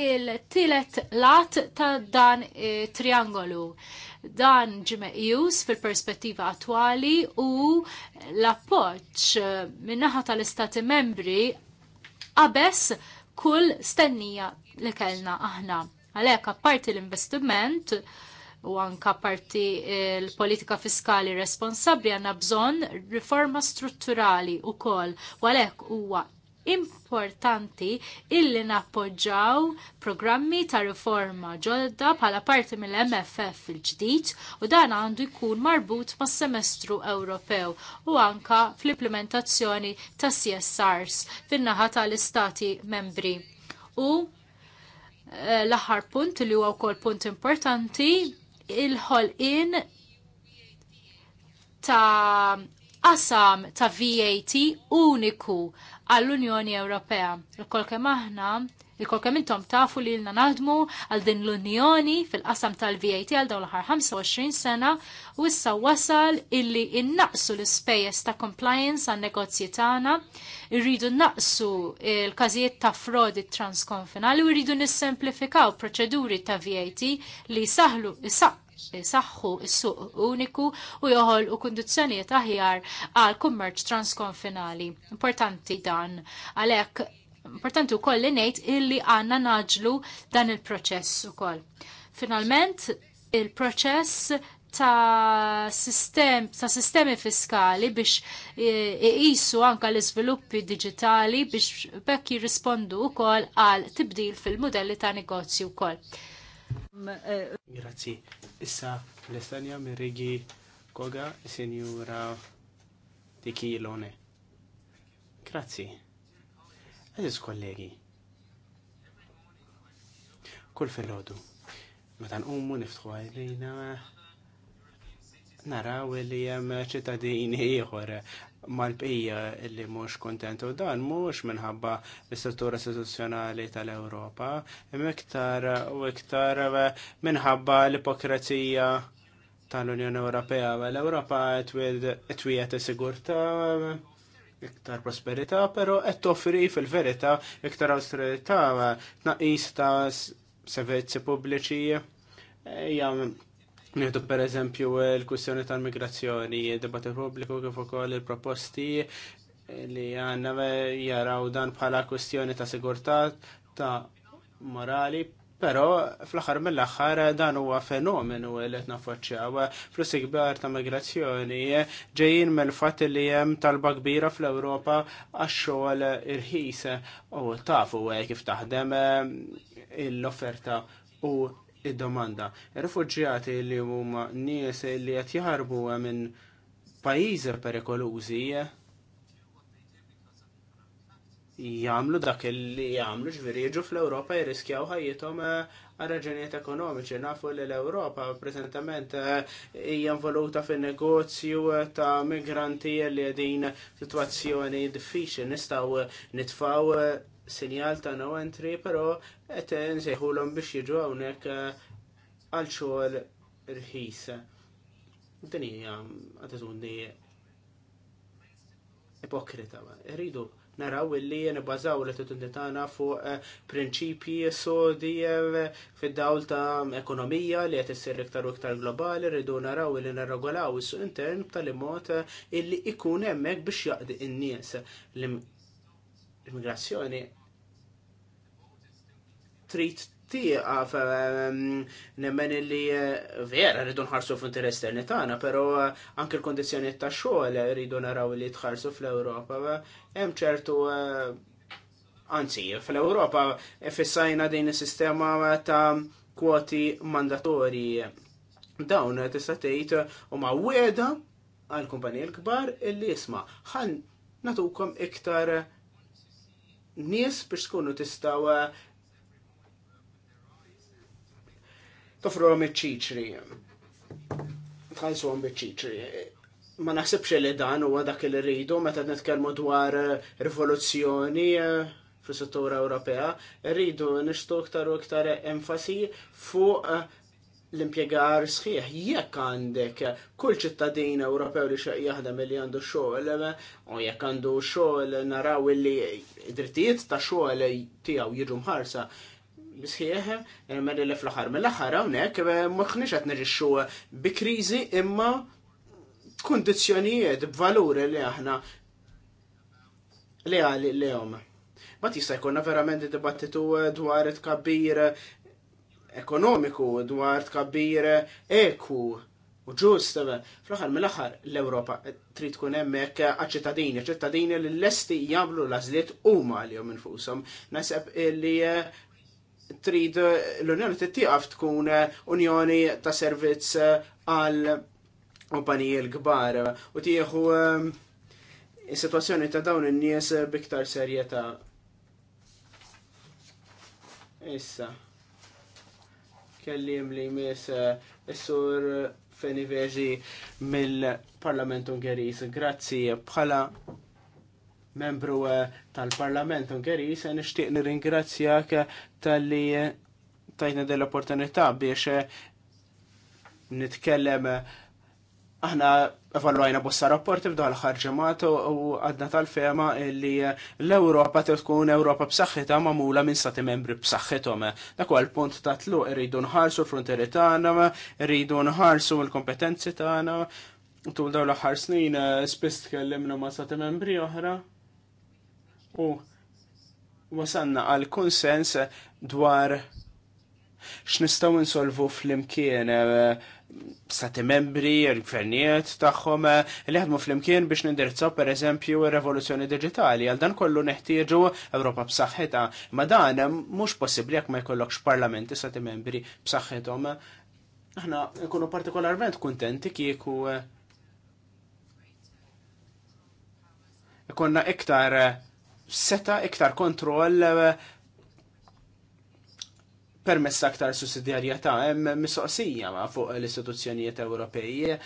il-tielet lat ta' dan e, triangolu dan ġimeqjus fil-perspettiva attwali u l-appoċ e, minnaħa tal-istati membri għabess kull stennija li kellna aħna. Għalhekk apparti l-investiment u anka parti l-politika fiskali responsabbli għandna bżonn riforma strutturali wkoll u għalhekk huwa importanti illi nappoġġaw programmi ta' riforma ġodda bħala parti mill-MFF il-ġdid u dan għandu jkun marbut ma' semestru Ewropew u anka fl-implementazzjoni ta' CSRs fin-naħa tal-istati membri. U Eh, l-aħħar punt li huwa wkoll punt importanti il ħolqien ta' qasam ta' VAT uniku għall-Unjoni Ewropea. Kemm aħna. Il-kol kemm intom tafu li ilna naħdmu għal din l-Unjoni fil-qasam tal-VAT għal dawn l-aħħar 25 sena u issa wasal illi innaqsu l-ispejjeż ta' compliance għan negozji tagħna, irridu naqsu l-każijiet ta' frodi transkonfinali u irridu nissemplifikaw proċeduri ta' VAT li saħlu issa saħħu s-suq uniku u joħol u kondizjoniet aħjar għal kummerċ transkonfinali. Importanti dan. Għalek Importanti u koll li nejt illi għanna naġlu dan il-proċess u koll. Finalment, il-proċess ta' sistem, ta' sistemi fiskali biex iqisu anka l-iżviluppi digitali biex bekk jirrispondu wkoll għal tibdil fil-modelli ta' negozju wkoll.
Grazzi. Issa l-Estanja mirigi koga sinjura Tikilone. Grazzi. Eżis kollegi. Kull fil-ħodu. Meta ummu niftħu għajlina naraw li jem ċittadini ieħor mal-pija li mhux kontentu dan mhux minħabba l-istruttura istituzzjonali tal-Ewropa, imma iktar u iktar minħabba l-ipokrazija tal-Unjoni Ewropea. L-Ewropa twiet t-sigurta iktar prosperità, pero qed toffri fil-verità iktar austerità tnaqqis ta' servizzi pubbliċi. Ejja, Nieħdu per eżempju l-kwistjoni tal-migrazzjoni, il debatti pubbliku kif ukoll il-proposti li għanna jaraw dan bħala kwistjoni ta' sigurtà ta' morali, Pero fl-axar mill-axar dan huwa fenomenu li qed naffaċċjaw flus ikbar ta' migrazzjoni ġejjin mill-fatt li hemm talba kbira fl-Ewropa għax-xogħol irħis u tafu kif taħdem eh, l-offerta u id-domanda. Rifuġġjati li huma nies li qed jaħarbu minn pajjiżi perikolużi Jamlu dak li jagħmlu ġviri jiġu fl-Ewropa jirriskjaw ħajjitom eh, għal raġunijiet ekonomiċi. Nafu li l-Ewropa preżentament eh, hija involuta fin-negozju eh, ta' migranti li għedin sitwazzjoni diffiċli nistgħu nitfaw sinjal ta' no entry, però qed nsejħulhom biex jiġu hawnhekk għal xogħol rħis. Din hija ipokrita. Rridu naraw illi nibbażaw li attitudni tagħna fuq eh, prinċipji sodi eh, fid-dawl ta' ekonomija li qed issir iktar u iktar globali rridu naraw illi nirregolaw is-suq intern tal-imod eh, illi ikun hemmhekk biex jaqdi n-nies l-immigrazzjoni trid tieqaf ehm, nemmen li eh, vera rridu nħarsu f'interess esterni tagħna, però eh, anke l-kondizzjonijiet ta' xogħol rridu naraw li tħarsu fl-Ewropa. Eh, hemm ċertu anzi fl-Ewropa fissajna din is-sistema ta' kwoti mandatorji. Dawn tista' tgħid huma wieda għall kumpanija l-kbar illi jisma' ħan natukom iktar nies biex tkunu tistaw Tofru iċ-ċiċri. Tħajsu biċ-ċiċri. Ma naħsibx li dan huwa dak li rridu meta nitkellmu dwar eh, rivoluzzjoni eh, fis-settura Ewropea, rridu nishtu ktar u iktar enfasi fuq eh, l-impiegar sħiħ, jekk għandek kull ċittadin Ewropew li xaq jaħdem li għandu xogħol, u jekk għandu xogħol naraw li drittijiet ta' xogħol tiegħu jiġu mħarsa, bisħieħ, eh, mela li fl-axar mill ħar hawnhekk eh, maħniex qed nerġiċu bi kriżi imma kundizzjonijiet b'valuri li aħna li għali li jom. Ma tista' jkollna verament dibattitu eh, dwar tkabbir ekonomiku, dwar tkabbir eku u ġust. Fl-axar mill-axar l-Ewropa trid tkun hemmhekk għaċ-ċittadini, ċittadini li l-lesti jagħmlu l-għażliet huma għalihom infushom. Naseb li trid l-Unjoni tittieqaf tkun Unjoni ta' servizz għal kumpaniji l-kbar u tieħu ehm, is-sitwazzjoni ta' dawn in-nies biktar serjetà. Issa. Kellim li mis eh, is-sur Fenivezi mill-Parlament Ungeris. Grazzi bħala membru eh, tal-Parlament Ungheri, se nixtieq nirringrazzjak eh, tal-li eh, tajna dell-opportunità biex nitkellem aħna evalwajna bossa rapporti f'daħal ħarġemat u għadna tal-fema li l-Europa tkun Europa b'saħħitha mamula minn stati membri b'saħħithom. Dak huwa l-punt ta' tluq irridu nħarsu l-frontieri tagħna, irridu nħarsu l-kompetenzi tagħna. Tul dawn l-aħħar snin spiss tkellimna ma' stati membri oħra u wasanna għal konsens dwar x'nistgħu insolvu fl-imkien eh, stati membri, gvernijiet tagħhom eh, li ħadmu fl-imkien biex nindirizzaw pereżempju r-revoluzzjoni digitali. Għal dan kollu neħtieġu Ewropa b'saħħitha. Ma dan eh, mhux possibbli jekk ma jkollokx parlamenti stati membri b'saħħithom. Aħna ikunu partikolarment kuntenti kieku ikonna iktar seta iktar kontroll eh, permessa aktar sussidjarjetà hemm mistoqsija ma' fuq l-istituzzjonijiet Ewropej.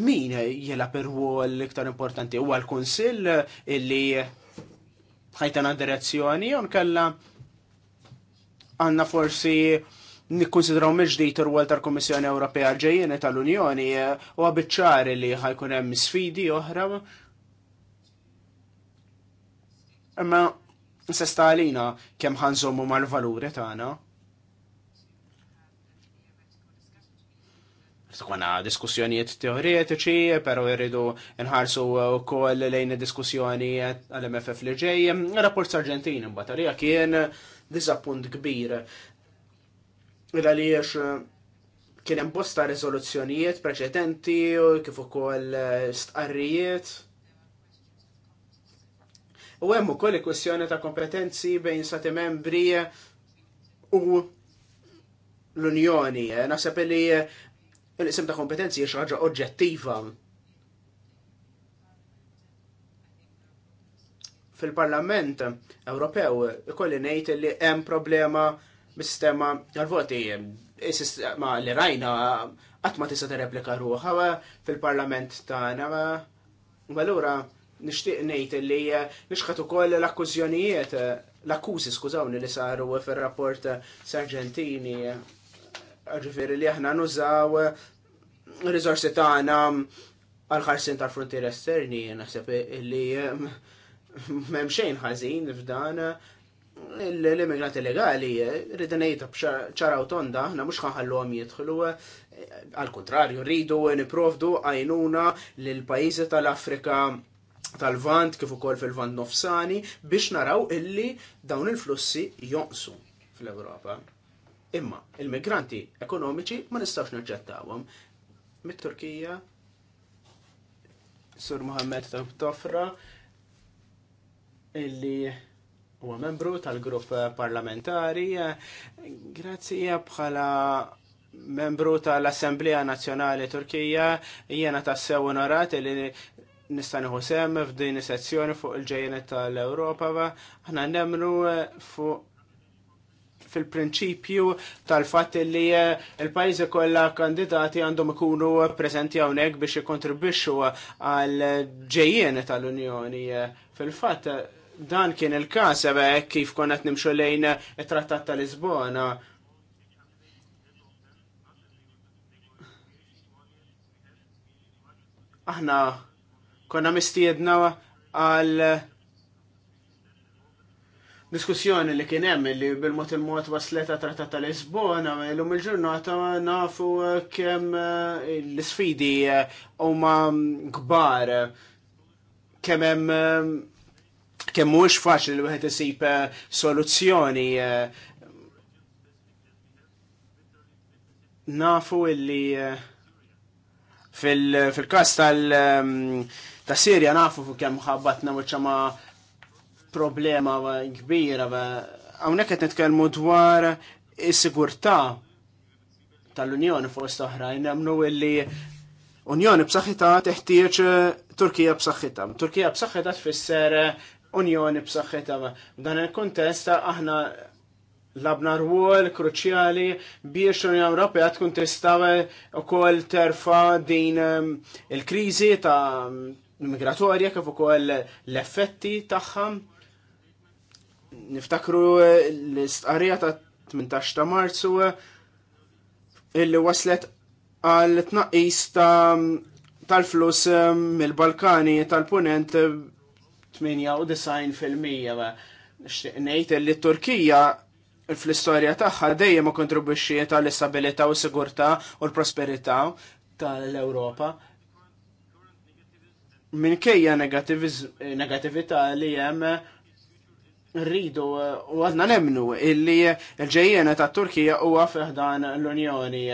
Min jela per l-iktar importanti huwa l-Kunsill illi ħajtana direzzjoni jew kella għandna forsi nikkonsidraw mill-ġdijt ir-rwol tal-Kummissjoni Ewropea ġejjeni tal-Unjoni eh, u għabitċar li ħajkun hemm sfidi oħra Imma sesta għalina kem ħanżommu mal-valuri tagħna. Tkwana diskussjonijiet teoretiċi, pero irridu nħarsu wkoll lejn diskussjoni għal-MFF li ġej. Rapport Argentin imbatarija kien disappunt kbir. Il-għaliex kien hemm bosta riżoluzzjonijiet preċedenti kif ukoll stqarrijiet U hemm ukoll kwestjoni ta' kompetenzi bejn Sati membri u l-Unjoni. Naħseb li l-isem ta' kompetenzi hija ħaġa oġġettiva. Fil-Parlament Ewropew ikolli ngħid li hemm problema bis-sistema tal-voti. Ma li rajna qatt ma tista' tirreplika ruħa fil-Parlament tagħna. Allura, nixtieq ngħid li u eh, ukoll l-akkużjonijiet eh, l-akkużi skużawni li saru fir-rapport Sargentini eh, ġifieri li aħna nużaw riżorsi tagħna għal-ħarsin tal-frontier esterni naħseb li memxejn ħażin f'dan l-immigranti illegali rridu bċara b'ċaraw tonda aħna mhux għam jidħlu għal kontrarju rridu niprofdu għajnuna l pajjiżi tal-Afrika tal-vant kif ukoll fil-vant nofsani biex naraw illi dawn il-flussi jonqsu fl-Ewropa. Imma il-migranti ekonomiċi ma nistax naġġettawhom. Mit-Turkija Sur Muhammed Tofra illi huwa membru tal-grupp parlamentari. Grazzi bħala membru tal-Assemblea Nazzjonali Turkija jiena tassew onorat illi nistan iħu sem f'din sezzjoni fuq il-ġejjenet tal-Ewropa, aħna nemnu eh, fuq fil-prinċipju tal-fatt li eh, il-pajzi kollha kandidati għandhom ikunu preżenti hawnhekk biex jikontribwixxu għal ġejjien tal-Unjoni. Eh, fil-fatt dan kien il-każ kif konna qed nimxu lejn it-Trattat tal-Lisbona. Aħna Konna mistiedna għal diskussjoni li kien hemm li bil-mod il-mod wasleta trattat tal Lisbona, l-lum il-ġurnata nafu kemm eh, l-sfidi eh, huma kbar kemm hemm eh, kemm mhux faċli li wieħed isib soluzzjoni nafu illi fil-kas tal ta' Sirja nafu fuq kemm ħabbatna wiċċa ma' problema kbira hawnhekk qed nitkellmu dwar is-sigurtà tal-Unjoni fost oħrajn nemmnu illi Unjoni b'saħħitha teħtieġ Turkija b'saħħitha. Turkija b'saħħitha tfisser Unjoni b'saħħitha. F'dan il-kuntest aħna labna rwol kruċjali biex l-Unjoni Ewropea tkun tista' ukoll terfa' din ehm, il-kriżi ta' migratorja kif ukoll l-effetti tagħha. Niftakru eh, l-istqarrija ta' 18 ta' Marzu eh, illi waslet għal tnaqqis ta' tal-flus eh, mill-Balkani tal-Punent 98%. Nixtieq ngħid li t-Turkija fl-istorja tagħha dejjem ma kontribwixxi tal-istabilità u s-sigurtà u l-prosperità tal-Ewropa minkejja negativita li jem rridu u għadna nemnu illi l-ġejjena ta' Turkija u għafeħdan l-Unjoni.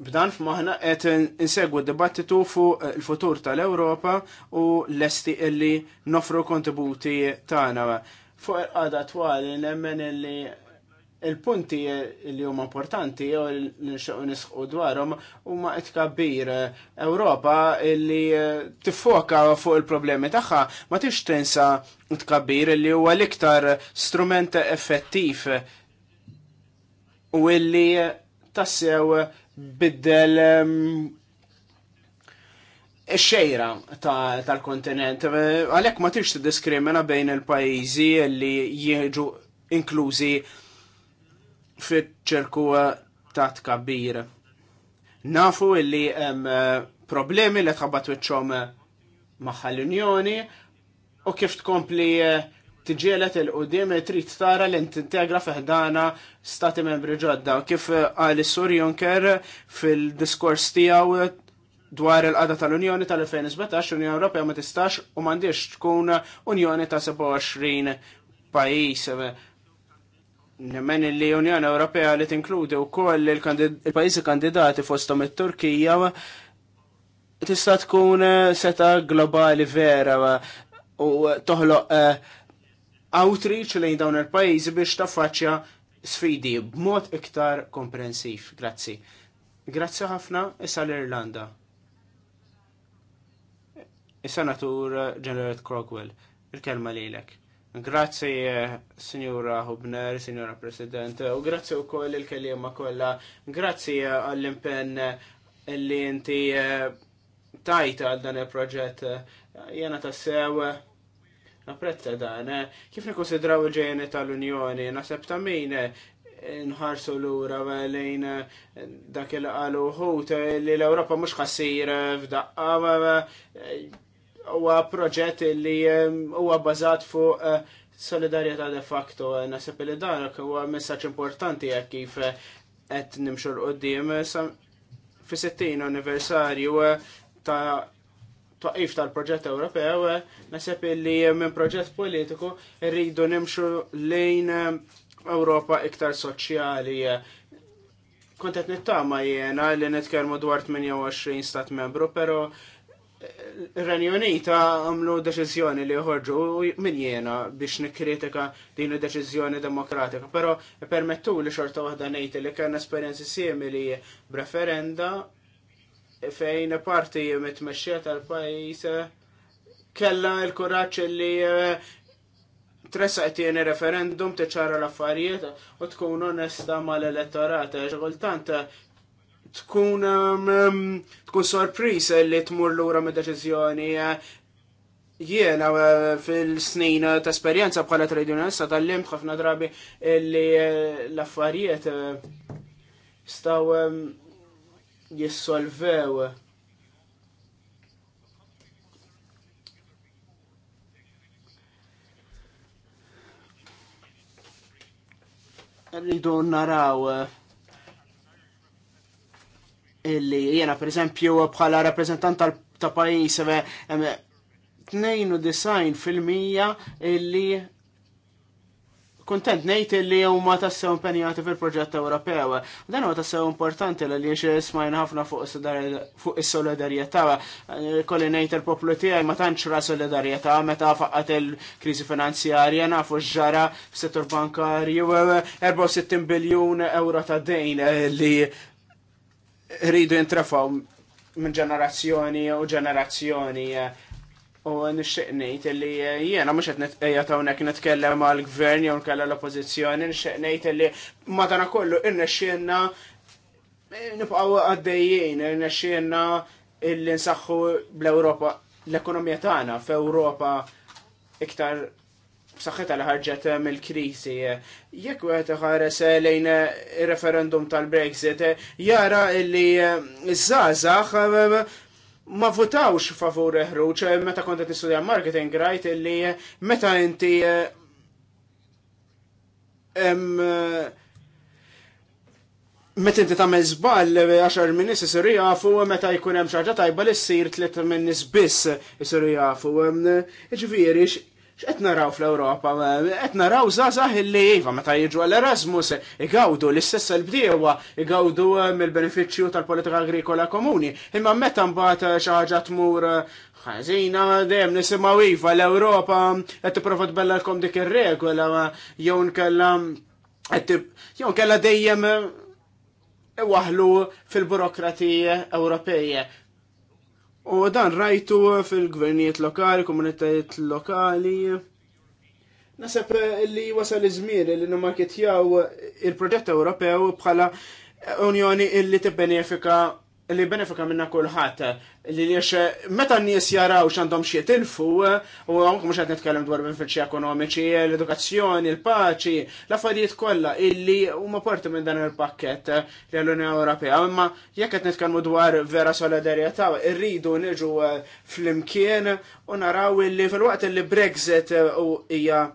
B'dan f'maħna qed insegwu dibattitu fuq il-futur tal-Ewropa u l-esti illi nofru kontributi tagħna. Fuq il-qada twali nemmen illi il-punti li huma importanti u li nxaqu nisħu dwarhom huma qed kabbir Ewropa li tiffoka fuq il-problemi tagħha ma tix tinsa tkabbir li huwa l-iktar strument effettiv u li tassew biddel ehm, xejra tal-kontinent. Għalek ma tix diskrimina bejn il-pajizi li jieġu inklużi fit ċerku uh, ta' tkabbir. Nafu illi um, uh, problemi li tħabbat wiċċom uh, maħħa unjoni u kif tkompli tiġielet il-qudiem trid tara li tintegra fiħdana stati membri ġodda. Kif għal sur Juncker fil-diskors tiegħu dwar il-qada tal-Unjoni tal-2017, Unjoni Ewropea ma tistax u m'għandix tkun Unjoni ta' 27 pajjiż Nemmen il Unjoni Ewropea li tinkludi wkoll il-pajjiżi kandidati fosthom it-Turkija tista' tkun eh, seta globali vera u toħloq eh, outreach lejn dawn il-pajjiżi biex taffaċċja sfidi b'mod iktar komprensiv. Grazzi. Grazzi ħafna issa l-Irlanda. Is-Senatur eh, General Crockwell, il-kelma lilek. Grazzi, eh, Signora Hubner, Signora President, u grazzi u koll il-kelima kolla. Grazzi eh, għall-impenn eh, li inti tajta għal dan il-proġett. Jena tassew, napretta dan. Kif nikonsidraw il-ġejni tal-Unjoni? Naseb ta' min nħarsu l-ura lejn dak il-qalu li l-Europa mux qassir f'daqqa huwa proġett li huwa bażat fuq eh, solidarjetà de facto nasib li dan huwa messaġġ importanti jekk kif eh, qed nimxu l qudiem fi 60 anniversarju eh, ta' twaqif tal-proġett Ewropew nasib li minn proġett politiku rridu nimxu lejn Ewropa iktar soċjali kontet nittama jena li nitkellmu dwar 28 stat membru, pero Ranjonita għamlu deċizjoni li joħorġu minn jena biex nikkritika din deċizjoni demokratika, pero permettu li xorta waħda nejti li kien esperienzi simili b'referenda fejn parti mitmexxija tal-pajis kella l-kuraċ li eh, tressa jeni referendum tiċara l-affarijiet u tkun onesta mal-elettorat. Xogħoltant tkun um, um, tkun sorprisa li tmur lura me deċiżjoni eh, jiena eh, fil-snin ta' esperjenza bħala sa' tal-lim ħafna drabi li eh, l-affarijiet staw um, jissolvew. Rridu naraw illi jena per esempio bħala rappresentant ta' pajis 92 fil-mija illi kontent nejt illi huma tassew impenjati fil-proġett Ewropew. Dan huwa tassew importanti li jiex smajna ħafna fuq is-solidarjetà. Kolli ngħid il-poplu tiegħi ma tantx ra solidarjetà meta faqqat il-kriżi finanzjarja nafu x-ġara settur bankarju 64 biljun euro ta' dejn li rridu jintrafaw minn ġenerazzjoni u ġenerazzjoni u nixtieq ngħid li eh, jiena mhux qed qiegħed eh, hawnhekk nitkellem għall gvern jew nkella l li nixtieq ngħid li xienna irnexxielna eh, nibqgħu għaddejjin, xienna illi nsaħħu bl-Ewropa l-ekonomija tagħna f'Ewropa iktar b'saħħitha li ħarġet mill-krisi. Jekk wieħed ħares lejn ir-referendum tal-Brexit, jara li żgħażagħ ma votawx favur ħruġ meta kont qed nistudja marketing rajt illi meta inti meta inti tagħmel żball 10 minn nies isir jafu meta jkun hemm xaġa tajba li ssir tliet minn nies biss isir jafu. Iġviri, ċet naraw fl-Europa, qed naraw zazah illi jiva, meta jiġu għall-Erasmus, igawdu l-istess l-bdiewa, igawdu eh, mill-beneficju tal-politika agrikola komuni, imma meta mbagħad eh, xi ħaġa tmur eh, ħażina dejjem nisimgħu iva l-Ewropa qed l-kom dik ir-regola jew kalla, jew kalla dejjem waħlu fil-burokratija Ewropeja. U dan rajtu fil-gvernijiet lokali, komunitajiet lokali. Nasab eh, li wasal iż-żmir li nimmarketjaw il-proġett Ewropew bħala Unjoni illi tibbenefika li benefika minna kullħat li liex meta n-nies jaraw x'għandhom xi tilfu u għamk mhux qed nitkellem dwar benefiċċji ekonomiċi, l-edukazzjoni, l-paċi, l-affarijiet kollha illi huma parti minn dan il-pakkett li l-Unjoni Ewropea. Imma jekk qed nitkellmu dwar vera solidarjetà, irridu niġu fl-imkien u naraw illi fil-waqt li Brexit hija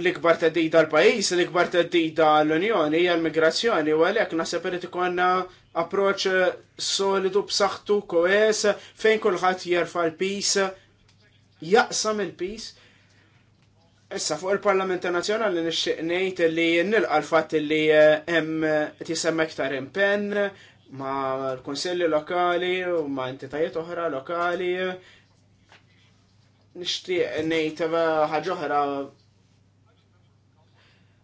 l-ikbar teddida l-pajis, l-ikbar teddida l-Unjoni, hija l-migrazzjoni, u għalhekk naħseb irid ikonna approċ solidu b'saħħtu koes fejn kulħadd jerfa' l-pis, jaqsam il-pis. Issa fuq il-Parlament Nazzjonali nixtieq ngħid li nilqa' l-fatt li eh, hemm tisem iktar impenn ma' l-kunsilli lokali u ma' entitajiet oħra lokali. Nixtieq ngħid ħaġa oħra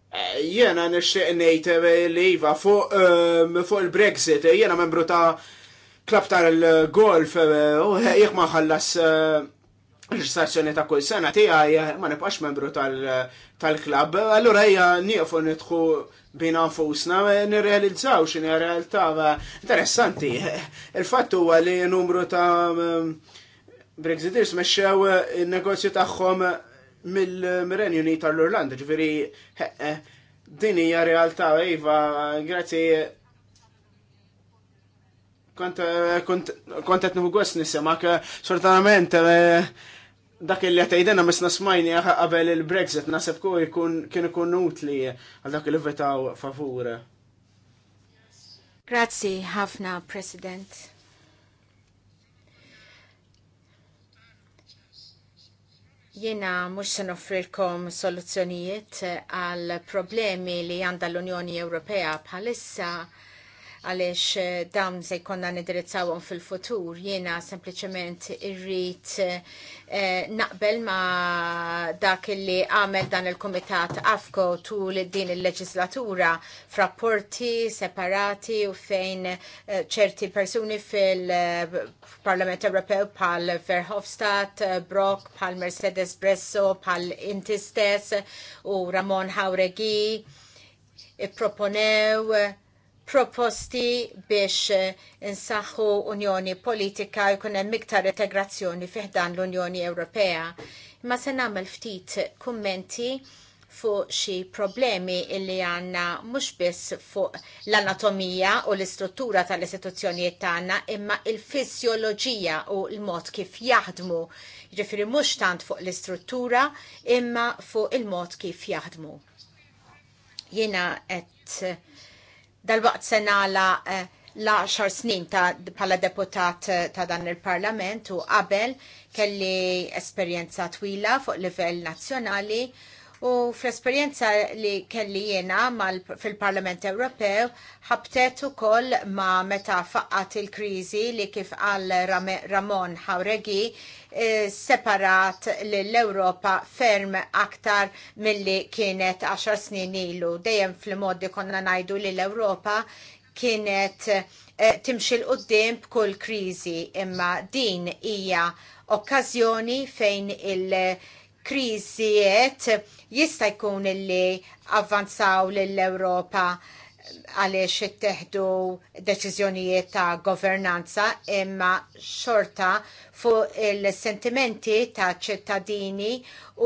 Eh, jena nixtieq ngħid eh, li iva fuq ehm, il-Brexit, eh, jena membru ta' klab tal-golf u jek ma ħallas l-istazzjoni ta' kull sena għaj ma nipax membru tal-klab, allura hija nieqfu nidħu bina nfusna nirrealizzaw x'inhi realtà interessanti. Il-fatt huwa li numru ta' Brexiters mexxew in-negozju tagħhom mill-Renju Unit tal-Irlanda, ġifiri, eh, din hija realtà, Iva, grazzi. Kont eh, qed nieħu gost nisimak, eh, sortanament dak li qed tgħidilna mis nasmajni qabel il-Brexit naħseb ku jkun kien ikun utli għal dak li vetaw favur.
Grazzi ħafna, President. Jena mux se offrirkom soluzzjonijiet eh, għal problemi li għanda l-Unjoni Ewropea bħalissa għalix eh, dam se jkonna nidirizzawhom fil-futur. Jena sempliciment irrit eh, Eh, naqbel ma dak li għamel dan il-komitat AFCO tul din il-leġislatura frapporti separati u fejn eh, ċerti persuni fil-Parlament Ewropew pal Verhofstadt, eh, Brock, pal Mercedes Bresso, pal Inti stess u Ramon Hauregui proponew proposti biex eh, insaħħu Unjoni Politika jkun hemm iktar integrazzjoni fiħdan l-Unjoni Ewropea. Ma se nagħmel ftit kummenti fuq xi problemi illi għandna mhux biss fuq l-anatomija u l-istruttura tal-istituzzjonijiet tagħna imma il-fizjoloġija u l-mod kif jaħdmu. Jiġifieri mhux tant fuq l-istruttura imma fuq il-mod kif jaħdmu. Jiena qed Dal-waqt senala eh, la xar snin ta' pala deputat eh, ta' dan il-parlament u qabel kelli esperienza twila fuq livell nazzjonali U fl-esperienza li kelli jena fil-Parlament Ewropew ħabtet ukoll ma meta faqqat il-kriżi li kif għal Ramon Hawregi eh, separat l-Europa ferm aktar milli kienet 10 snin ilu. Dejjem fl-modi konna najdu li l-Europa kienet eh, timxi l-qoddim b'kull kriżi imma din hija okkażjoni fejn il- kriżijiet jista' jkun illi avvanzaw lill-Ewropa għaliex ittieħdu deċiżjonijiet ta' governanza imma xorta fuq il-sentimenti ta' ċittadini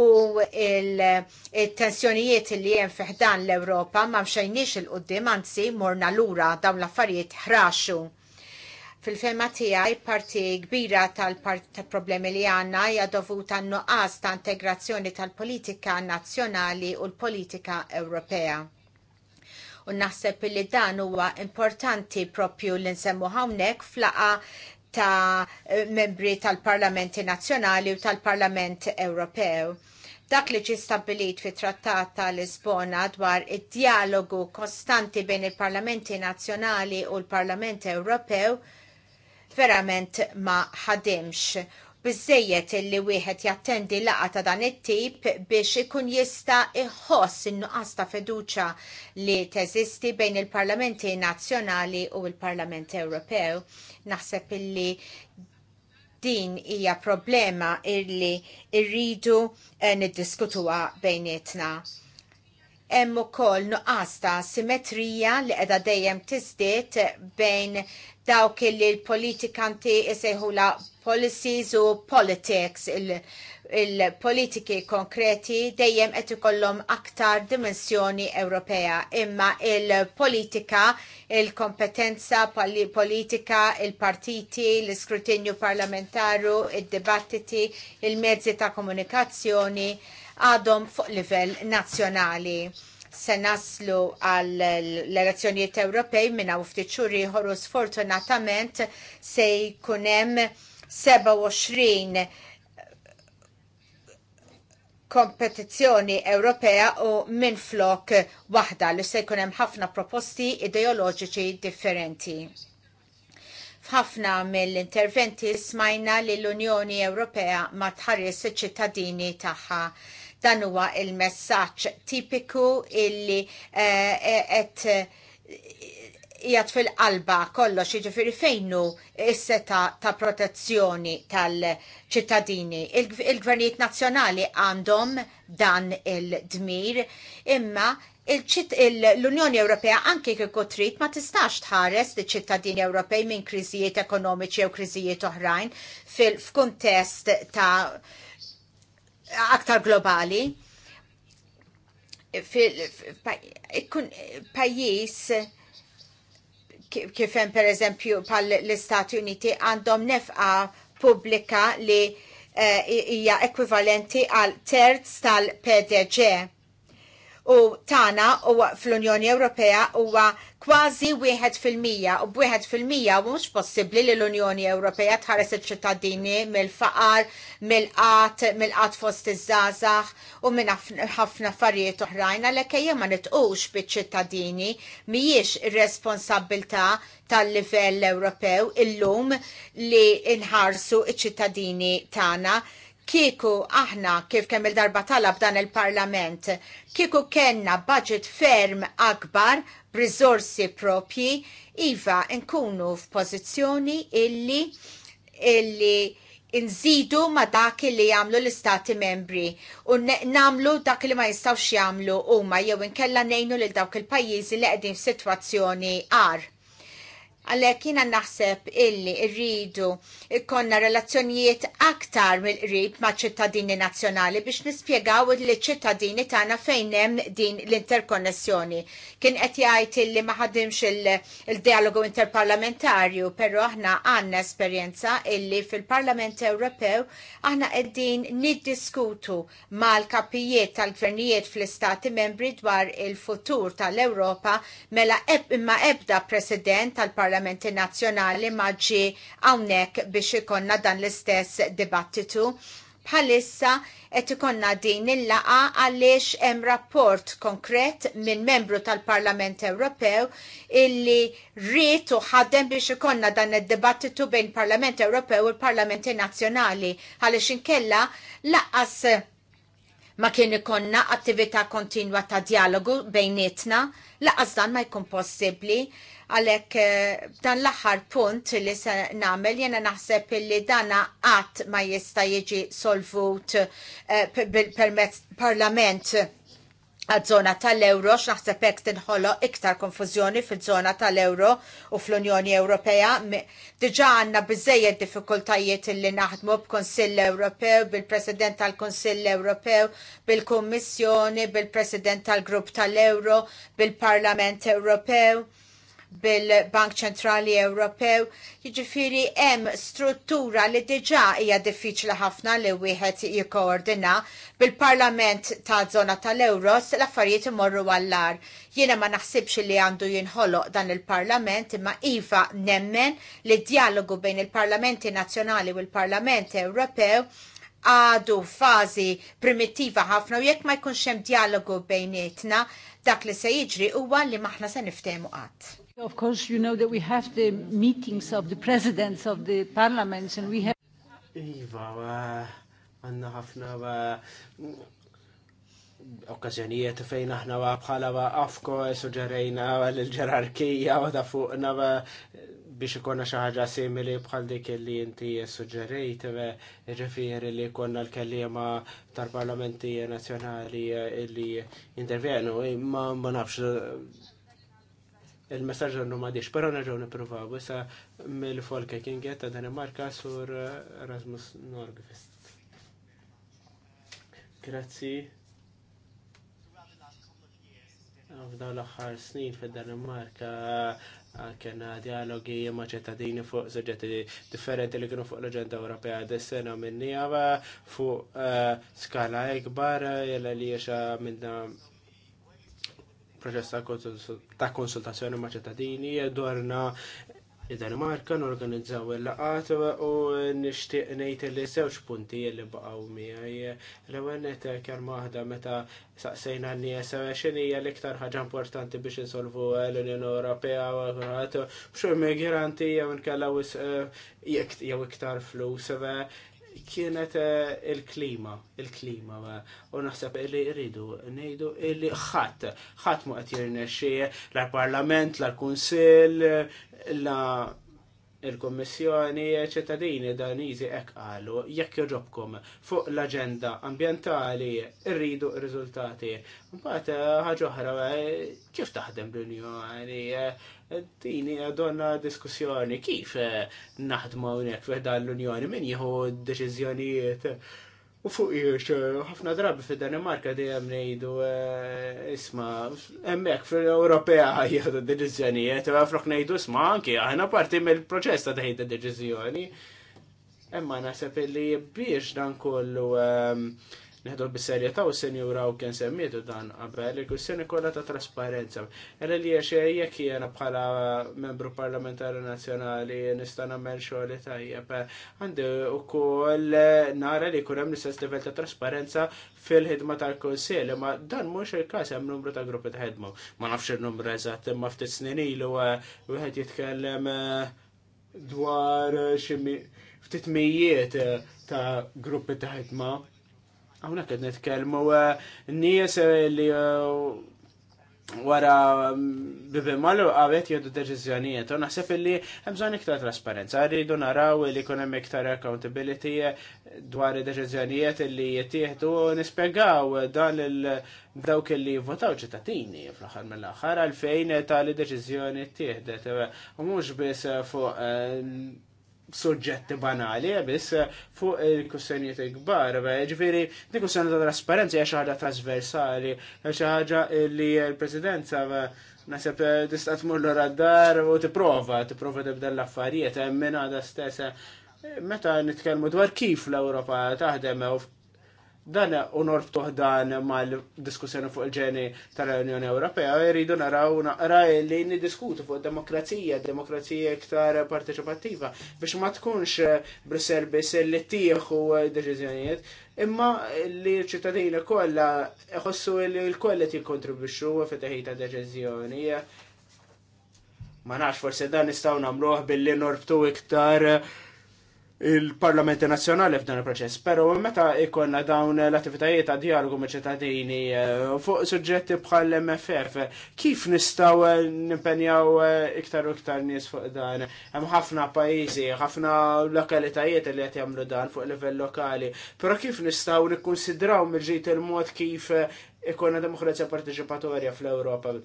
u il-tensjonijiet li jem fiħdan l-Europa ma' mxajnix il-qoddim, anzi morna l-ura dawn l-affarijiet ħraxu Fil-fema tiegħi parti kbira tal-problemi li għandna hija dovuta nuqqas ta' integrazzjoni tal-politika nazzjonali u l-politika Ewropea. U naħseb li dan huwa importanti propju li nsemmu hawnhekk flaqa ta' membri tal-Parlamenti Nazzjonali u tal-Parlament Ewropew. Dak li ġi stabilit fi trattat ta' Lisbona dwar id-dialogu kostanti bejn il-Parlamenti Nazzjonali u l-Parlament Ewropew verament ma ħadimx bizzejiet li wieħed jattendi laqa ta' dan it-tip biex ikun jista' iħoss in-nuqqas ta' fiduċja li teżisti bejn il-Parlamenti Nazzjonali u l-Parlament Ewropew. Naħseb illi din hija problema illi rridu eh, niddiskutuha bejnietna. Hemm ukoll nuqqas ta' simetrija li qiegħda dejjem tiżdied bejn dawk li l-politikanti jisejħula policies u politics il-politiki konkreti dejjem qed ikollhom aktar dimensjoni Ewropea imma il-politika il-kompetenza politika il-partiti l-iskrutinju parlamentaru id-dibattiti il politika il kompetenza politika il partiti l iskrutinju parlamentaru id dibattiti il mezzi ta' komunikazzjoni għadhom fuq livell nazzjonali se naslu għal l-elezzjonijiet Ewropej minna ftit xhur u sfortunatament se jkun hemm 27 kompetizzjoni Ewropea u minn flok waħda li se jkun hemm ħafna proposti ideoloġiċi differenti. F'ħafna mill-interventi smajna li l-Unjoni Ewropea ma tħares iċ-ċittadini tagħha Dan huwa il-messaġġ tipiku illi qed eh, eh, eh, jgħat fil-qalba kollox jiġifieri fejnu is-seta ta' protezzjoni tal-ċittadini. Il-gvernijiet nazzjonali għandhom dan il-dmir, imma l-Unjoni Ewropea anke kieku trid ma tistax tħares li ċittadini Ewropej minn kriżijiet ekonomiċi jew kriżijiet oħrajn fil-kuntest ta' aktar globali. Ikkun pajjiż kif hemm pereżempju pal l-Istati Uniti għandhom nefqa pubblika li eh, hija ekwivalenti għal terz tal-PDG u tana u fl-Unjoni Ewropea huwa kważi wieħed fil-mija u b'wieħed fil-mija mhux possibbli li l-Unjoni Ewropea tħares iċ-ċittadini mill-faqar, mill-qat, mill-qat fost iż-żgħażagħ u minn ħafna affarijiet oħrajn għalhekk ejja ma nitqux biċ-ċittadini mhijiex ir-responsabbiltà tal-livell Ewropew illum li nħarsu iċ-ċittadini tagħna kieku aħna kif kemm il-darba talab dan il-parlament, kieku kenna budget ferm akbar b'riżorsi propji, iva nkunu f'pożizzjoni illi illi nżidu ma dak li jagħmlu l-istati membri u nagħmlu dak li ma jistgħux jagħmlu huma jew inkella ngħinu lil dawk il-pajjiżi li qegħdin f'sitwazzjoni għar. Għalek jina naħseb illi rridu ikkonna relazzjonijiet aktar mill-qrib ma' ċittadini nazzjonali biex nispjegaw li ċittadini tagħna fejn hemm din l-interkonnessjoni. Kien qed jgħid illi ma ħadimx il-dialogu interparlamentarju, però aħna għandna esperjenza illi fil-Parlament Ewropew aħna qegħdin niddiskutu mal-kapijiet tal-gvernijiet fl-istati membri dwar il-futur tal-Ewropa mela imma ebda president tal-Parlament parlamenti Nazzjonali maġi hawnhekk biex ikonna dan l-istess dibattitu. Bħalissa qed ikonna din il-laqa għaliex hemm rapport konkret minn membru tal-Parlament Ewropew illi rrit u ħadem biex ikonna dan id-dibattitu bejn Parlament Ewropew u l-Parlamenti Nazzjonali għaliex inkella laqas ma kien ikonna attività kontinwa ta' dialogu bejnietna, laqas dan ma jkun possibbli għalek eh, dan l aħħar punt li se namel jena naħseb li dana għat ma jista jieġi solvut eh, permezz parlament għad-żona tal-euro x'naħseb hekk tinħolo iktar konfużjoni fil-żona tal-euro u fl-Unjoni Ewropea. Diġà għandna biżejjed diffikultajiet illi naħdmu b'Kunsill Ewropew, bil-President tal-Kunsill Ewropew, bil-Kummissjoni, bil-President tal-Grupp tal-Euro, bil-Parlament Ewropew bil-Bank Ċentrali Ewropew. Jiġifieri hemm struttura li diġà hija diffiċli ħafna li wieħed jikkoordina bil-Parlament ta' żona tal-Euros l-affarijiet imorru għallar. Jiena ma naħsibx li għandu jinħoloq dan il-Parlament imma iva nemmen li dialogu bejn il-Parlamenti Nazzjonali u l-Parlament Ewropew għadu fazi primittiva ħafna u jekk ma jkunx hemm dialogu bejnietna dak li se jiġri huwa li maħna se niftehmu qatt. Of course, you know that we have the meetings of the presidents of the parliaments and we have...
Iva, għanna ħafna okkazjonijiet fejn aħna bħala afko suġerejna l-ġerarkija u da fuqna biex ikonna xi ħaġa simili bħal dik li inti suġġerejt ġifieri li konna l-kellima tal-parlamenti nazzjonali li intervjenu imma ma nafx il-messagġ għannu maħdiex, pero nerġaw niprofaw, issa mill-folke kinget ta' Danimarka sur eh, Rasmus Norgvist. Grazzi. Għafda l-axħar snin fil-Danimarka eh, kena dialogi ma' ċittadini fuq soġġetti differenti li kienu fuq l-Aġenda Ewropea dis-sena minni fuq eh, skala ikbar jella li jiexa minna proċess ta' konsultazzjoni ma' ċittadini, Dwarna id-Danimarka, n-organizzaw il-laqat u nishtiq nejt li sewx punti li baqaw miħaj. L-għennet kjar maħda meta saqsejna n niesa xini l-iktar ħagġa importanti biex insolvu l-Unjoni Ewropea u għagħat, bxur migranti jew nkellaw eh, jew iktar flus, eh, kienet eh, il-klima, il-klima, eh, u naħseb illi rridu, nejdu illi ħadd, ħadd ma qed jirnexxi l-Parlament, l-Kunsill, la il-Kommissjoni ċittadini danizi ek għalu jekk joġobkom fuq l-agenda ambientali irridu riżultati. Mbagħad eh, ħaġa oħra eh, kif taħdem l-Unjoni dini eh, donna diskussjoni kif naħdmu hawnhekk fih dan l-Unjoni min jieħu deċiżjonijiet U fuq jiex, eh, ħafna drabi fid danimarka dejjem ngħidu eh, isma, hemmhekk fil-Ewropea jieħdu deċiżjonijiet, u eh, għafrok ngħidu isma anki aħna parti mill-proċess ta' teħid deċiżjoni. Emma naħseb li biex dan kollu ehm, Neħdu b-serjeta u senjura u kien semmietu dan qabel il-kwistjoni kollha ta' trasparenza. Għalli li jek jiena bħala membru parlamentari nazzjonali nista' nagħmel xogħol tajjeb għandi koll nara li kurem hemm level ta' trasparenza fil-ħidma tal konsil ma dan mhux il-każ hemm numru ta' gruppi ta' ħidma. Ma nafx il-numru eżat imma ftit snin ilu għed eh, jitkellem eh, dwar eh, xi ftit mijiet ta' gruppi ta' ħidma Għawna kħed netkelmu eh, nies eh, li eh, wara mm, bibimalu għavet joddu deċizjonijiet. U naħseb li bżonn iktar trasparenza. Rridu naraw li jkun hemm iktar accountability dwar deċizjonijiet li jittieħdu u nispjegaw dan il dawk li votaw ċittatini fl-aħħar mill-aħħar għalfejn tal-deċizjoni ttieħdet. U mhux biss fuq soġġetti banali, eh, biss eh, fuq eh, il-kussjonijiet kbar, ġifiri, di kussjoni ta' trasparenza hija xi ħaġa trasversali, xi ħaġa li l-Presidenza Nasib tista' tmur l dar u tipprova, tipprova tibda l-affarijiet, hemm minn għada stess meta nitkellmu dwar kif l-Ewropa taħdem dan unor ftuħdan mal-diskussjoni fuq il-ġeni tal-Unjoni Ewropea, jridu naraw naqra li niddiskutu fuq demokrazija, demokrazija iktar parteċipattiva, biex ma tkunx Brussel biss li tieħu deċiżjonijiet, imma li ċittadini kollha jħossu li l-kollha tikkontribwixxu fit ta' deċiżjoni. Ma nafx forse dan nistgħu nagħmluh billi norbtu iktar il-Parlamenti Nazzjonali f'dan il-proċess, pero meta ikonna dawn l-attivitajiet ta' dialogu me ċittadini eh, fuq suġġetti bħal MFF, kif nistaw eh, nimpenjaw eh, iktar u iktar nies fuq dan? Hemm ħafna pajjiżi, ħafna lokalitajiet li qed jagħmlu dan fuq livell lokali, però kif nistaw nikkunsidraw mill-ġejt il-mod kif ikonna demokrazija partiċipatorja fl ewropa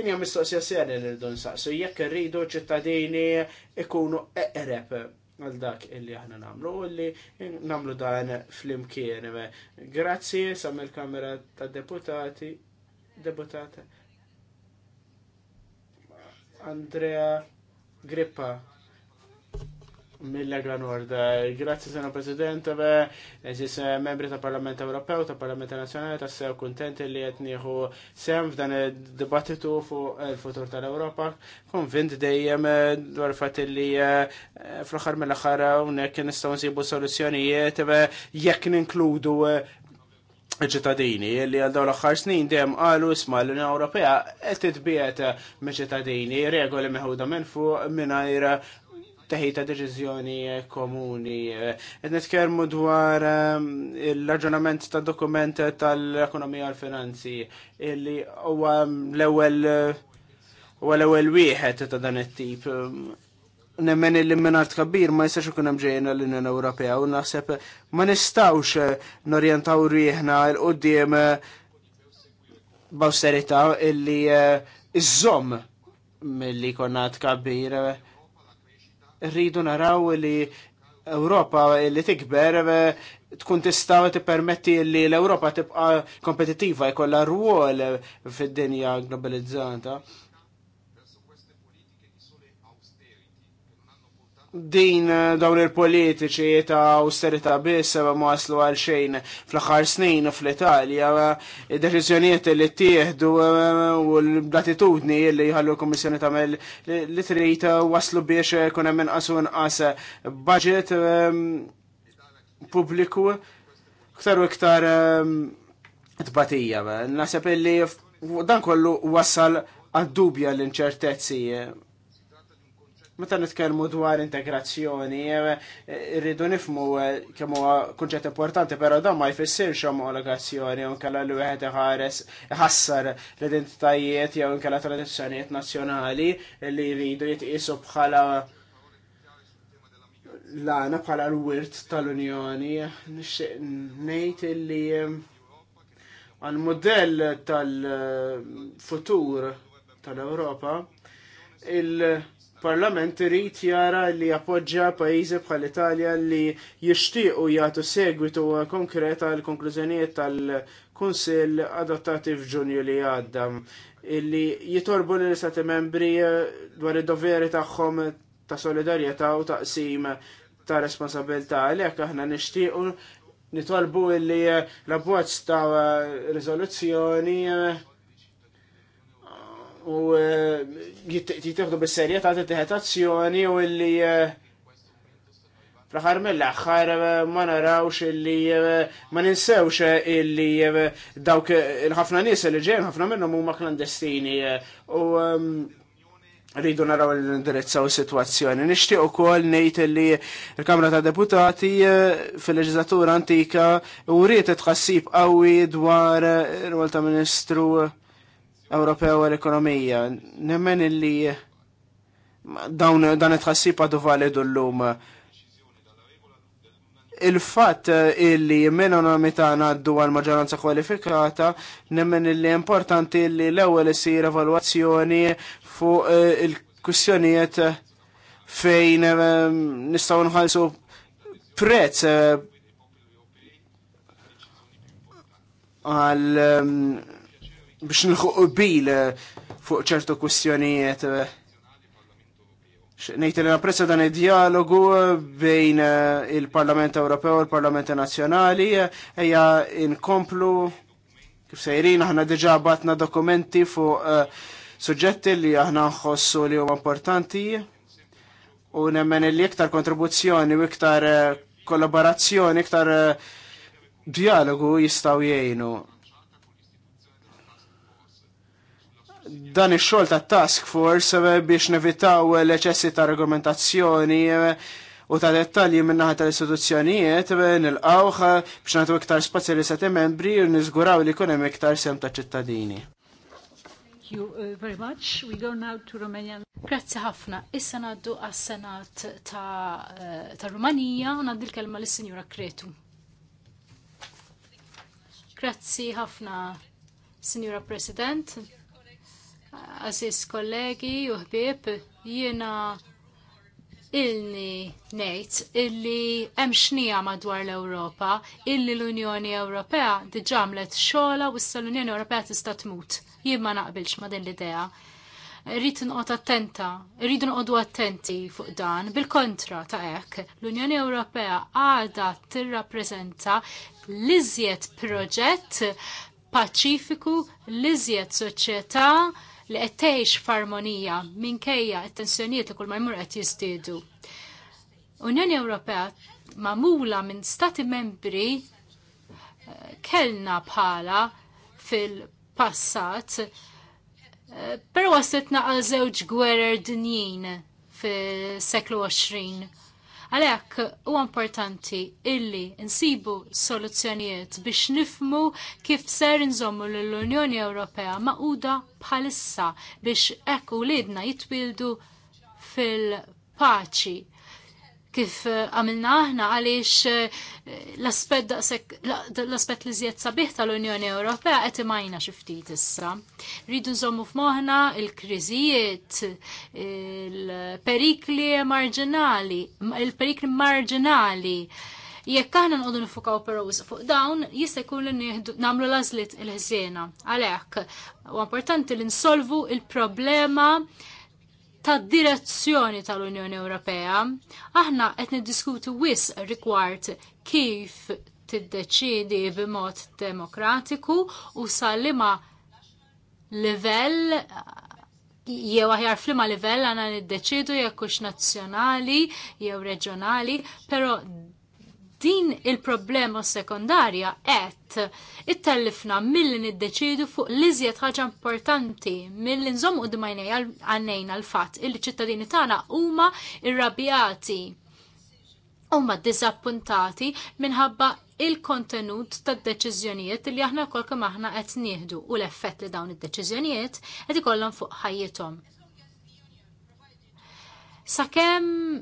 Dinja mistoqsija serja l-dun saqsu, jekk irridu ċittadini ikunu eqreb għal dak illi aħna namlu u illi namlu dan fl-imkien. Grazzi, sam il-Kamera ta' Deputati, Deputata. Andrea Grippa. Mille gran Orda. Grazie, sena Presidente, eżis eh, membri ta' Parlament Ewropew, ta' Parlament Nazjonali, ta' sew kontenti li qed nieħu sem f'dan id-dibattitu fuq eh, il-futur tal-Ewropa. Konvint dejjem eh, dwar fatt li fl-aħħar mill-aħħar hawnhekk nistgħu nsibu soluzzjonijiet jekk ninkludu ċittadini li għal daw l-aħħar snin dem għalu isma' l-Unjoni Ewropea qed titbiet me ċittadini regoli meħuda minn fuq mingħajr teħita deċiżjoni eh, komuni. Eh. Qed nitkellmu dwar eh, l raġunament ta' dokument tal-ekonomija għall finanzi illi huwa l-ewwel huwa l-ewwel wieħed ta' dan it-tip. Nemmen illi minnart kabir ma jistax ikun hemm ġejjin l-Unjoni Ewropea u naħseb ma nistgħux norjentaw rieħna l qudiem b'awsterità illi iżżomm milli konna tkabbir rridu naraw li Ewropa li tikber eh, tkun tista' tippermetti li l-Ewropa tibqa' kompetitiva jkollha rwol fid-dinja globalizzata. din eh, dawn il-politiċi ta' austerita biss ma waslu għal xejn fl-aħħar snin fl-Italja id-deċiżjonijiet eh, li ttieħdu eh, u l latitudni li jħallu l ta' mel li trid waslu biex kunem hemm inqas qas budget pubbliku ktar u iktar tbatija. Nasab li dan kollu wassal għad-dubja l-inċertezzi Meta nitkellmu dwar integrazzjoni, eh, rridu nifmu eh, kemm huwa kunċett importanti, però dan ma jfissirx omologazzjoni u nkella li wieħed iħares iħassar l-identitajiet jew nkella tradizzjonijiet nazzjonali li jridu jitqisu bħala l-għana bħala l-wirt tal-Unjoni. ngħid li eh, għall modell tal-futur tal-Ewropa il- parlament irid jara li appoġġa pajjiżi bħal Italja li jixtiequ jagħtu segwitu konkret għal konklużjonijiet tal-Kunsill adottati f'Ġunju li għadda illi jitorbu l istati membri dwar id-doveri tagħhom ta' solidarjetà u taqsim ta' responsabilità għalhekk aħna nixtiequ nitolbu illi l-abbozz ta' riżoluzzjoni u eh, jitieħdu bis-serja ta' tiħetazzjoni azzjoni u illi eh, fl-aħħar mill-aħħar eh, ma narawx illi ma ninsewx illi dawk il-ħafna nies li ġejn ħafna minnhom huma klandestini u ehm, rridu naraw l-indirizzaw situazzjoni. Nixtieq ukoll ngħid li l-Kamra ta' Deputati fil-Leġislatura Antika u rriet tħassib qawwi dwar ir-Walta Ministru Ewropew għal l-ekonomija. Nemmen illi dawn dan it-ħassib għadu validu l-lum. Il-fat illi minnonomi tagħna għaddu għal maġġoranza kwalifikata, nemmen illi importanti illi l-ewwel isir evalwazzjoni fuq eh, il-kwistjonijiet fejn eh, nistgħu nħallsu prezz eh, għal biex nħuq bil eh, fuq ċertu kwistjonijiet. Eh, Nejt li napprezza dan id-dialogu eh, bejn il-Parlament Ewropew u l-Parlament Nazzjonali eja inkomplu kif sejrin aħna diġà batna dokumenti fuq suġġetti li aħna nħossu li huma importanti u nemmen li iktar kontribuzzjoni u iktar kollaborazzjoni, iktar dialogu jistaw jgħinu dan ix-xogħol ta' task force eh, biex nevitaw l-eċessi ta' argumentazzjoni eh, u ta' dettalji minnaħa tal-istituzzjonijiet eh, nilqawħ biex nagħtu iktar spazju li seti membri u niżguraw li jkun hemm iktar sem ta' ċittadini.
Thank you very much. We go now to Romania. Grazzi ħafna. Issa naddu għas-Senat ta', ta Rumanija u naddi l-kelma lis-Sinjura Kretu. Grazzi ħafna, Sinjura President. Aziz kollegi u ħbib, jiena ilni nejt illi hemm xnija madwar l-Ewropa illi l-Unjoni Ewropea diġamlet xola u issa l-Unjoni Ewropea tista' tmut. Jien ma naqbilx ma din l-idea. Rrid nqod attenta, rridu nqodu attenti fuq dan. Bil-kontra ta' hekk, l-Unjoni Ewropea għadha tirrappreżenta l-iżjed proġett paċifiku, l-iżjed soċjetà li qed tgħix f'armonija minkejja t-tensjonijiet li kull ma jmur qed jistiedu. Unjoni Ewropea magħmula minn stati membri eh, kellna bħala fil-passat, eh, pero għasitna għal żewġ gwerer dinjin fis seklu 20 Għalhekk huwa importanti illi nsibu soluzzjonijiet biex nifmu kif ser nżommu l-Unjoni Ewropea maquda bħalissa biex ekku lidna jitwildu fil-paċi kif eh, għamilna aħna għaliex eh, l-aspett li zjed sabiħ tal-Unjoni Ewropea qed imajna xi ftit issa. Rridu nżommu f'moħħna il-kriżijiet, il-perikli marġinali, il-perikli marġinali. Jekk aħna nqogħdu nifukaw peroż fuq dawn, jista' jkun li nagħmlu lażlit il-ħsiena. Għalhekk, u importanti li nsolvu il-problema il problema ta' direzzjoni tal-Unjoni Ewropea. Aħna qed niddiskutu wis rigward kif tiddeċidi b'mod demokratiku u liema livell jew aħjar flima livell għana niddeċidu jekk hux nazzjonali jew reġjonali, però din il-problema sekondarja qed ittellifna milli niddeċidu fuq l ħagġa ħaġa importanti milli nżommu d-majnej għannejna għal-fatt il-ċittadini tagħna huma irrabjati huma dizappuntati minħabba il-kontenut tad deċiżjonijiet li aħna kol kemm aħna qed nieħdu u l-effett li dawn id-deċiżjonijiet qed ikollhom fuq ħajjithom. Sakemm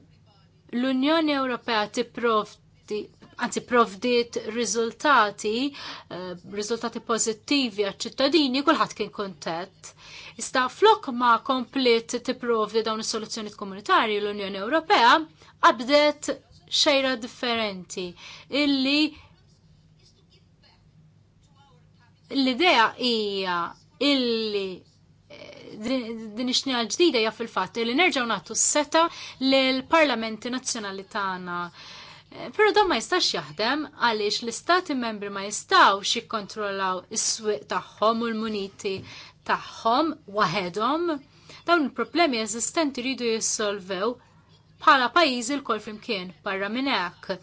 l-Unjoni Ewropea tipprov provdi anzi provdiet riżultati, uh, riżultati pozittivi għal-ċittadini, kulħadd kien kontent. Ista flok ma komplet tipprovdi dawn is-soluzzjonijiet komunitarji l-Unjoni Ewropea qabdet xejra differenti illi l-idea hija illi eh, din ixnija ġdida hija fil-fatt li nerġgħu nagħtu s-seta lill parlamenti nazzjonali tagħna Pero dan ma jistax jaħdem għaliex l-istati membri ma jistawx jikkontrollaw is-swieq tagħhom u l-muniti tagħhom waħedhom. Dawn il-problemi eżistenti rridu jissolvew bħala pajjiżi lkoll kol flimkien barra minn hekk.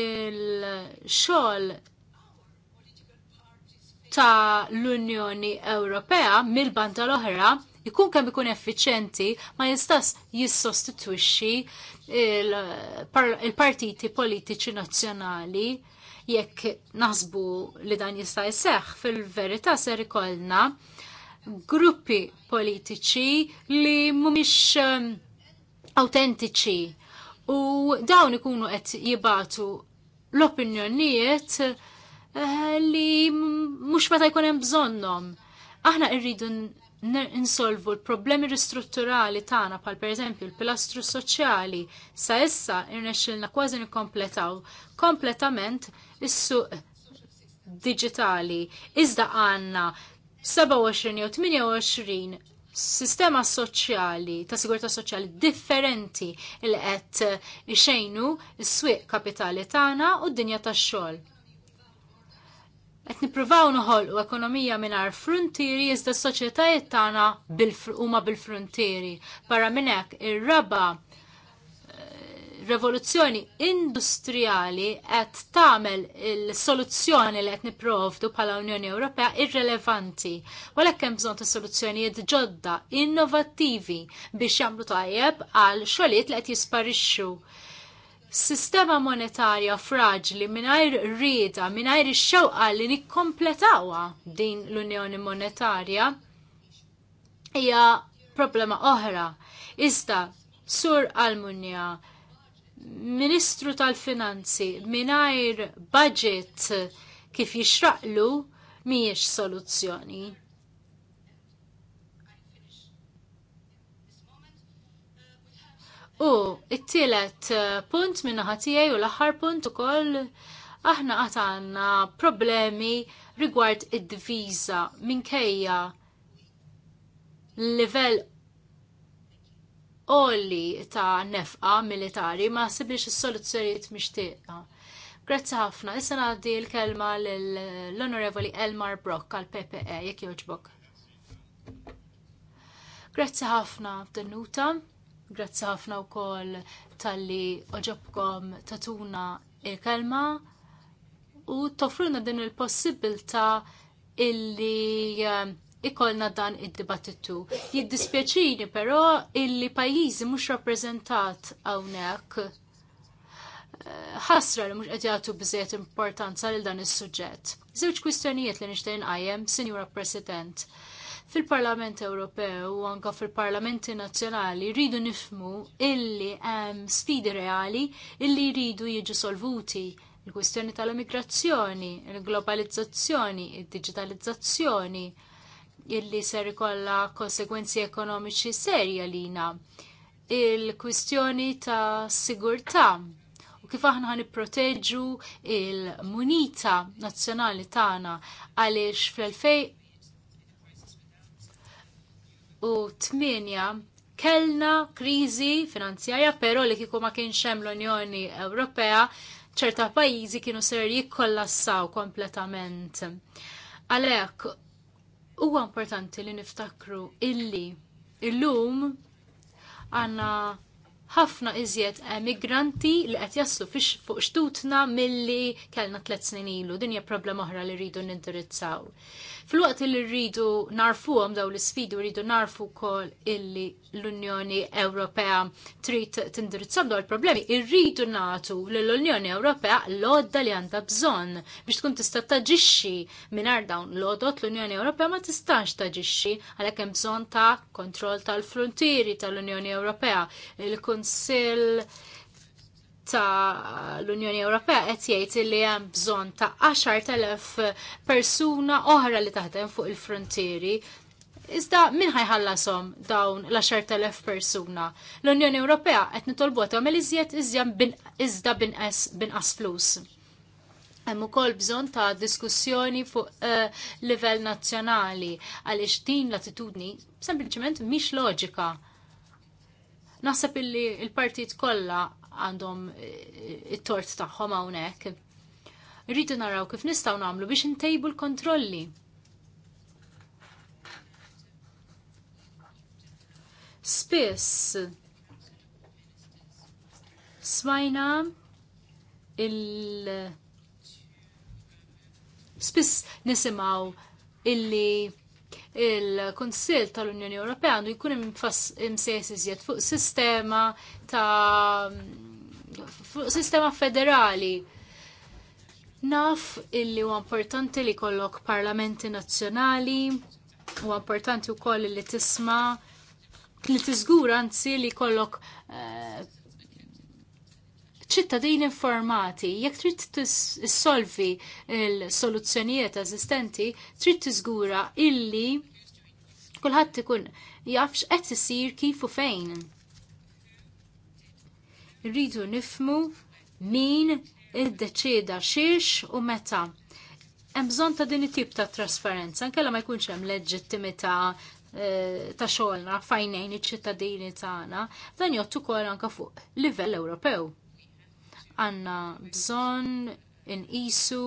Il-xogħol ta' l-Unjoni Ewropea mill-banda l-oħra ikun kemm ikun effiċenti ma jistax jissostitwixxi il-partiti il politiċi nazzjonali jekk naħsbu li dan jista' jseħħ fil-verità ser ikollna gruppi politiċi li mhumiex ehm, autentiċi u dawn ikunu qed jibatu l-opinjonijiet eh, li mhux meta jkun hemm bżonnhom. Aħna rridu insolvu l-problemi ristrutturali tagħna bħal pereżempju l-pilastru soċjali sa issa irnexxilna kważi nikkompletaw kompletament is-suq digitali. Iżda għandna 27 jew 28 sistema soċjali ta' sigurtà soċjali differenti li qed ixejnu s-swieq kapitali tagħna u d-dinja tax-xogħol qed nippruvaw noħolqu ekonomija mingħajr frontieri iżda s-soċjetajiet tagħna huma bil-frontieri. Barra minn hekk ir-raba eh, revoluzzjoni industrijali qed tagħmel il-soluzzjoni li qed nipprovdu bħala Unjoni Ewropea irrelevanti. Walek hemm bżonn ta' soluzzjonijiet ġodda, innovattivi biex jagħmlu tajjeb għal xogħlijiet li qed jisparixxu sistema monetarja fraġli mingħajr rieda, mingħajr ix-xewqa li nikkompletawha din l-Unjoni Monetarja hija problema oħra. Iżda Sur Almunja, Ministru tal-Finanzi, mingħajr budget kif jixraqlu mhijiex soluzzjoni. U it-tielet eh, punt minn ħatijaj u l-aħħar punt ukoll aħna għatanna problemi rigward id-diviża minkejja l-livell oli ta' nefqa militari ma' sibiex il-soluzzjoniet mixtieqa. Grazzi ħafna, issa għaddi l-kelma l-Onorevoli Elmar Brock għal PPE, jek joġbok. Grazzi ħafna, Danuta. Grazzi ħafna wkoll talli oġobkom tatuna il-kelma u toffruna din il-possibilta illi eh, ikolna dan id-dibattitu. Jiddispjaċini però illi pajjiżi mhux rappreżentat hawnhekk eh, ħasra li mhux qed jagħtu importanza lil dan is-suġġett. Żewġ kwistjonijiet li nixtieq għajem, Senjura President fil-Parlament Ewropew u anka fil-Parlamenti Nazzjonali rridu nifmu illi hemm sfidi reali illi rridu jiġu solvuti il-kwistjoni tal-immigrazzjoni, il-globalizzazzjoni, il-digitalizzazzjoni illi ser ikolla konsekwenzi ekonomiċi serja lina il-kwistjoni ta' sigurtà u kif aħna nipproteġu il-munita nazzjonali tagħna għaliex fl-2000 U tminja kellna kriżi finanzjarja, però li kieku ma kienx hemm l-Unjoni Ewropea, ċerta pajjiżi kienu ser jikkollassaw kompletament. Għalhekk huwa importanti li niftakru illi illum għandna ħafna iżjed emigranti li qed jaslu fuq xtutna milli kellna tliet snin ilu. Din hija problema oħra li rridu nindirizzaw. Fil-waqt li rridu narfuhom daw l sfidu rridu narfu wkoll illi l-Unjoni Ewropea trid tindirizzom daw l problemi irridu nagħtu lill unjoni Ewropea l-odda li għandha bżonn biex tkun tista' taġixxi mingħajr dawn l-odot l-Unjoni Ewropea ma tistax taġixxi għalhekk hemm bżonn ta' kontroll tal-frontieri tal-Unjoni Ewropea, il-Kunsill ta' l-Unjoni Ewropea qed jgħid li hemm bżonn ta' 10,000 persuna oħra li taħdem fuq il-frontieri. Iżda min ħajħallasom dawn l-10,000 persuna? L-Unjoni Ewropea qed nitolbu għamel iżjed iżda binqas binqas flus. Hemm ukoll bżonn ta' diskussjoni fuq eh, livell nazzjonali għaliex din l-attitudni sempliċement mhix loġika. Naħseb illi l-partit kollha għandhom eh, it-tort tagħhom hawnhekk. Rridu naraw kif nistgħu nagħmlu biex intejbu l-kontrolli. Spiss smajna il spiss nisimgħu illi il-Konsil tal-Unjoni Ewropea għandu jkun imsejs iżjed fuq sistema ta' fuq sistema federali. Naf illi huwa importanti li kollok parlamenti nazzjonali, huwa importanti wkoll li tisma' li tiżgur anzi li kollok eh, ċittadini informati. Jekk trid tissolvi il-soluzzjonijiet eżistenti, trid tiżgura illi kulħadd ikun jafx qed isir kif u fejn. Rridu nifmu min iddeċieda xiex u meta. Hemm bżonn ta' din it-tip ta' trasparenza, nkella ma jkunx hemm leġittimità eh, ta' xogħolna fajnejn iċ-ċittadini tagħna, dan jottu ukoll anke fuq livell Ewropew għanna bżon inqisu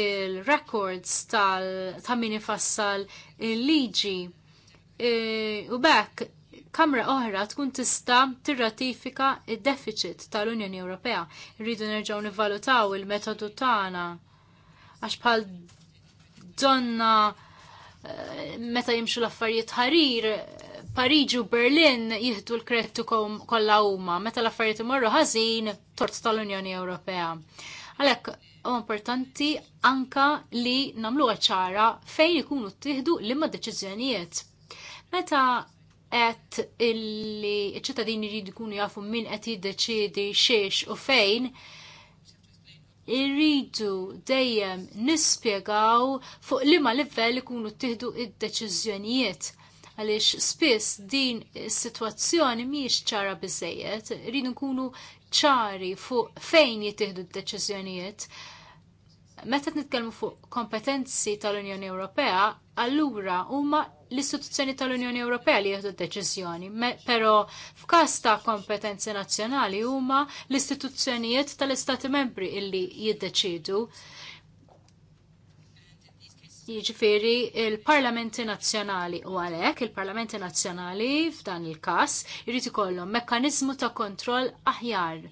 il-records tal ta' min ifassal il-liġi. E, u bekk, kamra oħra tkun tista tirratifika il deficit tal-Unjoni Ewropea. Rridu nerġgħu nivvalutaw il-metodu tagħna. Għax bħal donna e, meta jimxu l-affarijiet ħarir, Pariġu Berlin jihdu l-kredtu kollha huma meta l-affarijiet imorru ħażin tort tal-Unjoni Ewropea. Għalhekk u importanti anka li nagħmluha ċara fejn ikunu ttieħdu l-imma deċiżjonijiet. Meta qed illi ċ-ċittadini jridu jkunu jafu min qed jiddeċiedi xiex u fejn, irridu dejjem nispjegaw fuq liema livell ikunu ttieħdu id-deċiżjonijiet għaliex spiss din is-sitwazzjoni mhijiex ċara biżejjed, rridu nkunu ċari fuq fejn jittieħdu d-deċiżjonijiet. Meta nitkellmu fuq kompetenzi tal-Unjoni Ewropea, allura huma l-istituzzjoni tal-Unjoni Ewropea li jieħdu d-deċiżjoni, però f'każ ta' kompetenzi nazzjonali huma l-istituzzjonijiet tal-Istati membri illi jiddeċidu jiġifieri il-parlamenti nazzjonali u għalhekk il-parlamenti nazzjonali f'dan il-każ jrid ikollhom mekkaniżmu ta' kontroll aħjar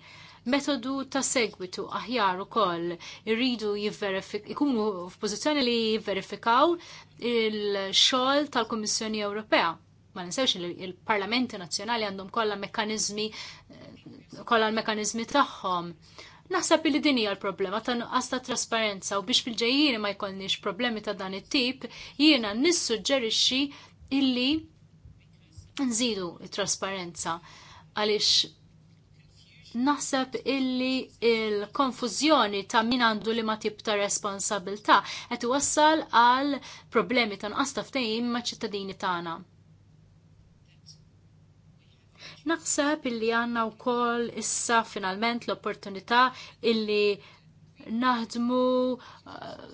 metodu ta' segwitu aħjar ukoll irridu jkunu f'pożizzjoni li jivverifikaw il-xogħol tal-Kummissjoni Ewropea. Ma ninsewx li l parlamenti Nazzjonali għandhom kollha mekkaniżmi kollha l-mekkaniżmi tagħhom Naħseb li din hija l-problema ta' nuqqas ta' trasparenza u biex fil-ġejjien ma jkollniex problemi ta' dan it-tip, jiena nissuġġerixxi illi nżidu t trasparenza għaliex naħseb illi il-konfużjoni ta' min għandu li ma tip ta' responsabilta' qed iwassal għal problemi ta' nuqqas ta' ftehim ma' ċittadini tagħna. Naħseb illi għanna u koll issa finalment l-opportunità illi naħdmu uh,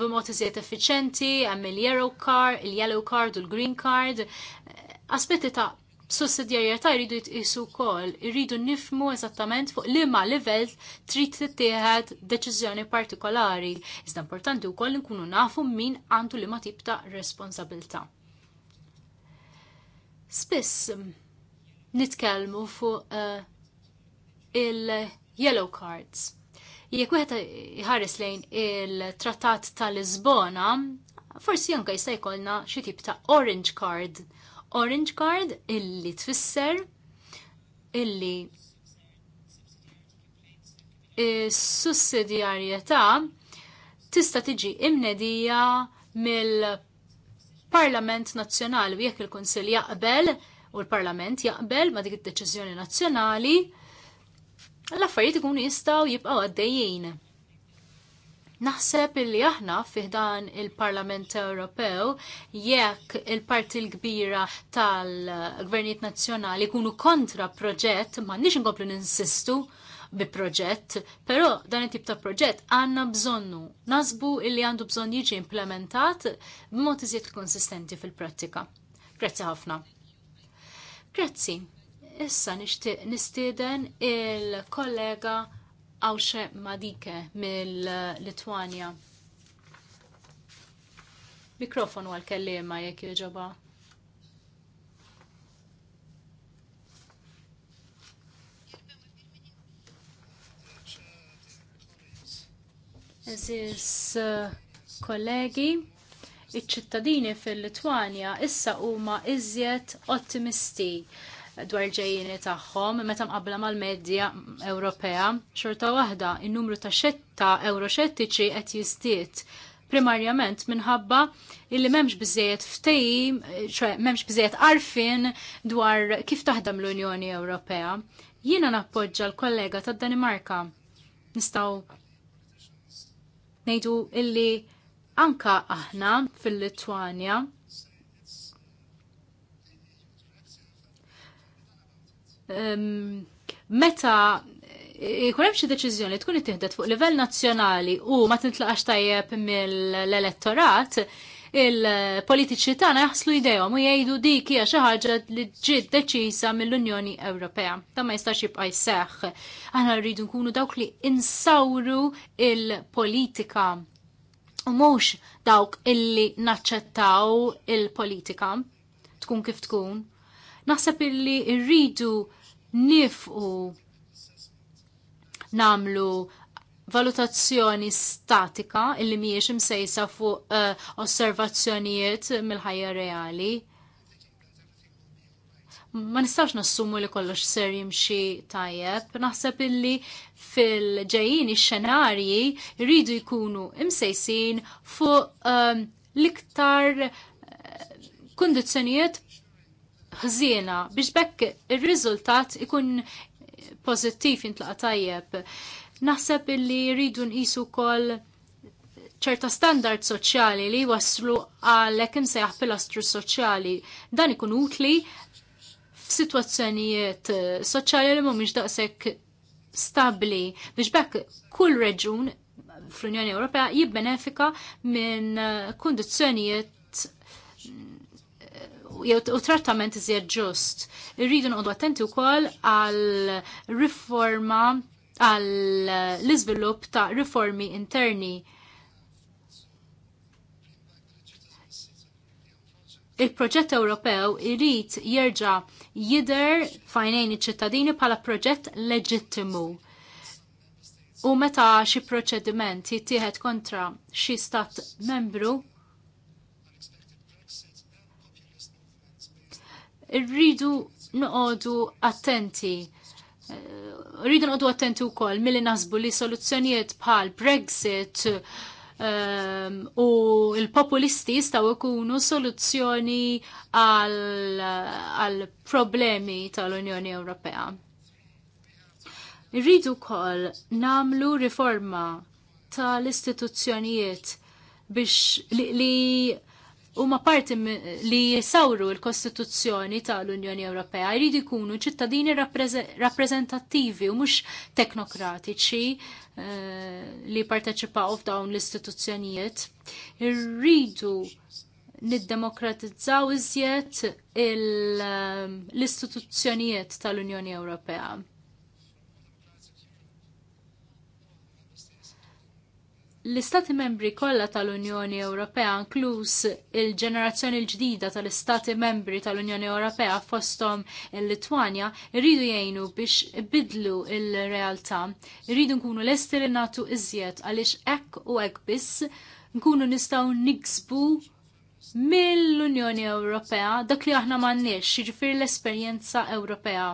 b'mod iżjed effiċenti, hemm il-yellow card, il-yellow card u l-green card. Aspetti ta' sussidjarjetà jridu jitqisu wkoll, irridu nifmu eżattament fuq liema livell trid tittieħed deċiżjoni partikolari. Iżda importanti wkoll nkunu nafu min għandu liema tip ta' responsabilità. Spiss nitkellmu fuq uh, il-yellow cards. Jekk wieħed iħares lejn il-Trattat tal-Lisbona, forsi anke jista' jkollna xi tip ta' orange card. Orange card illi tfisser illi is-sussidjarjetà tista' tiġi imnedija mill-Parlament Nazzjonali u jekk il-Kunsill jaqbel u l-Parlament jaqbel ma dik id-deċiżjoni nazzjonali l-affarijiet ikunu jistgħu jibqgħu għaddejjin. Naħseb illi aħna fiħdan il-Parlament Ewropew jekk il-parti l-kbira tal-Gvernijiet Nazzjonali kunu kontra proġett ma nix nkomplu ninsistu bi proġett, però dan it-tip ta' proġett għanna bżonnu. Nasbu illi għandu bżonn jiġi implementat b'mod iżjed konsistenti fil-prattika. Grazzi ħafna. Grazzi. Issa nixtieq nistieden il-kollega Awxe Madike mill-Litwanja. Mikrofonu għal-kellima jekk jogħġobha. Eżis eh, kollegi, iċ-ċittadini fil-Litwanja issa huma iżjed ottimisti dwar ġejjini tagħhom meta mqabbla mal-medja Ewropea. Xorta waħda, in-numru ta' xetta euroxettiċi qed jistiet primarjament minħabba illi memx bizzejet ftejim, memx biżejjed arfin dwar kif taħdem l-Unjoni Ewropea. Jiena nappoġġa l-kollega tad Danimarka. Nistaw ngħidu illi Anka aħna fil-Litwanja meta jkun eh, hemm xi deċiżjoni tkun ittieħdet fuq livell nazzjonali u ma tintlaqax tajjeb mill-elettorat, il-politiċi tagħna jaħslu jdejhom u jgħidu dik hija xi ħaġa li ġiet deċiża mill-Unjoni Ewropea. Ta' ma jistax jibqa' jseħħ. Aħna rridu nkunu dawk li insawru il-politika u mhux dawk illi naċċettaw il-politika tkun kif tkun. Naħseb illi rridu nifqu namlu valutazzjoni statika illi mhijiex imsejsa fuq uh, osservazzjonijiet mill-ħajja reali ma nistawx nassumu li kollox ser jimxi tajjeb. Naħseb illi fil-ġejjin ix-xenarji rridu jkunu imsejsin fuq um, l-iktar uh, kondizjonijiet ħżiena biex bekk ir-riżultat ikun pożittiv jintlaqa tajjeb. Naħseb illi rridu nqisu wkoll ċerta standard soċjali li waslu għalek imsejħ pilastru soċjali. Dan ikun utli situazzjonijiet eh, soċjali li mhumiex daqshekk stabbli biex bekk kull reġun fl-Unjoni Ewropea jibbenefika minn eh, kundizzjonijiet eh, jew trattament iżjed ġust. Irridu noqogħdu attenti wkoll għal riforma għal l-iżvilupp ta' riformi interni il-proġett Ewropew irid jerġa' jidher fajnejn iċ-ċittadini bħala proġett leġittimu. U meta xi proċediment jittieħed kontra xi stat membru, rridu noqogħdu attenti. Eh, rridu noqogħdu attenti wkoll milli naħsbu li soluzzjonijiet bħal Brexit Um, u il-populisti jistaw ikunu soluzzjoni għal problemi tal-Unjoni Ewropea. Irridu kol namlu riforma tal-istituzzjonijiet biex li, li huma parti li jisawru l-Kostituzzjoni tal-Unjoni Ewropea jridu jkunu ċittadini rappreżentattivi u mhux teknokratiċi eh, li parteċipaw f'dawn l-istituzzjonijiet. Irridu niddemokratizzaw iżjed eh, l-istituzzjonijiet tal-Unjoni Ewropea. l-Istati membri kollha tal-Unjoni Ewropea, inkluż il-ġenerazzjoni l-ġdida tal-Istati membri tal-Unjoni Ewropea fosthom il-Litwanja, irridu jgħinu biex ibidlu il-realtà, irridu nkunu lesti li nagħtu iżjed għaliex hekk u hekk biss nkunu nistgħu niksbu mill-Unjoni Ewropea dak li aħna m'għandniex, jiġifieri l-esperjenza Ewropea.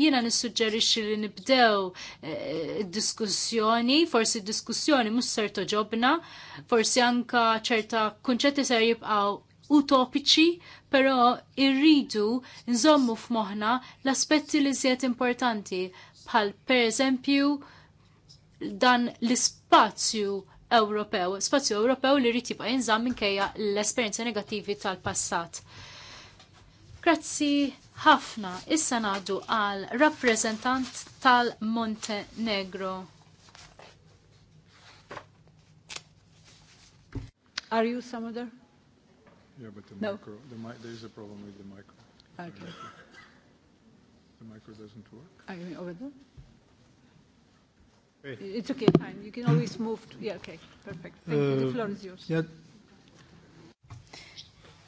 Jiena nissuġġerixxi li nibdew eh, diskussjoni, forsi diskussjoni mhux ser toġobna, forsi anka ċerta kunċetti ser jibqgħu utopiċi, però irridu nżommu f'moħħna l-aspetti li żjed importanti bħal pereżempju dan l-ispazju Ewropew, spazju Ewropew li rrit jibqa' jinżamm minkejja l-esperjenza negattivi tal-passat. Grazzi ħafna. Issa ngħaddu għal rappreżentant tal-Montenegro. Are you some other?
Yeah, but the no. micro, the mi there is a problem with the micro. Okay. The micro doesn't work.
Are you over there? Hey. It's okay, fine. You can always move to, yeah, okay, perfect. Thank uh, you. The uh, floor is yours. Yeah,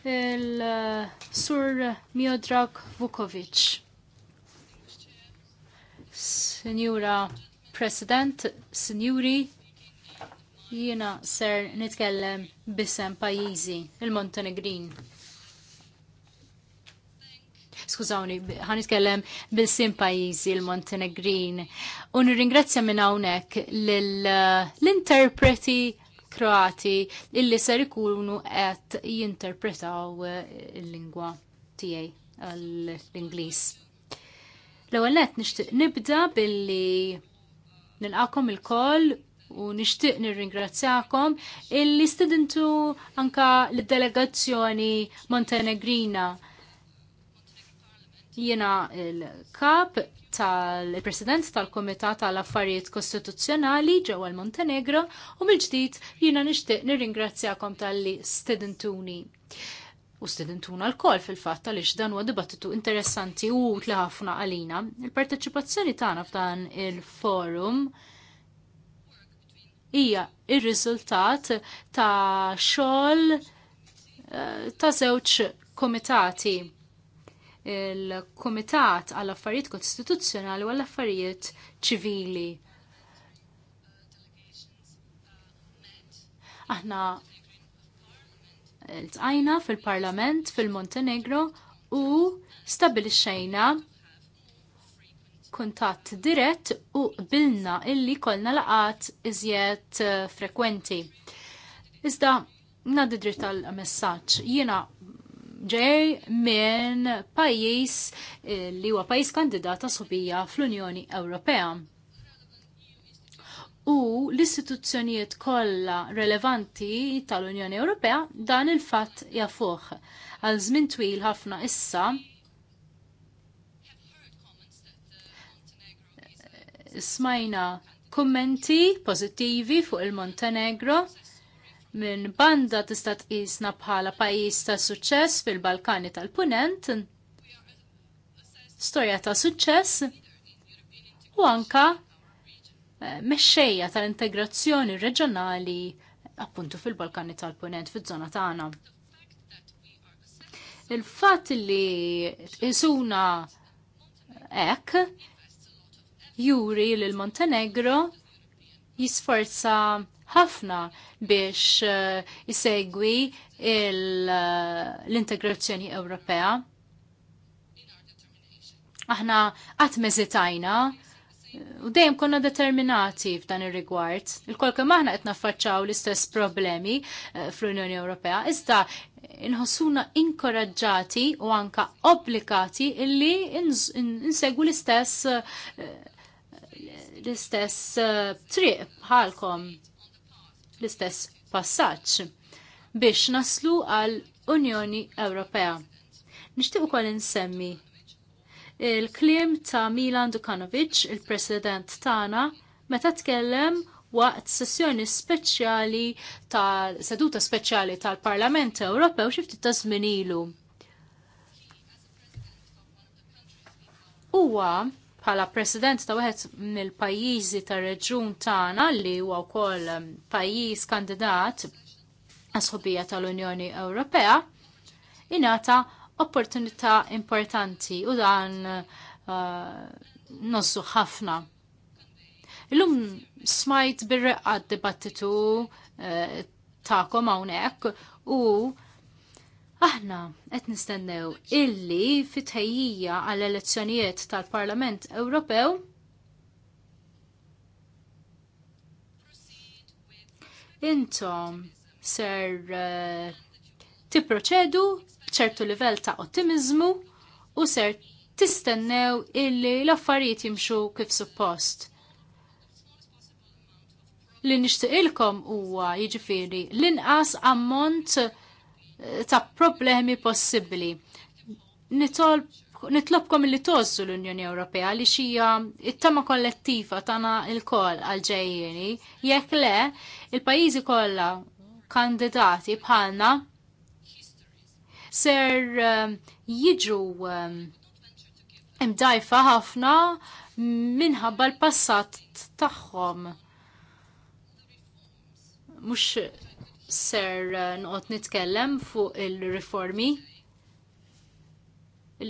il-Sur Miodrag Vukovic. Signora President, Signori, jiena ser nitkellem bisem pajizi, il-Montenegrin. Skużawni, għan nitkellem bisem pajizi, il-Montenegrin. U nirringrazzja minn hawnhekk eh, l-interpreti Kroati illi ser ikunu qed jinterpretaw eh, il-lingwa tiegħi l-Ingliż. L-ewwel nett nixtieq nibda billi nilqakom il-koll u nixtieq nirringrazzjakom illi stidintu anka l-delegazzjoni Montenegrina jiena il-kap tal-President tal-Komitat tal-Affarijiet Kostituzzjonali ġewwa l-Montenegro u mill-ġdid jiena nixtieq nirringrazzjakom tal-li stedentuni. U stedentuna l-kol fil-fatt għaliex dan huwa dibattitu interessanti u tlaħafna ħafna għalina. Il-parteċipazzjoni tagħna f'dan il-forum hija ir-riżultat ta' xogħol eh, ta' żewġ komitati il-Komitat għall affarijiet Kostituzzjonali u għall affarijiet ċivili. Aħna l-tqajna fil-Parlament fil-Montenegro u stabilixxejna kuntatt dirett u bilna illi kolna laqat iżjed eh, frekwenti. Iżda, nadi dritt għal messaġġ jiena ġej minn pajjiż eh, li huwa pajjiż kandidata subija fl-Unjoni Ewropea. U l-istituzzjonijiet kollha relevanti tal-Unjoni Ewropea dan il-fatt jafuh. Għal żmien twil ħafna issa smajna kummenti pożittivi fuq il-Montenegro minn banda tista' tqisna bħala pajjiż ta' suċċess fil-Balkani tal-Punent, storja ta' suċċess u anka eh, mexxejja tal-integrazzjoni reġjonali appuntu fil-Balkani tal-Punent fiż-żona tagħna. Il-fatt li tqisuna hekk juri li l-Montenegro jisforza ħafna biex eh, isegwi eh, l-integrazzjoni Ewropea. Aħna qatt meżitajna eh, u dejjem konna determinati f'dan ir-rigward. Il-kol qed naffaċċaw l-istess problemi fl-Unjoni Ewropea, iżda inħossuna inkoraġġati u anka obbligati illi insegwu l-istess l-istess triq bħalkom l-istess passaġġ biex naslu għal Unjoni Ewropea. Nixtieq ukoll insemmi il-kliem ta' Milan Dukanovic, il-president tagħna, meta tkellem waqt sessjoni speċjali tal seduta speċjali tal-Parlament Ewropew xi ftit ta' żmien ilu. Huwa bħala president ta' wieħed mill-pajjiżi tar reġjun tagħna li huwa wkoll ehm, pajjiż kandidat għasħobija tal-Unjoni Ewropea ingħata opportunità importanti u dan uh, eh, nossu ħafna. Illum smajt bir-reqqa dibattitu uh, eh, ta' hawnhekk u Aħna qed nistennew illi fit-tħejjija għall elezzjonijiet tal-Parlament Ewropew intom ser eh, tipproċedu b'ċertu livell ta' ottimizmu u ser tistennew illi l-affarijiet jimxu kif suppost. Li nixtieqilkom huwa jiġifieri l-inqas ammont ta' problemi possibbli. Nitlobkom li tozzu l-Unjoni Ewropea li xija it-tama kollettiva tana il-kol għal-ġejjeni, jekk le il-pajizi kollha kandidati bħalna ser um, jiġu um, imdajfa ħafna minħabba l-passat tagħhom. Mux ser eh, nqot nitkellem fuq il-riformi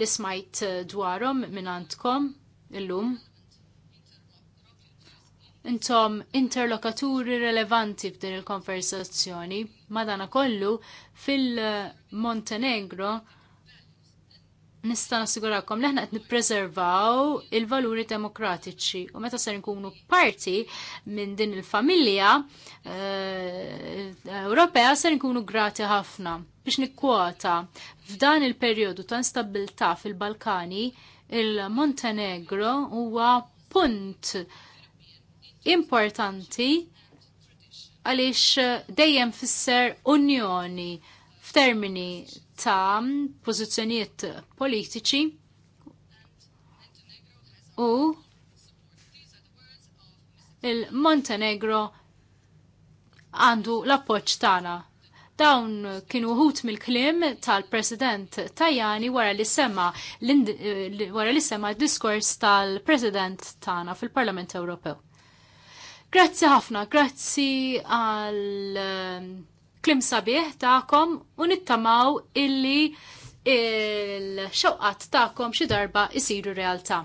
li smajt eh, dwarhom minn għandkom illum. Intom interlokaturi rilevanti f'din il-konversazzjoni madana kollu fil-Montenegro eh, nista' nassigurakom li aħna qed nippreservaw il-valuri demokratiċi u meta ser nkunu parti minn din il-familja eh, Ewropea ser nkunu grati ħafna biex nikkwota f'dan il-perjodu ta' instabilità fil-Balkani il-Montenegro huwa punt importanti għaliex dejjem fisser unjoni f'termini ta' pożizzjonijiet politiċi u il-Montenegro għandu l-appoċ tagħna. Dawn kienu ħut mill-klim tal-President Tajani wara li semma eh, wara li semma diskors tal-President tagħna fil-Parlament Ewropew. Grazzi ħafna, grazzi għal eh, klim sabiħ ta'kom u nittamaw illi il xoqqat ta'kom xi darba isiru realtà.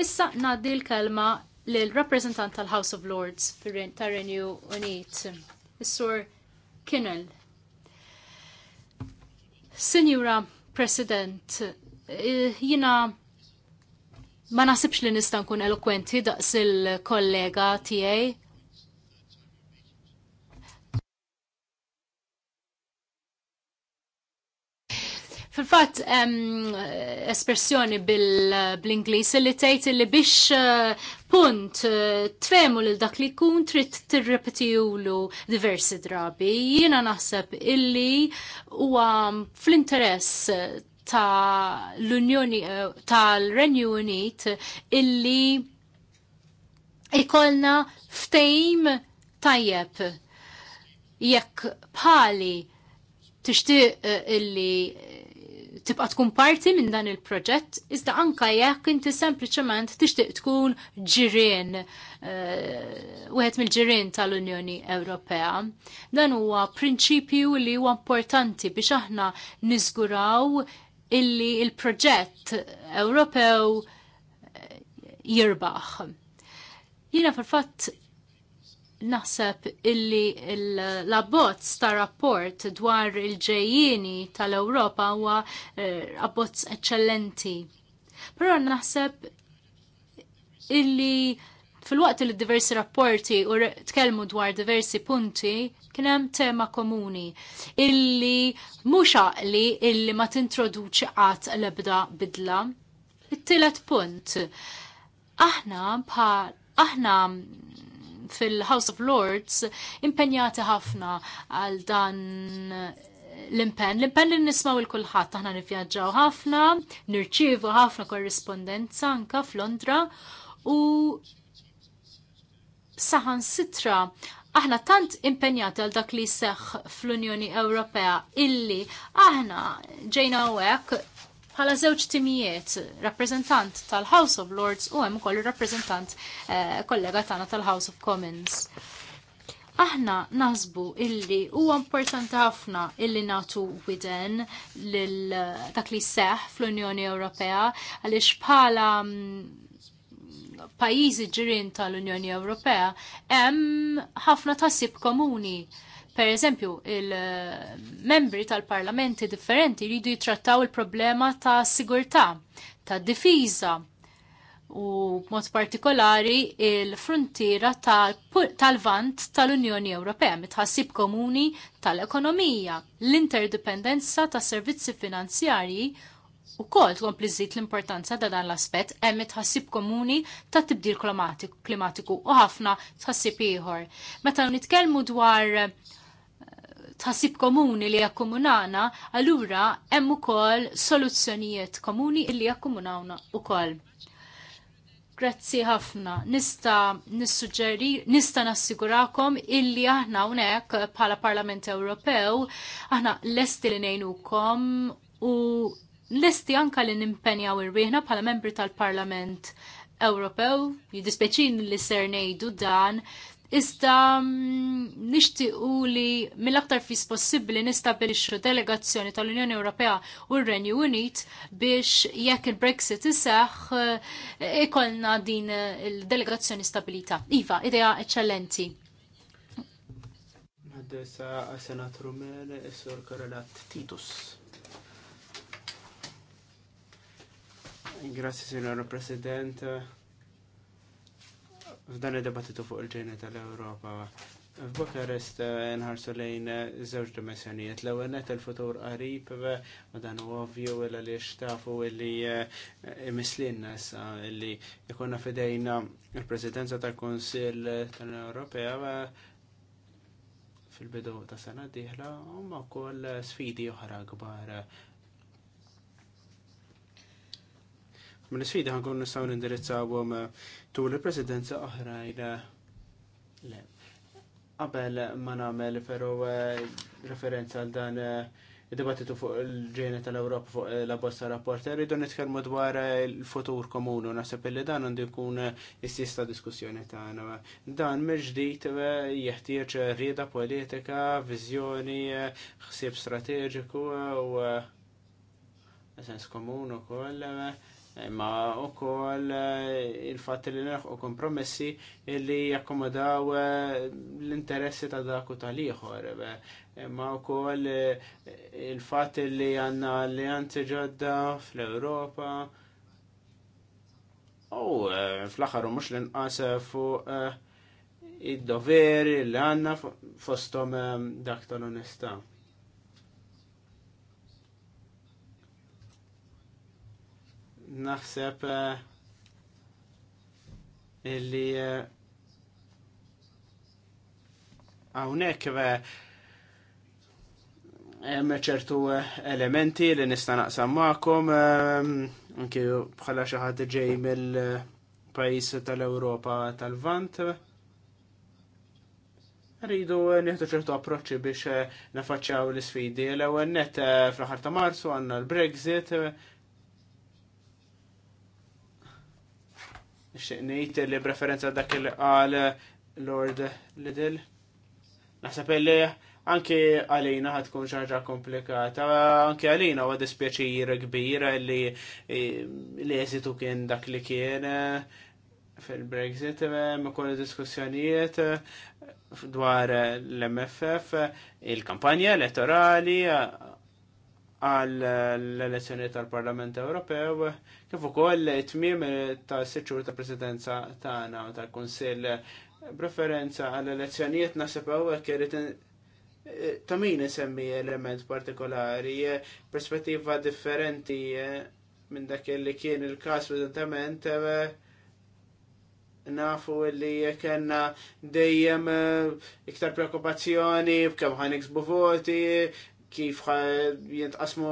Issa ngħaddi l-kelma l rappresentant tal-House of Lords tar-Renew Unit, is-Sur Kinnell. Sinjura President, jina ma nasibx li nista' nkun elokwenti daqs il-kollega tiegħi Fil-fatt espressjoni bil-Inglis li tgħid li biex eh, punt eh, tfemu lil dak li jkun trid tirrepetiwlu diversi drabi. Jiena naħseb illi huwa fl-interess eh, ta' l-Unjoni tal-Renju Unit illi ikolna ftejm tajjeb jekk bħali tixtieq illi tibqa' tkun parti minn dan il-proġett, iżda anka jekk inti sempliċement tixtieq tkun ġirien eh, wieħed mill-ġirien tal-Unjoni Ewropea. Dan huwa prinċipju li huwa importanti biex aħna niżguraw illi il-proġett Ewropew eh, jirbaħ. Jina fil-fatt naħseb illi l-abbozz ta' rapport dwar il-ġejjini tal-Ewropa huwa eh, abbozz eccellenti. Però naħseb illi fil-waqt li diversi rapporti u tkellmu dwar diversi punti, kien hemm tema komuni illi mhux għaqli illi ma tintroduċi qatt l-ebda bidla. It-tielet punt. Aħna bħal aħna fil-House of Lords impenjati ħafna għal dan l-impen. L-impen li nismaw il-kulħat, aħna nivjaġġaw ħafna, nirċivu ħafna korrispondenza anka f'Londra u saħan sitra aħna tant impenjati għal dak li seħ fl-Unjoni Ewropea illi aħna ġejna għek bħala żewġ timijiet, rappreżentant tal-House of Lords u hemm ukoll rappreżentant eh, kollega tagħna tal-House of Commons. Aħna naħsbu illi huwa importanti ħafna illi natu widen lil dak li seħ fl-Unjoni Ewropea għaliex bħala mm, pajjiżi ġirien tal-Unjoni Ewropea hemm ħafna tasib komuni Per eżempju, il-membri tal-parlamenti differenti jridu jitrattaw il-problema ta' sigurtà, ta' difiża u mod partikolari il-frontiera tal-vant tal-Unjoni Ewropea, mitħassib komuni tal-ekonomija, l-interdependenza ta' servizzi finanzjarji u kol tkompli l-importanza ta' dan l-aspett hemm tħassib komuni ta' tibdil klimatiku u ħafna tħassib ieħor. Meta nitkellmu dwar tħassib komuni li jakkomunana, allura hemm ukoll soluzzjonijiet komuni li jakkomunawna ukoll. Grazzi ħafna. Nista nissuġġeri, nista nassigurakom illi aħna hawnhekk bħala Parlament Ewropew aħna lesti li ngħinukom u lesti anka li nimpenjaw ir-rieħna bħala membri tal-Parlament Ewropew, jiddispeċin li ser ngħidu dan, Iżda mm, nixtiequ li mill-aktar fis possibbli nistabilixxu delegazzjoni tal-Unjoni Ewropea u r-Renju Unit biex jekk il-Brexit iseħħ eh, ikolna din eh, il-delegazzjoni stabilita. Iva, idea eccellenti.
Għaddesa għas-senatru Mele, s-sur Karolat Titus. Grazie, signor Presidente f'dan id-debattitu fuq il-ġejna tal-Ewropa. F'Bukarest eh, nħarsu lejn eh, żewġ dimensjonijiet. L-ewwel net il-futur qarib eh, ma dan huwa ovvju l għaliex tafu li imislinna issa li jkunna fidejna il-Presidenza tal-Kunsill tal-Ewropea fil-bidu ta' sena diħla huma wkoll sfidi oħra kbar. sfidi ħankun nistgħu nindirizzawhom tul il-presidenza oħrajn. Le. Qabel ma nagħmel però eh, referenza għal dan eh, id-dibattitu fuq il-ġejna tal-Ewropa fuq eh, la bosta rapport, rridu nitkellmu dwar il-futur komunu, naħseb li dan għandu jkun is-sista diskussjoni tagħna. Dan mill-ġdid jeħtieġ rieda politika, viżjoni, ħsieb strateġiku u sens komun ukoll imma koll eh, il fat li u kompromessi li jakkomodaw eh, l-interessi ta' dak u tal-ieħor. Imma wkoll eh, il fat li għandna alleanzi ġodda fl europa U fl-aħħar mux l-inqas fuq id-doveri li għanna fostom dak tal-onestà. naħseb eh, illi għawnek eh, eh, hemm ċertu elementi li nista' naqsam magħkom anke bħala xi ħadd ġej mill-pajjiż tal-Ewropa tal-Vant. Rridu nieħdu ċertu approċċi biex nafaċċaw l-isfidi. L-ewwel net fl-aħħar ta' Marzu għandna l-Brexit, Nixtieq li preferenza dak il qal Lord Lidl. Naħseb li anke għalina ħad tkun ċarġa komplikata, anke għalina huwa dispjaċir kbira li l-eżitu kien dak li kien eh, fil-Brexit, ma kun diskussjonijiet eh, dwar l-MFF, il-kampanja elettorali, għal l-elezzjoni tal-Parlament Ewropew, kif ukoll it-tmiem tas siċur ta' presidenza tagħna u tal-Kunsill preferenza għal elezzjonijiet naħseb hawnhekk irid ta' min isemmi element partikolari, perspettiva differenti minn dak li kien il-każ prezentament nafu li kena dejjem eh, iktar preokupazzjoni b'kemm ħan voti, kif jintqasmu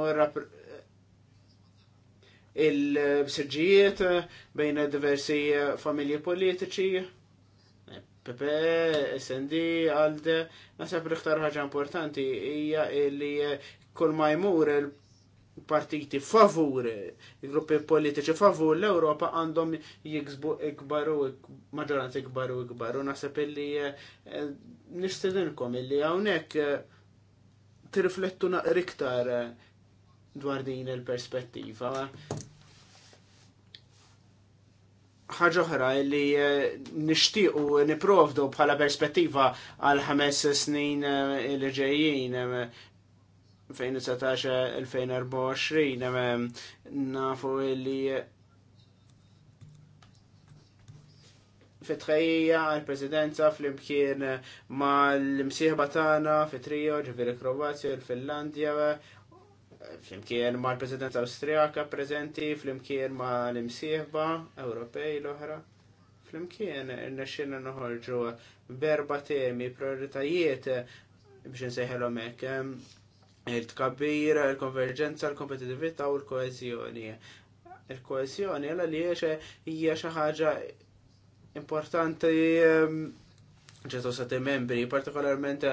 il-bsirġijiet bejn diversi familji politiċi. Pepe, SND, Alde, nasab l-iktar ħaġa importanti hija li kull ma jmur partiti favur, il-gruppi politiċi favur l-Europa għandhom jiksbu ikbaru, maġoranza ikbaru ikbaru, nasab li eh, nistedinkom li għawnek eh, tirriflettu naqri iktar eh, dwar din il-perspettiva. ħaġa oħra li eh, nixtiequ niprovdu bħala perspettiva għal ħames snin eh, li ġejjin 2019-2024 nafu li fitħajja għal presidenza fl-imkien ma l-imsieħba tagħna fit-trio ġifieri Kroazja, il-Finlandja, fl-imkien ma l-presidenza Awstrijaka preżenti, fl-imkien ma l-imsieħba Ewropej l-oħra. Fl-imkien nexxinna noħorġu berba temi, prioritajiet biex nsejħelhom hekk il-tkabbir, il-konverġenza, l-kompetitività u l-koezjoni. Il-koezjoni għal li hija xi ħaġa importanti ehm, ċertu sati membri, partikolarment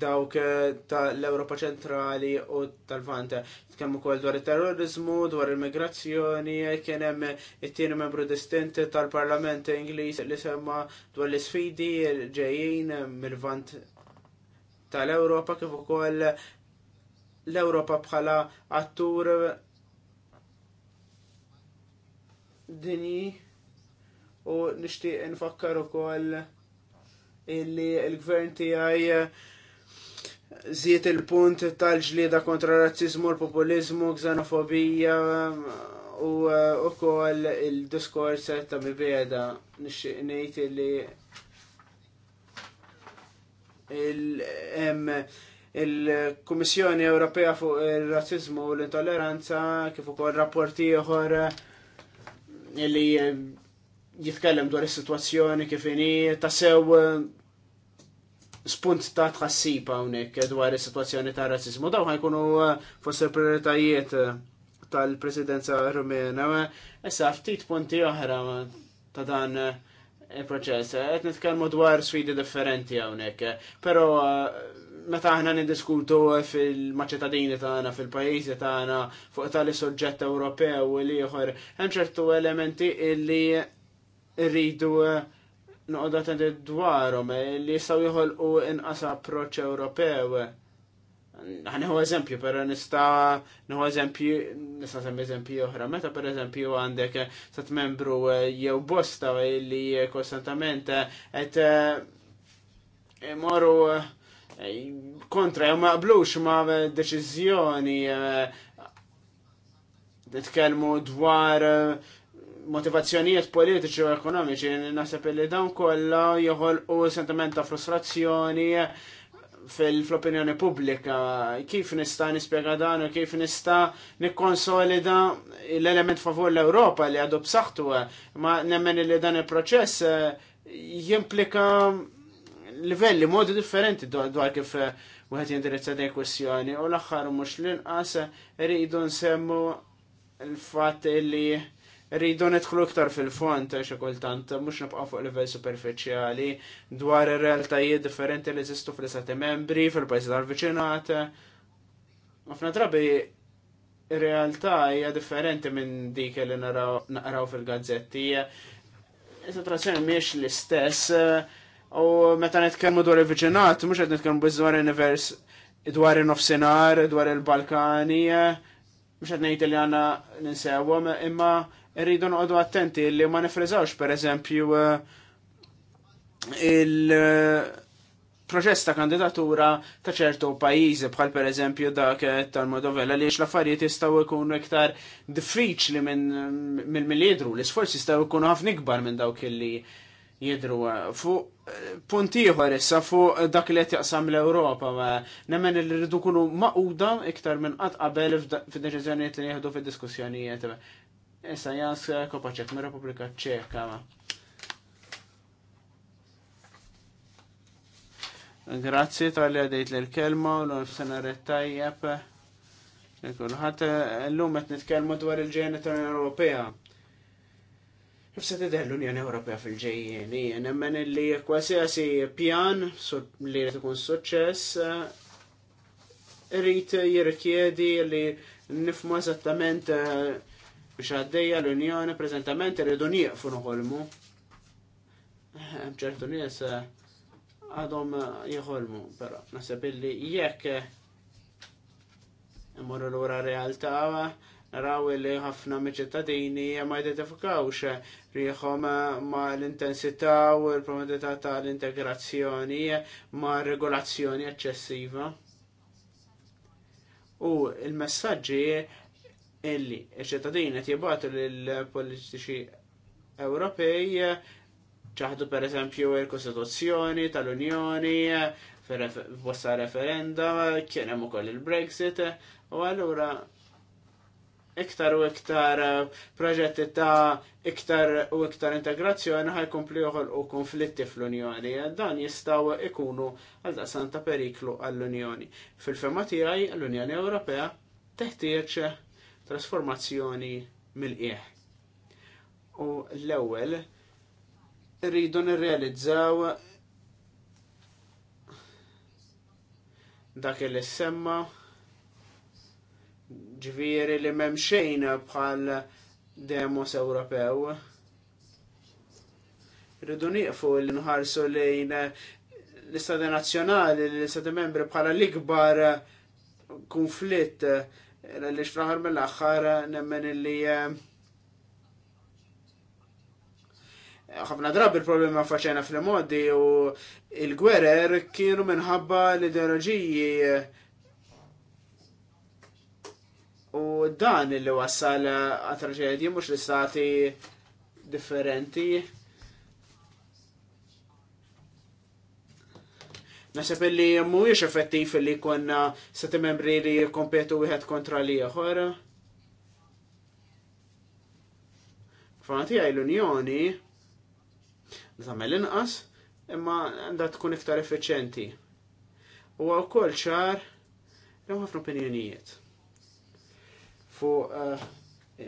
dawk eh, tal-Europa ċentrali u tal vanta Kemm ukoll dwar il-terrorizmu, dwar il-migrazzjoni, kien hemm it-tieni membru distint tal-Parlament Ingliż li semma dwar l-isfidi ġejjin mill-Vant tal-Europa kif ukoll l-Europa bħala attur dinji u nixtieq nfakkar ukoll illi l-gvern tiegħi eh, żiet il-punt tal-ġlieda kontra razzizmu, l-populizmu, xenofobija eh, u eh, ukoll il-diskors ta' mibeda nixtieq ngħid illi il-Kummissjoni Ewropea fuq ir-Razzizmu u l-Intolleranza kif ukoll rapporti oħor li jitkellem dwar is-sitwazzjoni kif inhi ta' sew eh, spunt ta' tħassib hawnhekk dwar is-sitwazzjoni ta' razzizmu. Daw ħajkunu eh, fost prioritajiet eh, tal-Presidenza Rumena. Issa ftit punti oħra ta' dan il-proċess. Qed nitkellmu dwar sfidi differenti hawnhekk. Però meta aħna niddiskutu fil-maċetadini tagħna, fil-pajjiżi tagħna, fuq tali soġġett Ewropew u li ieħor, hemm ċertu elementi illi rridu eh, noqgħod attendi dwarom eh, li jistgħu joħolqu inqas approċċ Ewropew. Ħanieħu eżempju, però nista' nħu eżempju nista' sem eżempju oħra. Meta pereżempju għandek sat membru eh, jew bosta li konstantament et moru kontra jew ma ma' deċiżjoni Nitkelmu dwar motivazzjonijiet politiċi u ekonomiċi, nasab li dawn kollha joħolqu sentiment ta' frustrazzjoni fil-opinjoni pubblika, kif nista nispjega dan u kif nista nikkonsolida l-element favur l ewropa li għadu b'saħħtu, ma nemmen li dan il-proċess eh, jimplika livelli, modi differenti dwar kif eh, wieħed jindirizza dej kwestjoni u l-aħħar mhux l-inqas rridu nsemmu l-fatt li rridu nidħlu iktar fil-font xi kultant mhux nabqa fuq livell superfiċjali dwar ir-realtajiet differenti li jeżistu fl-istati membri, fil-pajjiżi tal-viċinat. Ħafna drabi realtà hija differenti minn dik li naqraw fil-gazzetti. Is-sitwazzjoni mhix l-istess u meta nitkellmu dwar il-viċinat mhux qed nitkellmu biss dwar univers dwar in-nofsinhar, dwar il-Balkani, mhux qed ngħid li għandna ninsewhom imma Irridu noqogħdu attenti li ma nifriżawx pereżempju eh, il-proċess ta' kandidatura ta' ċertu pajjiżi bħal pereżempju dak tal-Modovella li l-affarijiet jistgħu jkunu iktar diffiċli minn mill jidru, l sforzi jistgħu jkunu ħafna ikbar minn dawk li jidru fuq punt ieħor issa fuq dak li qed jaqsam l-Ewropa nemmen li rridu kunu maquda iktar minn qatt qabel f'deċiżjonijiet li jieħdu fid-diskussjonijiet. Issa Jans Kopaċek mir Repubblika Ċeka. Grazzi tal-li għadejt l-kelma u l-sena rettajjeb. Kulħat l-lum qed nitkellmu dwar il-ġejjeni Europea. unjoni Ewropea. Nifsa l-Unjoni Ewropea fil-ġejjeni, nemmen li kwasiasi pjan li jrid ikun suċċess irid jirrikjedi li nifmu eżattament biex għaddejja l-Unjoni prezentament irridu nieqfu nħolmu. ċertu nies eh, għadhom eh, jħolmu, però naħseb illi jekk eh, imorru lura realtà naraw li ħafna miċ-ċittadini ma jidentifikawx rieħhom ma l-intensità u l-promodità l integrazzjoni ma regolazzjoni eċċessiva. U il-messagġi illi ċittadini qed jibgħatu lill-politiċi Ewropej ċaħdu per eżempju il-Kostituzzjoni tal-Unjoni, bosta referenda, kien hemm ukoll il-Brexit, u allura iktar u iktar proġetti ta' iktar u iktar integrazzjoni ħajkompli u konflitti fl-Unjoni. Dan jistaw ikunu għal daqsan periklu għall-Unjoni. Fil-fema tiegħi l-Unjoni Ewropea teħtieġ trasformazzjoni mill-qieħ. U l-ewwel rridu nirrealizzaw dak li semma ġviri li memxejn bħal demos Ewropew. Rridu nieqfu li nħarsu lejn l-istati nazzjonali, l-istati membri bħala l-ikbar konflitt li xfraħar mill-axħar nemmen li eh, ħafna drabi il-problema faċena fil-modi u il-gwerer kienu minħabba l-ideologiji u dan li wassal għat-traġedji mux l-istati differenti. Nasib li mhuwiex effettiv li konna seti membri li kompetu wieħed kontra li aħor. Fanti għaj l-Unjoni, l inqas, imma għandha tkun iktar effiċenti. U wkoll ċar, li ħafna opinjonijiet. Fuq eh,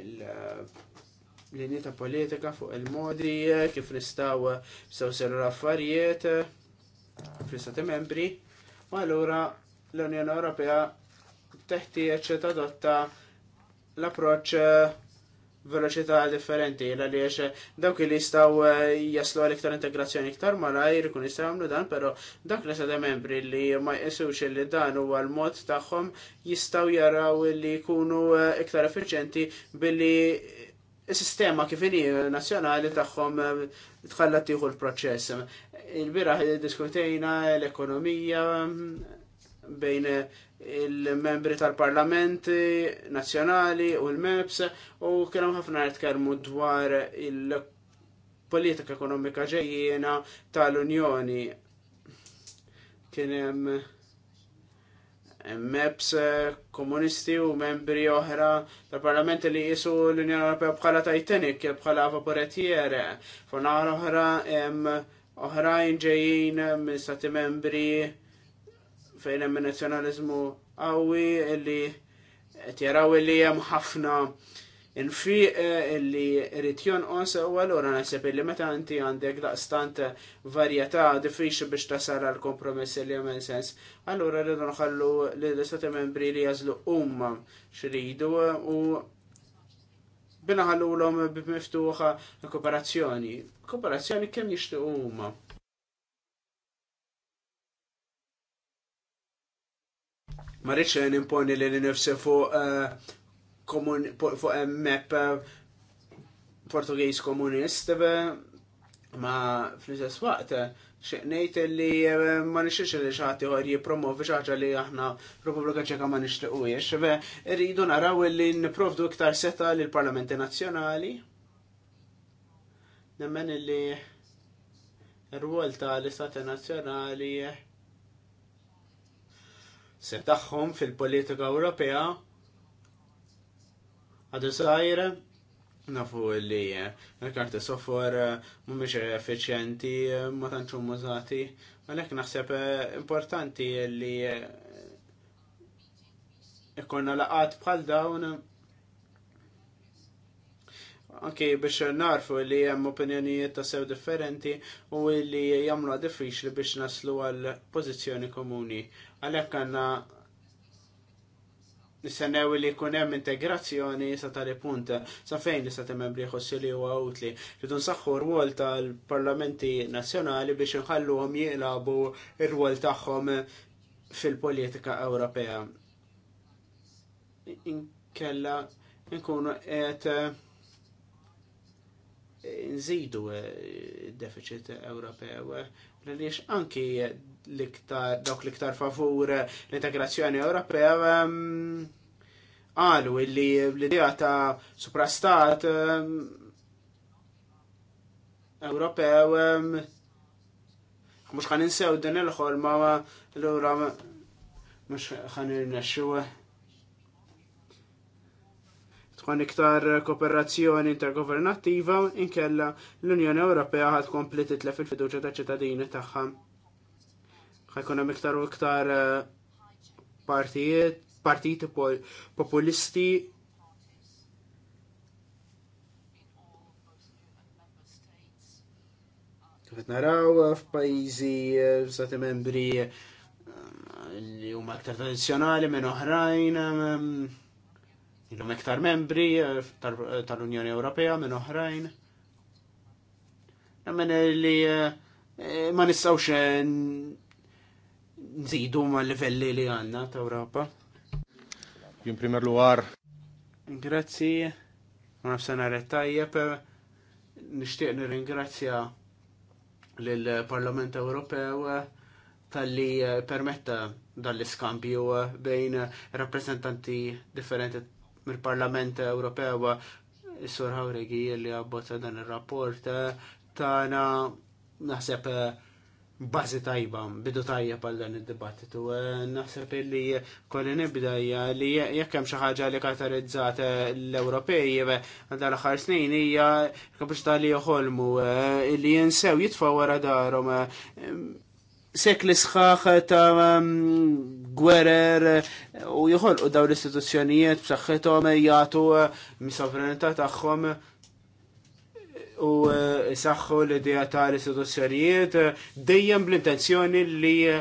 il-linja eh, ta' politika, fuq il-modi, eh, kif nistaw sew seru l-affarijiet, fl-istati membri, ma allura l-Unjoni Ewropea teħtieġ tadotta l-approċċ veloċità differenti l għaliex dawk li jistgħu eh, jaslu għal iktar integrazzjoni iktar malajr kun jistgħu jagħmlu dan, pero dak li sada membri li ma jqisux li dan huwa l-mod tagħhom jistgħu jaraw li jkunu eh, iktar effiċenti billi il-sistema kif inhi nazzjonali tagħhom eh, tħallat tieħu l-proċess. Il-biraħ diskutejna l-ekonomija bejn il-membri tal-parlamenti nazzjonali u l-MEPS u kienu ħafna jitkellmu dwar il-politika ekonomika ġejjiena tal-Unjoni. Kien hemm MEPS komunisti u membri oħra tal-Parlament li jisu l-Unjoni Ewropea bħala Titanic, bħala vaporettiere. Fonar oħra hemm oħrajn ġejjin minn stati membri fejn hemm nazzjonaliżmu qawwi li qed jaraw li hemm ħafna Infiq eh, li rrit jonqos u għallura nasib li meta inti għandek daqstant varjetà diffiċi biex tasar għal kompromess li għamen sens. Allura rridu nħallu li l-istati membri li jazlu umma xridu u bina ħallu l-om b'miftuħa kooperazzjoni. Kooperazzjoni kemm jishtu umma. Ma rridx imponi li nifsi fuq eh, fuq eh, map eh, Portugiż komunist, eh, ma fl-istess waqt xeqnejt li ma nixiex li xaħti għor jipromovi xaħġa li aħna Republika Ċeka ma nixtiqu jiex. Rridu naraw li niprovdu iktar seta li l-Parlamenti Nazjonali. Nemmen li r-rwol ta' l-Istati Nazjonali se tagħhom fil-politika Ewropea Għadu sajr, nafu li eh, l-karti soffor eh, miex effiċjenti, eh, ma tantxu mużati, għalek naħseb importanti li ikkonna laqat bħal dawn anki biex narfu li hemm opinjonijiet ta' sew differenti u li jagħmluha diffiċli biex naslu għal pożizzjoni komuni. Għalhekk għandna Nissenew li jkun hemm integrazzjoni sa tali punt sa fejn li sa membri jħossi huwa utli. Ridu nsaħħu r-wol tal-parlamenti nazzjonali biex nħalluhom jilabu r-wol tagħhom fil-politika Ewropea. Inkella nkunu qed eh, nżidu d eh, deficit Ewropew għaliex anki l-iktar, dawk l-iktar favur l-integrazzjoni Ewropea ehm, għalu illi l-idea ta' suprastat ehm, Ewropew mux ehm, għan ninsew din il-ħolma l-ura mux għan ninsew. tkun iktar kooperazzjoni intergovernattiva inkella l-Unjoni Ewropea għad kompletit fil il-fiduċa ta' ċittadini tagħha ħajkun hemm iktar u iktar eh, partijiet, partiti populisti Għet naraw eh, f'pajjiżi eh, stati membri li huma aktar tradizzjonali minn oħrajn, illum iktar membri tal-Unjoni Ewropea minn oħrajn. Nemmen li ma nistgħux nżidu ma' livelli li għanna ta' Ewropa. Jum primer luar. Grazzi, ma' nafsenar tajjeb, nishtiq nirringrazzja l-Parlament Ewropew tal-li permetta dal-iskambju bejn rappresentanti differenti mill-Parlament Ewropew Sur Hawregi li abbozza dan il-rapport na naħseb bażi tajba, bidu tajja pal dan id-dibattitu. Eh, naħseb li kolli nibda li jekk hemm xi ħaġa li katarizzat eh, l-Ewropej għadar eh, ħar snin hija kapaċità li joħolmu li jinsew jitfa' wara darhom sekli sħaħ ta' mm, gwerer u jħolqu daw l-istituzzjonijiet b'saħħithom jagħtu mis-sovranità tagħhom u eh, saħħu l-idea tal-istituzzjonijiet eh, dejjem bl-intenzjoni li eh,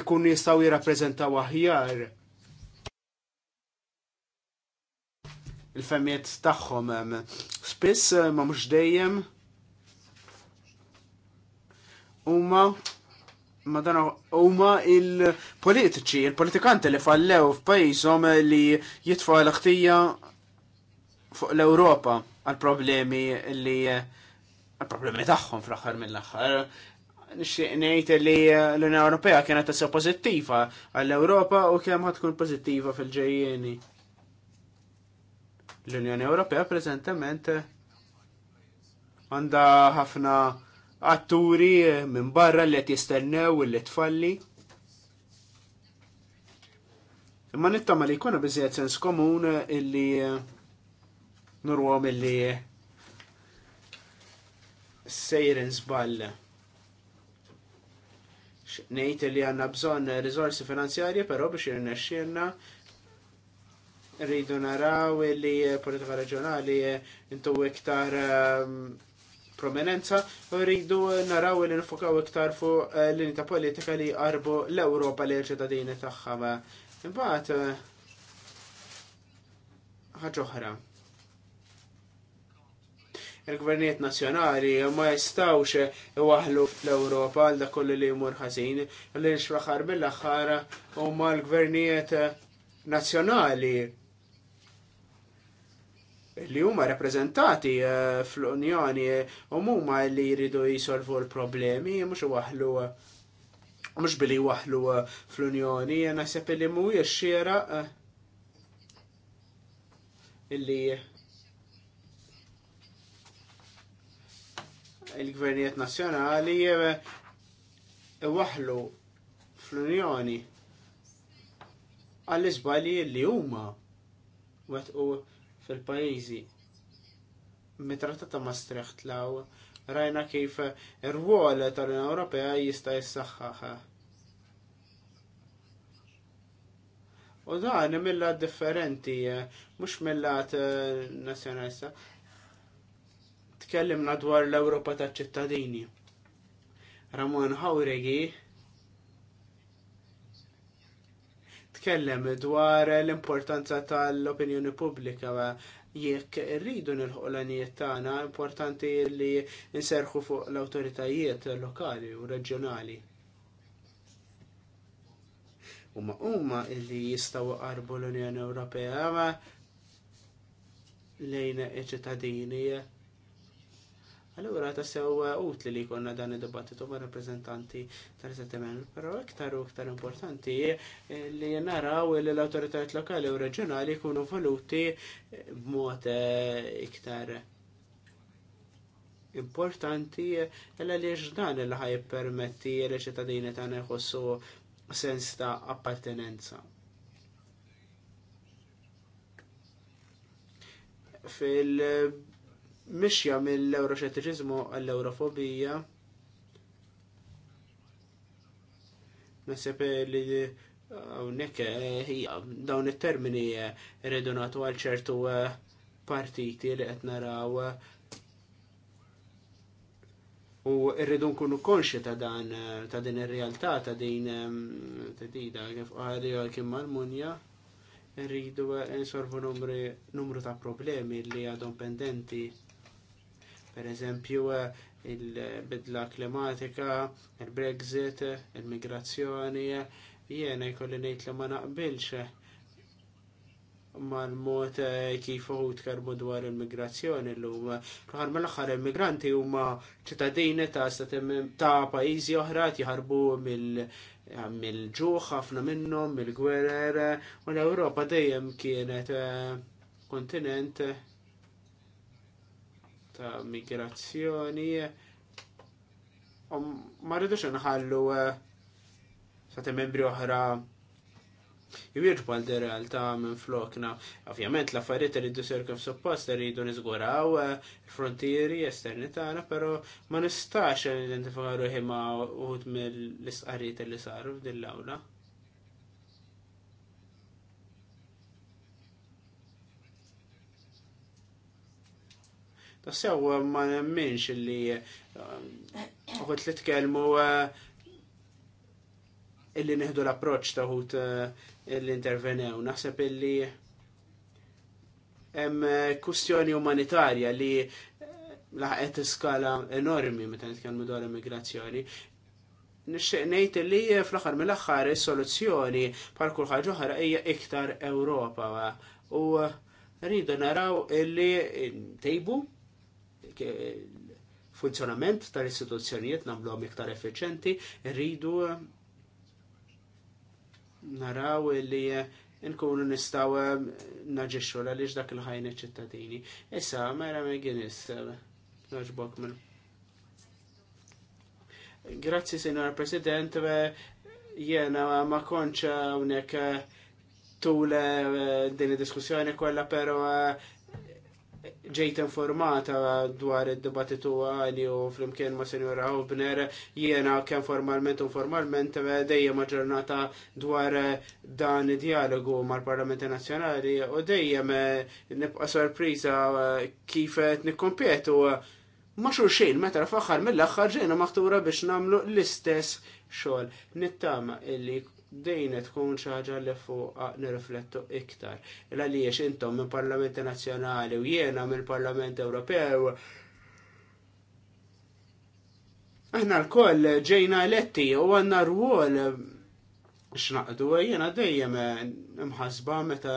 ikun jistaw jirrappreżentaw aħjar il-femiet tagħhom spiss ma mhux dejjem huma Madonna, huma il-politiċi, il-politikanti li fallew f'pajjiżhom li jitfgħu l-ħtija fuq l-Ewropa għal problemi li eh, għal problemi tagħhom fl-aħħar mill-aħħar. Nixtieq ngħid li eh, l-Unjoni Ewropea kienet tassew pożittiva għall-Ewropa u kemm tkun pożittiva fil-ġejjieni. L-Unjoni Ewropea preżentament eh, għandha ħafna atturi minn barra li qed jistennew u li tfalli. Imma nittama li jkunu biżejjed sens komun illi nurwom illi sejrin zball. Nejt li għanna bżon rizorsi finanzjarji, pero biex jirnexxirna rridu naraw li politika reġjonali intu iktar um, prominenza u rridu naraw li nifokaw iktar fuq uh, l-linja politika li qarbu l-Ewropa li l-ċittadini tagħha. Imbagħad uh, ħaġa oħra il-gvernijiet nazjonali ma jistawx waħlu fl-Ewropa għal da kollu li jmur ħażin, li bil mill-aħħar huma l-gvernijiet nazzjonali li huma rappreżentati eh, fl-Unjoni u huma li jridu jisolvu l-problemi mhux waħlu mhux billi waħlu eh, fl-Unjoni, naħseb li mhuwiex xiera eh, illi il-gvernijiet nazzjonali eh, waħlu fl-Unjoni għall-izbali li huma u fil-pajjiżi. Mitrata ta' Maastricht law rajna kif ir-rwol tal-Unjoni Ewropea jista' jissaħħaħ. U dan milla differenti, eh, mhux millat eh, nazjonalista, tkellimna dwar l-Ewropa taċ ċittadini. Ramon Hawregi tkellem dwar l-importanza tal-opinjoni pubblika jekk irridu nilħuq l-anijiet tagħna importanti li nserħu fuq l-awtoritajiet lokali u reġjonali. ma huma li jistgħu qarbu l-Unjoni Ewropea lejn iċ-ċittadini Allura ta' sew uh, utli li konna dan id-dibattitu ma' rappresentanti tal-settimen, però iktar u iktar importanti eh, li naraw li l-autoritajiet lokali u reġjonali jkunu valuti eh, b'mod eh, iktar importanti illa li dan li ħaj permetti li ċittadini tagħna neħossu sens ta' appartenenza. fil mixja mill-euroxettiċizmu għall-eurofobija. Nasib li hawnhekk eh, dawn it-termini eh, rridu nagħtu għal ċertu eh, partiti li qed naraw u rridu nkunu konxi ta' dan ta' din ir-realtà ta' din tedida kif qari kien mal-munja rridu nsorvu numru ta' problemi li għadhom pendenti Per eżempju, eh, il-bidla klimatika, il-Brexit, il-migrazzjoni, jiena jkolli ngħid li ma naqbilx mal-mod eh, kif uħut karbu dwar il-migrazzjoni l-lum. fl mal mill-axħar migranti huma ċittadini ta' ta' pajjiżi oħra jħarbu mill-ġuħ ħafna minnhom, mill-gwerer, u l-Ewropa dejjem kienet eh, kontinent ta' migrazzjoni. Um, ma rridux nħallu eh, ta' membri oħra jwieġbu bħal di realtà minn flokna. Ovvjament l-affarijiet rridu sir kif suppost rridu niżguraw eh, il-frontieri esterni tagħna, però ma nistax identifikaw ruħi ma' uħud mill-isqarijiet li saru f'din l-awla. Tassew eh, ma nemminx li uħut eh, li tkellmu eh, illi neħdu l-approċ ta' uħut illi intervenew. Naħseb illi hemm kustjoni umanitarja li laħqet skala enormi meta nitkellmu dwar immigrazzjoni. Nixtieq ngħid li fl-aħħar mill-aħħar is-soluzzjoni bħal kull ħaġa oħra hija iktar Ewropa u rridu naraw illi ntejbu Eh, il-funzjonament tal-istituzzjonijiet nagħmluhom iktar effiċenti, rridu eh, naraw li eh, nkunu nistaw naġixxu għaliex dak il-ħajn iċ-ċittadini. Issa, mera McGinnis, naġbok minn. Grazzi, Signor President, jena ma konċa unek tul din id-diskussjoni kollha, pero ġejt informata dwar id-dibattitu għali u flimkien ma' Senjora Hubner jiena kemm formalment u formalment dejjem ġurnata dwar dan dialogu mal-Parlament Nazzjonali u dejjem nibqa' sorpriża kif qed nikkompetu ma' xulxin meta f'aħħar mill-aħħar ġejna maħtura biex nagħmlu l-istess xogħol. Nittama illi dejn tkun xaġa li fuq nirriflettu iktar. L-għaliex intom minn Parlamenti Nazzjonali u jiena mill Parlament Ewropew aħna l-koll ġejna eletti u għanna rwol xnaqdu, jena dejjem eh, mħasba meta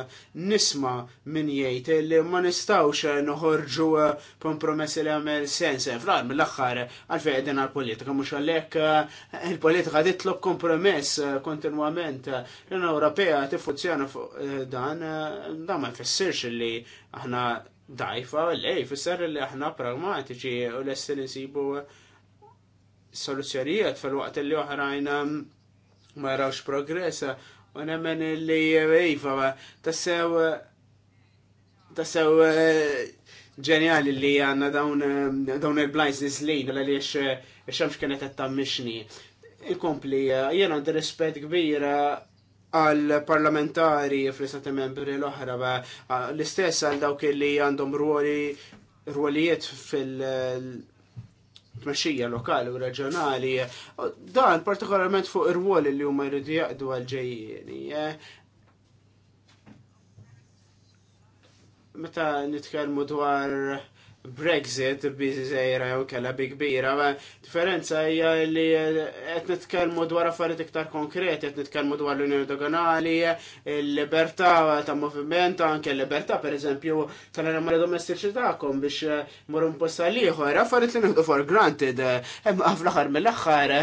nisma min jgħid li ma nistawx eh, noħorġu eh, kompromessi li għamel sens. Fl-għar mill-axħar għalfej għedin għal-politika, mux għalek il-politika titlob kompromess kontinuament. L-Unjoni Ewropea tiffunzjona fuq dan, dan ma jfessirx li aħna dajfa, lej, fisser li aħna pragmatiċi u l-essin nsibu soluzzjonijiet fil-waqt li oħrajn ma rawx progress u nemmen li jiva tassew tassew eh, ġenjali li għanna dawn eh, il-blinds lejn l li eh, xemx kienet tammixni. Inkompli, jena għandi rispet kbira għal parlamentari fl-istati membri l-oħra, l-istess għal dawk li għandhom ruoli ruolijiet fil- tmexxija lokali u reġjonali, dan partikolarment fuq ir-wol li huma jridu jaqdu għal-ġejjieni. Eh. Meta nitkellmu dwar Brexit bizzejra jew kella bi kbira, ma differenza hija li qed nitkellmu dwar affarijiet iktar konkreti, qed nitkellmu dwar l-Unjoni Doganali, il-libertà ta' moviment, anke l-libertà pereżempju tal-animali domestiċi tagħkom biex mur imposta ieħor, affarijiet li nieħdu for granted, imma fl-aħħar mill-aħħar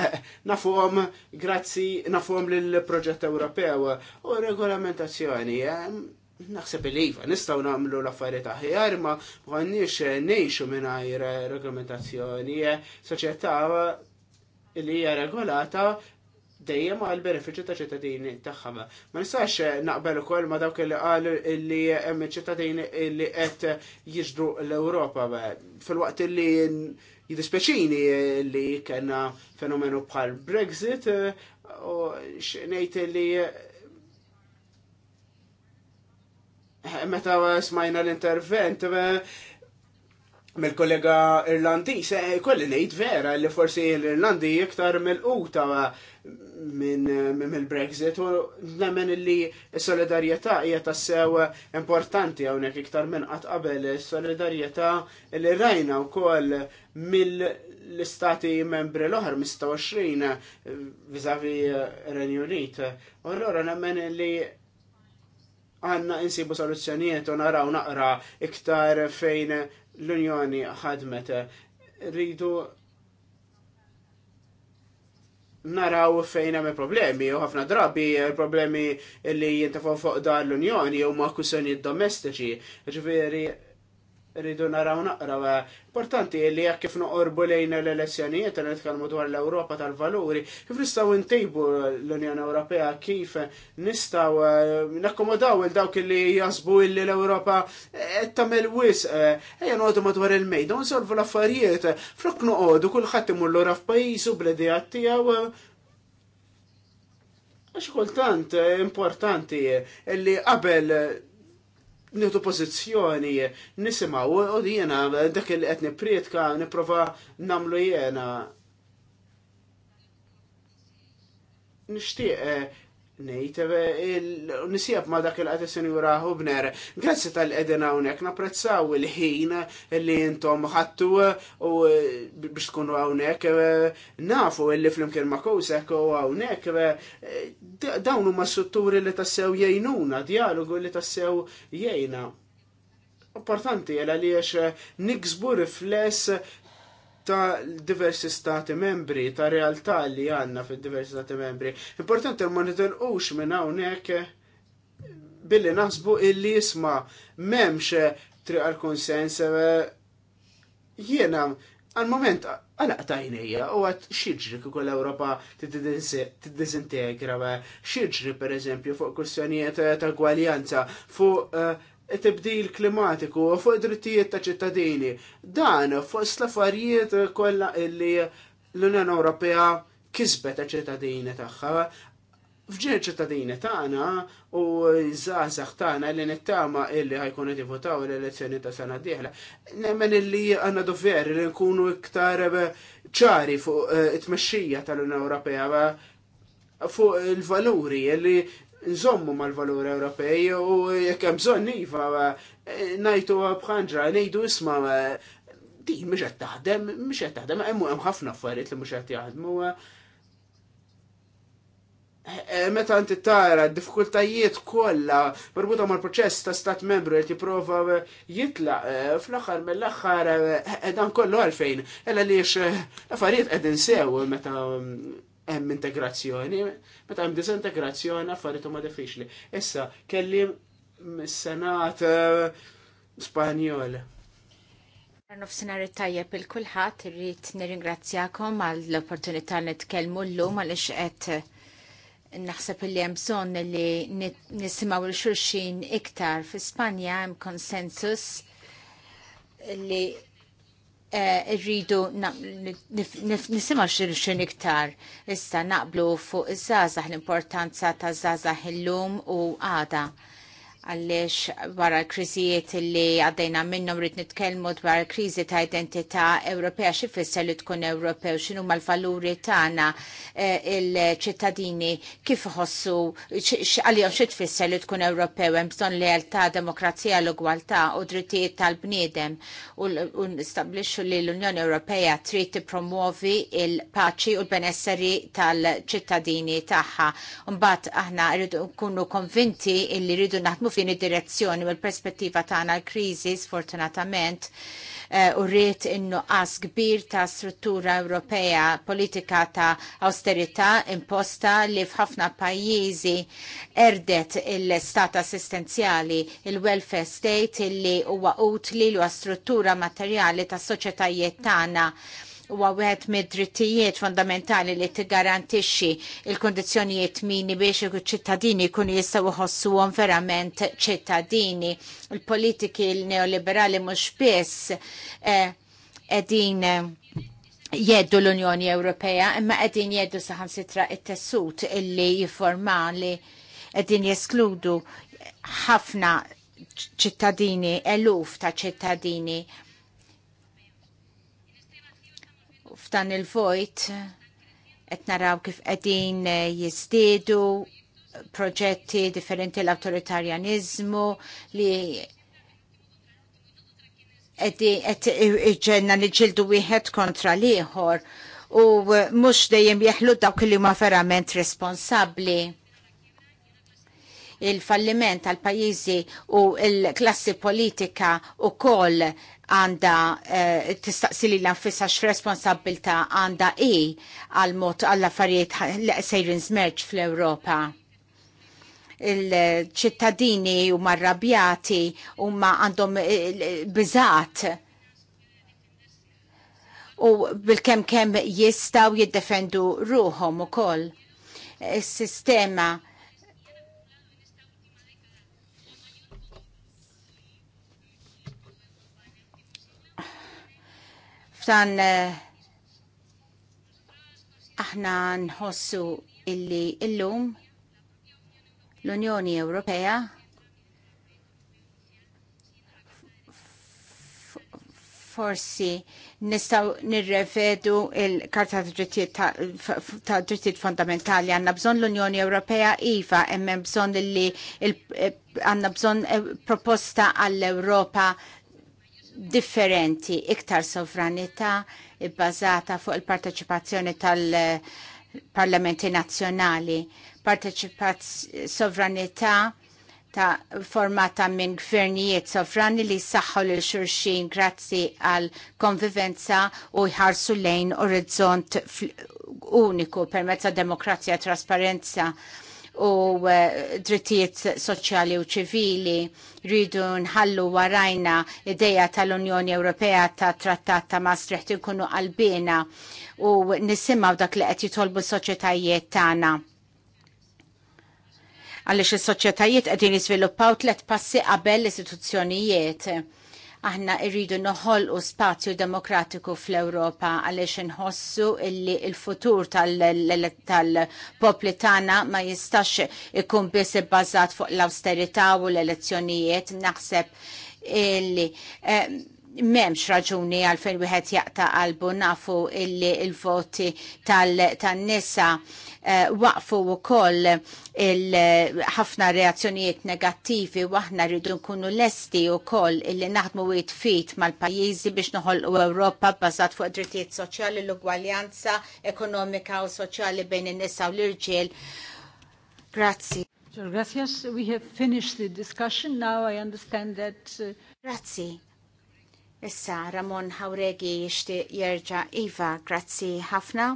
nafuhom grazzi nafuhom lill proġett Ewropew u regolamentazzjoni. Naħseb il-iva, nistaw namlu l-affarijiet ħjar, ma għannix nejxu minnajr regolamentazzjoni, soċjetà li hija regolata dejjem għal benefiċċju ta' ċittadini tagħhom. Ma nistax naqbel ukoll ma dawk li qalu li hemm ċittadini li qed jiġdu l-Ewropa fil-waqt li jidispeċini li kena fenomenu bħal Brexit u li meta smajna l-intervent, mill-kollega se eh, kolli nejt vera li forsi l-Irlandi iktar mill-quta minn mill-Brexit u nemmen li s-solidarjetà hija tassew importanti hawnhekk iktar minn qatt qabel is-solidarjetà li rajna wkoll mill-istati membri l-oħra 26 eh, vizavi Renju Unit. U allura nemmen li għanna insibu soluzzjonijiet u naraw naqra iktar fejn l-Unjoni ħadmet. Rridu naraw fejn hemm problemi u ħafna drabi problemi li jintafaw fuq dar l-Unjoni u ma' kussjonijiet domestiċi. Ġifieri rridu naraw naqraw. Eh, importanti li jekk kif noqorbu lejn l-elezzjonijiet li nitkellmu dwar l-Ewropa tal-valuri, kif nistgħu ntejbu l-Unjoni Ewropea kif nistgħu eh, nakkomodaw il dawk li jasbu li l-Ewropa qed eh, tagħmel wis ejja noqogħdu madwar il-mejda u nsolvu l-affarijiet flok noqogħdu kulħadd imur lura f'pajjiżu bl-idejat tiegħu għax kultant importanti li qabel nitu pożizzjoni nisimgħu u jena, dak li qed nipprietka nipprova nagħmlu jiena. Nixtieq eh, Nejt, e, nisijab ma dak il-għati juraħu Hubner. Grazzi tal-edena unek, naprezzaw il-ħin li jintom ħattu e, u e, biex tkunu għawnek. Nafu li flimkien ma kowsek u għawnek. Dawnu ma sutturi li tassew jajnuna, dialogu li tassew jajna. Importanti għal għaliex niksbu rifless ta' diversi stati membri, ta' realtà li għanna fil diversi stati membri. Importanti ma nitilqux minn hawnhekk billi naħsbu illi jisma memx triqar konsens jiena għal moment għalaq tajnija u għat xieġri kik l-Europa t-dizintegra, xieġri per eżempju fuq kwestjonijiet ta' gwaljanza, fuq uh, tibdil klimatiku fuq drittijiet ta' ċittadini. Dan fuq slafarijiet kollha li l-Unjoni Ewropea kisbet ta' ċittadini tagħha. Fġiet ċittadini tagħna u żgħażagħ tagħna li nittama illi ħajkunu qed l-elezzjoni ta' sena d-dieħla. Nemmen illi għandna dovver li nkunu iktar ċari fuq eh, it-tmexxija tal-Unjoni Ewropea fuq il-valuri illi nżommu mal-valur Ewropej u jekk hemm bżonn iva eh, ngħidu bħanġra ngħidu isma' eh, din mhux qed taħdem, mhux qed taħdem, hemm hemm ħafna affarijiet li mhux qed jaħdmu. Eh, meta inti tara d-diffikultajiet kollha marbuta mal-proċess ta' stat membru li jipprova jitlaq fl-aħħar mill-aħħar dan kollu għalfejn, ella li l-affarijiet qegħdin sew meta mm, hemm integrazzjoni, meta hemm disintegrazzjoni affarijiet huma diffiċli. Issa kellim mis-Senat eh, Spanjol.
Nofsinar tajjeb il-kulħat, nir nirringrazzjakom għal l-opportunità nitkellmu l-lum għal qed naħseb li hemm bżonn li nisimgħu l xulxin iktar fi Spanja hemm konsensus li Eh, rridu nisimaw xirxin iktar. Issa naqblu fuq iż-żazax l-importanza ta' żazax illum u għada għalliex wara l-kriżijiet li għaddejna minnhom rrit nitkellmu dwar kriżi ta' identità Ewropea xi li tkun Ewropew x'inhu l-valuri tagħna eh, il-ċittadini kif ħossu għalihom xi tfisser li tkun Ewropew hemm bżonn lealtà, demokrazija, l-ugwaltà u drittijiet tal-bniedem u nistabblixxu li l-Unjoni Ewropea trid tippromuovi il-paċi u l-benesseri tal-ċittadini tagħha. Mbagħad aħna rridu nkunu konvinti li rridu naħdmu f'din id-direzzjoni u l-perspettiva tagħna l-kriżi sfortunatament eh, u rrit innu innuqas kbir ta' struttura Ewropea politika ta' austerità imposta li f'ħafna pajjiżi erdet il-stat assistenzjali, il-welfare state illi huwa utli l struttura materjali ta' soċjetajiet tagħna huwa wieħed mid-drittijiet fondamentali li tigarantixxi il-kondizzjonijiet mini biex iċ-ċittadini jkunu jistgħu jħossuhom verament ċittadini. Il-politiki neoliberali mhux biss eh, qegħdin eh, jeddu l-Unjoni Ewropea, imma qegħdin jeddu saħansitra it-tessut illi jiformali qegħdin jeskludu ħafna ċittadini, eluf ta' ċittadini f'dan il-vojt qed naraw kif qegħdin eh, jiżdiedu proġetti differenti l-autoritarjanizmu li qed iġenna niġildu wieħed kontra l-ieħor u eh, mhux dejjem jeħlu dawk li huma verament responsabbli il-falliment tal pajjiżi u l-klassi politika u koll għanda uh, tistaqsi li l-anfissa x-responsabilta għanda i għal-mot għall-affarijiet li sejrin zmerġ fl-Europa il-ċittadini u marrabjati u ma għandhom eh, bizat u bil-kem kem jistaw jiddefendu ruħom u koll. Il-sistema Ftan eh, aħna nħossu illi illum l-Unjoni Ewropea forsi nistaw nirrevedu il-Karta ta' drittijiet fondamentali għanna bżon l-Unjoni Ewropea IVA emmen bżon li eh, għanna bżon eh, proposta għall-Europa differenti, iktar sovranità bbażata fuq il-parteċipazzjoni tal-parlamenti nazzjonali, sovranità ta' formata minn gvernijiet sovrani li saħħu l xurxin grazzi għal konvivenza u jħarsu lejn orizzont uniku permezz għad-demokrazja demokrazija trasparenza u eh, drittijiet soċjali u ċivili rridu nħallu warajna ideja tal-Unjoni Ewropea ta' trattat ta' Maastricht inkunu qalbina u nisimgħu dak li qed jitolbu s-soċjetajiet tagħna. Għaliex is-soċjetajiet qegħdin jiżviluppaw tliet passi qabel l-istituzzjonijiet Aħna irridu noħolqu spazju demokratiku fl-Ewropa għaliex inħossu illi il-futur tal-popli tagħna ma jistax ikun biss ibbażat fuq l austerita u l-elezzjonijiet naħseb illi eh, memx raġuni għalfejn wieħed jaqta qalbu nafu illi il-voti tan-nisa eh, waqfu wkoll ħafna reazzjonijiet negattivi u aħna rridu nkunu lesti wkoll illi naħdmu wit fit mal-pajjiżi biex noħolqu Ewropa bbażat fuq drittijiet soċjali l-ugwaljanza ekonomika u soċjali bejn in-nisa u l-irġiel. Grazzi. Gracias. We have finished the discussion. Now I understand that... Uh... Issa Ramon Hawregi jixtieq jerġa' Iva, grazzi ħafna.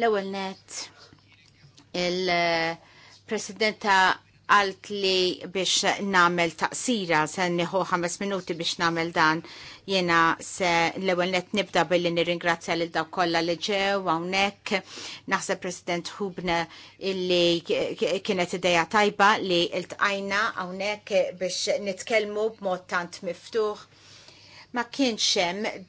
L-ewwel net il-Presidenta għalt li biex namel taqsira, se nieħu ħames minuti biex namel dan jena se l-ewel net nibda billi nirringrazzja lil daw kollha li ġew hawnhekk. Naħseb President Hubna illi kienet ideja tajba li ltqajna hawnhekk biex nitkellmu b'mod tant miftuħ ma kienx hemm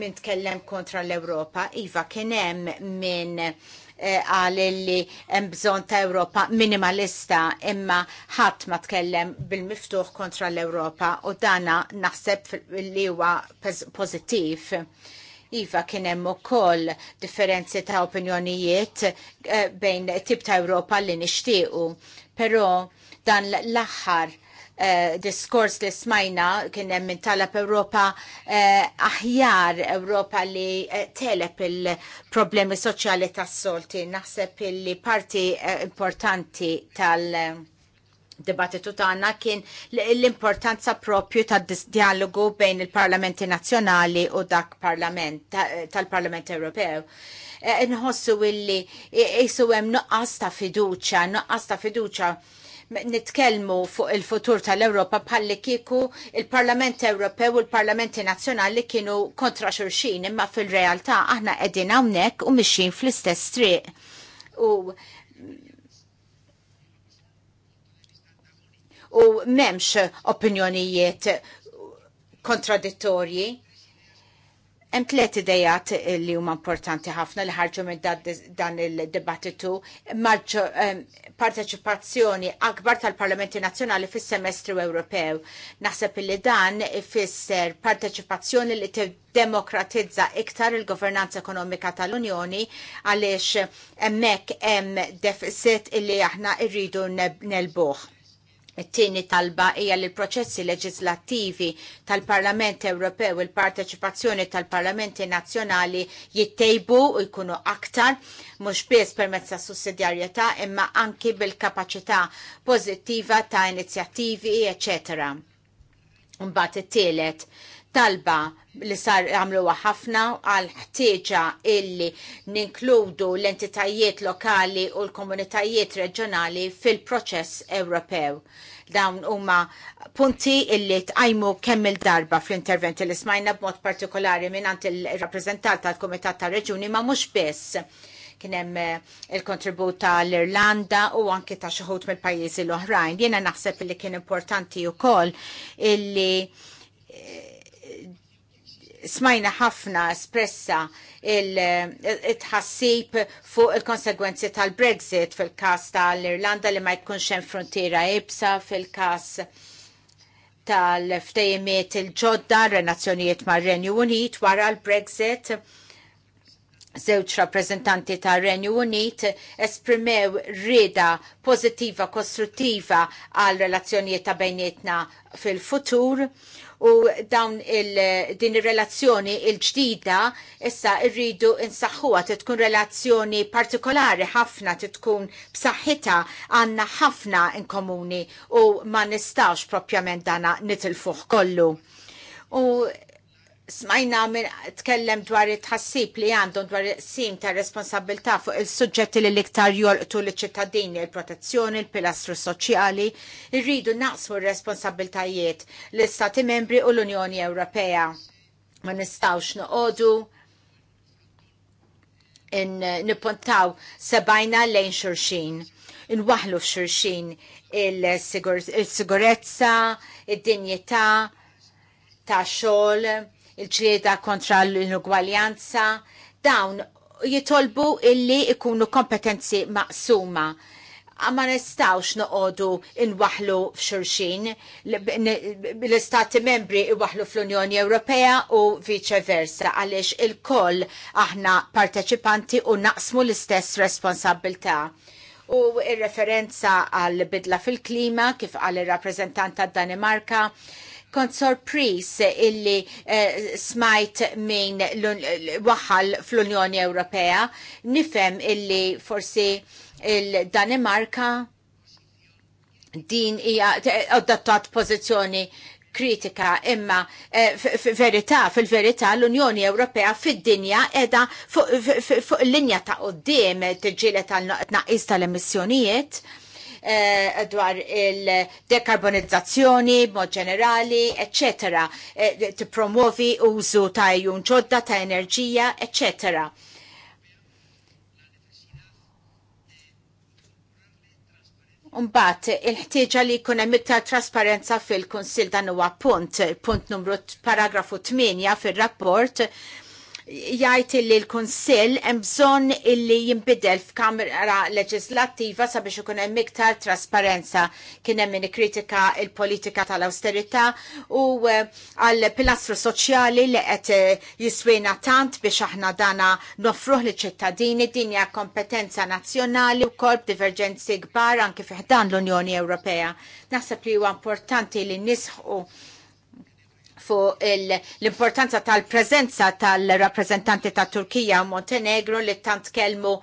min tkellem kontra l-Ewropa, iva kien hemm min għal eh, li hemm bżonn ta' Ewropa minimalista imma ħadd ma tkellem bil-miftuħ kontra l-Ewropa u dana naħseb li huwa pożittiv. Iva kien hemm ukoll differenzi ta' opinjonijiet eh, bejn tip ta' Ewropa li nixtiequ, però dan l-aħħar Eh, diskors li smajna kien hemm min talab Ewropa eh, aħjar Ewropa li eh, telep il-problemi soċjali tas-solti. Naħseb li parti importanti tal- dibattitu tagħna kien l-importanza propju ta' dialogu bejn il-Parlamenti Nazzjonali u dak Parlament tal-Parlament Ewropew. Nħossu illi jisu hemm nuqqas ta' fiduċja, nuqqas ta' fiduċja nitkellmu fuq il-futur tal-Ewropa bħalli kieku il-Parlament Ewropew u l-Parlamenti Nazzjonali kienu kontra xurxin imma fil-realtà aħna qegħdin hawnhekk u mixin fl-istess triq. U u memx opinjonijiet kontradittorji Hemm tliet idejat li huma importanti ħafna li ħarġu minn dan il-dibattitu parteċipazzjoni akbar tal-Parlamenti Nazzjonali fis-Semestru Ewropew. Naħseb li dan ifisser parteċipazzjoni li demokratizza iktar il-governanza ekonomika tal-Unjoni għaliex hemmhekk hemm deficit illi aħna rridu nelbuh. It-tieni talba hija li l-proċessi leġislattivi tal-Parlament Ewropew u l-parteċipazzjoni tal-Parlamenti Nazzjonali jittejbu u jkunu aktar mhux biss permezz ta' sussidjarjetà imma anki bil-kapaċità pożittiva ta' inizjattivi, eċetera. Mbagħad it-tielet talba li sar għamlu ħafna għal ħtieġa illi ninkludu l-entitajiet lokali u l-komunitajiet reġjonali fil-proċess Ewropew. Dawn huma punti illi tqajmu kemm il-darba fl-interventi li smajna b'mod partikolari minn il-rappreżentant tal-Kumitat tar-Reġuni ma mhux biss kien hemm eh, il-kontribut tal-Irlanda u anke ta' xi ħut mill-pajjiżi l-oħrajn. Jiena naħseb li kien importanti wkoll illi eh, smajna ħafna espressa il-tħassib fuq il-konsegwenzi tal-Brexit fil-kas tal-Irlanda li ma jkunx hemm frontiera ibsa fil-kas tal-ftejimiet il-ġodda r relazzjonijiet ma' Renju Unit wara l-Brexit. Żewġ rappreżentanti tar Renju Unit esprimew rida pożittiva, kostruttiva għal relazzjonijiet ta' bejnietna fil-futur u dawn il, din ir-relazzjoni il-ġdida issa rridu insaħħuha tkun relazzjoni partikolari ħafna tkun b'saħħitha għandna ħafna in komuni u ma nistax propjament dana nitilfuħ kollu. U smajna minn tkellem dwar it tħassib li għandhom dwar sim ta' responsabilità fuq il-suġġetti li l-iktar jolqtu li ċittadini, il-protezzjoni, il-pilastru soċjali, irridu naqsmu r-responsabiltajiet l-Istati membri u l-Unjoni Ewropea. Ma nistawx noqodu nipuntaw sebajna lejn xurxin inwaħlu xurxin il-sigurezza, il-dinjità, ta' xogħol, il-ġlieda kontra l-inugwaljanza, dawn jitolbu illi ikunu kompetenzi maqsuma ma nistawx noqodu inwaħlu f'xurxin l-istati membri iwaħlu fl-Unjoni Ewropea u vice versa għaliex il-koll aħna parteċipanti u naqsmu l-istess responsabilta. U ir-referenza għal bidla fil-klima kif għal ir-rappreżentant tad Danimarka Kont sorpris illi uh, smajt min waħal fl-Unjoni Ewropea, nifem illi forsi il-Danimarka din hija eh, adattat pożizzjoni kritika imma eh, verità fil-verità l-Unjoni Ewropea fid-dinja edha fuq linja ta' qoddim tiġġieled tal-naqis tal-emissjonijiet Eh, dwar il-dekarbonizzazzjoni, mod ġenerali, eccetera, t eh, tipromuovi użu ta' jun ġodda ta' enerġija, eccetera. Umbat, il-ħtieġa li jkun hemm trasparenza fil-Kunsill dan huwa punt, punt numru paragrafu 8 fir-rapport jgħid li l-Kunsill hemm bżonn illi jinbidel f'Kamra Leġislattiva sabiex ikun hemm iktar trasparenza kien hemm min kritika il-politika tal-austerità u eh, għal pilastru soċjali li qed eh, jiswina tant biex aħna dana nofruh li ċittadini din hija kompetenza nazzjonali u korb divergenzi kbar anke fiħdan l-Unjoni Ewropea. Naħseb li huwa importanti li nisħu fuq l-importanza tal-prezenza tal-rappresentanti ta' Turkija u Montenegro li tant kelmu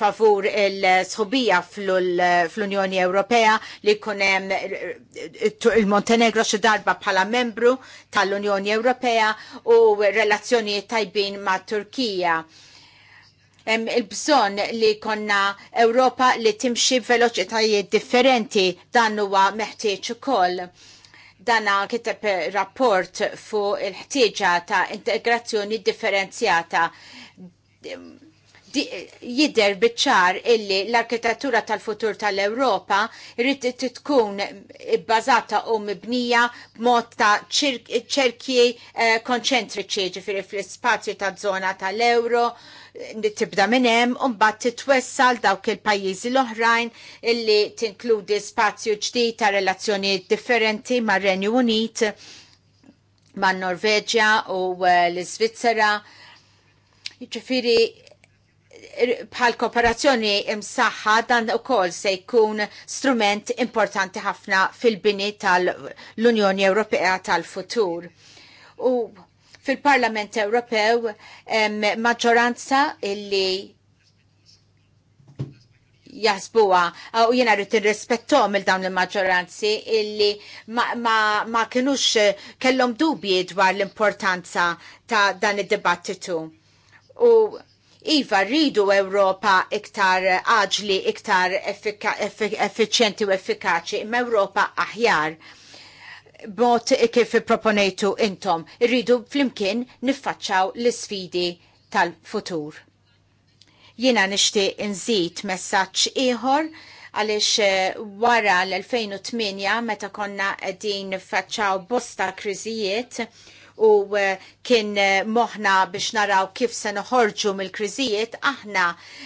favur il-sħubija fl-Unjoni Ewropea li kunem il-Montenegro darba bħala membru tal-Unjoni Ewropea u relazzjoni tajbin ma' Turkija. Il-bżon li konna Ewropa li timxi veloċitajiet differenti dan huwa meħtieġ ukoll. koll dana kiteb rapport fuq il-ħtieġa ta' integrazzjoni differenzjata Jider biċ-ċar illi l-arkitettura tal-futur tal-Ewropa rrit tkun bazata u mibnija b'mod ta' ċerkji eh, konċentriċi ġifiri fl-ispazju taż-żona tal-Euro tibda minn hemm u mbagħad titwessal dawk il-pajjiżi l-oħrajn illi tinkludi spazju ġdid ta' relazzjonijiet differenti mar-Renju Unit man Norveġja u eh, l-Iżvizzera. Ġifiri, bħal kooperazzjoni imsaħħa dan ukoll se jkun strument importanti ħafna fil-bini tal-Unjoni Ewropea tal-futur. U fil-Parlament Ewropew maġġoranza illi jasbuwa u jena rrit rispettom il-dawn il-maġġoranzi illi ma, ma, ma kienux kellhom dubji dwar l-importanza ta' dan id-dibattitu. U Iva, rridu Ewropa iktar aġli, iktar effiċenti u effikaċi, imma Ewropa aħjar bot kif proponetu intom. Rridu flimkien niffaċċaw l isfidi tal-futur. Jiena nixtieq inżid messaġġ ieħor għalix eh, wara l-2008 meta konna għedin faċċaw bosta kriżijiet u eh, kien eh, moħna biex naraw kif se noħorġu mill-kriżijiet aħna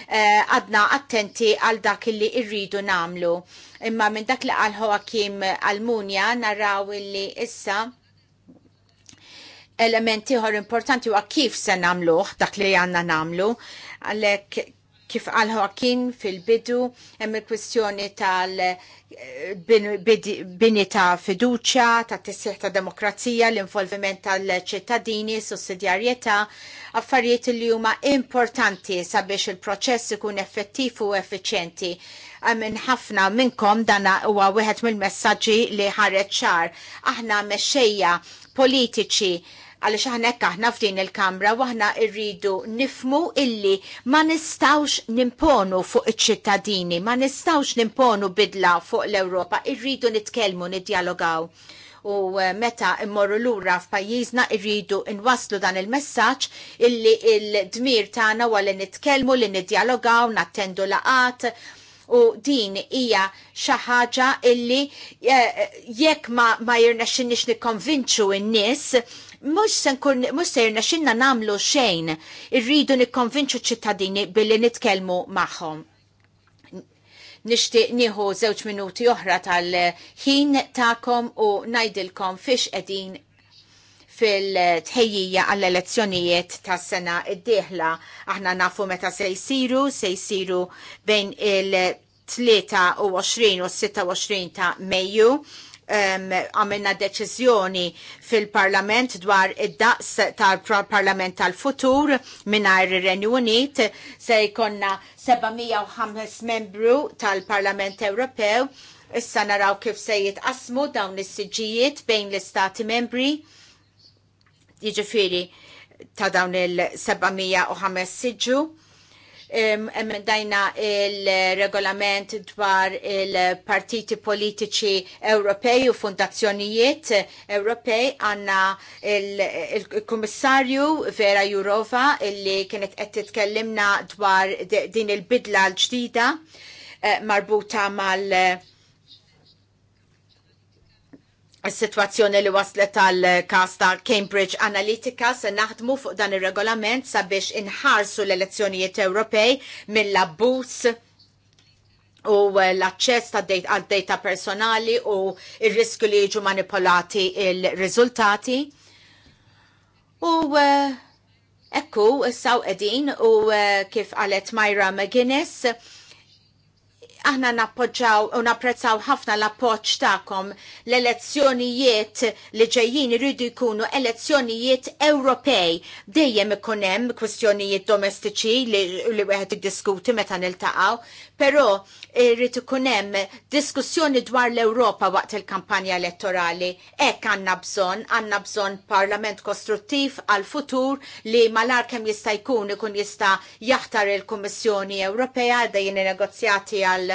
eh, għadna attenti għal dak li irridu namlu. Imma minn dak li għal Joachim Almunja naraw illi issa elementi ħor importanti u kif se namluħ dak li għanna namlu għalek kif għal kien fil-bidu, hemm il-kwistjoni tal-bini eh, ta' fiduċja, ta' tissieħ ta' demokrazija, l-involviment tal-ċittadini, sussidjarjetà, affarijiet li huma importanti sabiex il-proċess ikun effettiv u effiċjenti. Eh, minn ħafna minnkom dana huwa wieħed mill-messaġġi li ħareġ ċar. Aħna mexxejja politiċi għaliex aħna hekk aħna f'din il-Kamra u aħna rridu nifmu illi ma nistawx nimponu fuq iċ-ċittadini, ma nistawx nimponu bidla fuq l-Ewropa, irridu nitkellmu, nidjalogaw. u eh, meta immorru lura f'pajjiżna irridu inwaslu dan il-messaġġ illi il-dmir tagħna li nitkellmu li nidjalogaw, nattendu laqat u din hija xi ħaġa illi eh, jekk ma, ma jirnexxinix nikkonvinċu n-nies mux senkun, mux sejrna xinna namlu xejn, irridu nikkonvinċu ċittadini billi nitkelmu maħom. Nishtiq nieħu żewġ minuti oħra tal-ħin ta'kom u najdilkom fiex qegħdin fil-tħejjija għall-elezzjonijiet tas sena id-dieħla. Aħna nafu meta se jsiru, se jsiru bejn il-23 u 26 ta' Mejju għamilna deċiżjoni fil-Parlament dwar id-daqs tal-Parlament tal-Futur mingħajr ir-Renju Unit se jkollna 705 membru tal-Parlament Ewropew. Issa naraw kif se jitqasmu dawn is-siġijiet bejn l-istati membri. Jiġifieri ta' dawn il-705 siġu emendajna il-regolament dwar il-partiti politiċi Ewropej u fundazzjonijiet Ewropej għanna il-Kummissarju Vera Jurova illi kienet qed titkellimna dwar din il-bidla l-ġdida eh, marbuta mal- Is-sitwazzjoni li waslet tal kasta Cambridge Analytica se naħdmu fuq dan ir-regolament sabiex inħarsu l-elezzjonijiet Ewropej mill-abbuż u l-aċċess għal data personali u il-riskju li jiġu manipolati il-riżultati. U eh, ekku, saw edin u eh, kif għalet Myra McGuinness, aħna nappoġġaw u napprezzaw ħafna l-appoġġ tagħkom l-elezzjonijiet li ġejjin iridu jkunu elezzjonijiet Ewropej. Dejjem ikun hemm kwistjonijiet domestiċi li, li wieħed iddiskuti meta niltaqgħu, però irid ikun hemm diskussjoni dwar l-Ewropa waqt il-kampanja elettorali. Hekk għandna bżonn, għandna bżonn parlament kostruttiv għal-futur li malar kemm jista' jkun ikun jista' jaħtar il-Kummissjoni Ewropea għaddejjin negozjati għal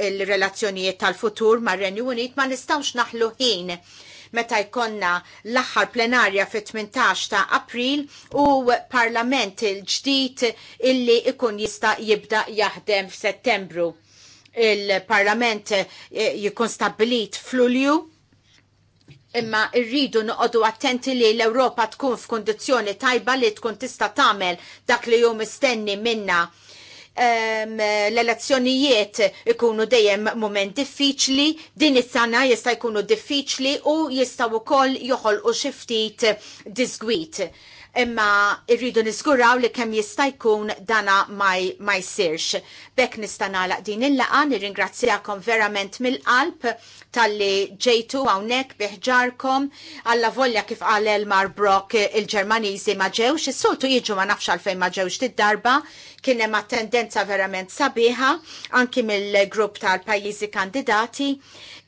il-relazzjonijiet il tal-futur mar renju Unit ma nistawx naħlu ħin meta jkonna l-aħħar plenarja fit-18 ta' April u parlament il-ġdid illi ikun jista' jibda jaħdem f'Settembru. Il-parlament eh, jikun stabbilit f'Lulju imma rridu noqodu attenti li l-Ewropa tkun f'kundizzjoni tajba li tkun tista' tagħmel dak li hu mistenni minna l-elezzjonijiet ikunu dejjem moment diffiċli, din is-sena jista' jkunu diffiċli u jistgħu wkoll joħolqu xi ftit disgwit imma irridu niżguraw li kemm jista' jkun dana ma jsirx. Bekk nista' nagħlaq din il-laqa, nirringrazzjakom verament mill-qalb tal-li ġejtu hawnhekk biħġarkom alla volja kif qal Elmar Brock il-Ġermaniżi ma ġewx, is-soltu jiġu ma nafx għalfejn ma ġewx tid-darba, kien hemm at-tendenza verament sabiħa anki mill-grupp tal-pajjiżi kandidati.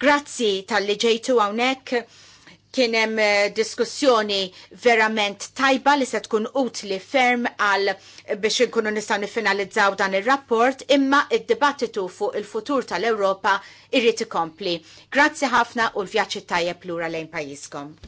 Grazzi tal-li ġejtu hawnhekk kienem eh, diskussjoni verament tajba li se tkun utli ferm għal eh, biex nkunu nistaw nifinalizzaw dan il-rapport imma id-dibattitu fuq il-futur tal-Europa irrid ikompli. Grazzi ħafna u l-vjaċċi tajjeb lura lejn pajjiżkom.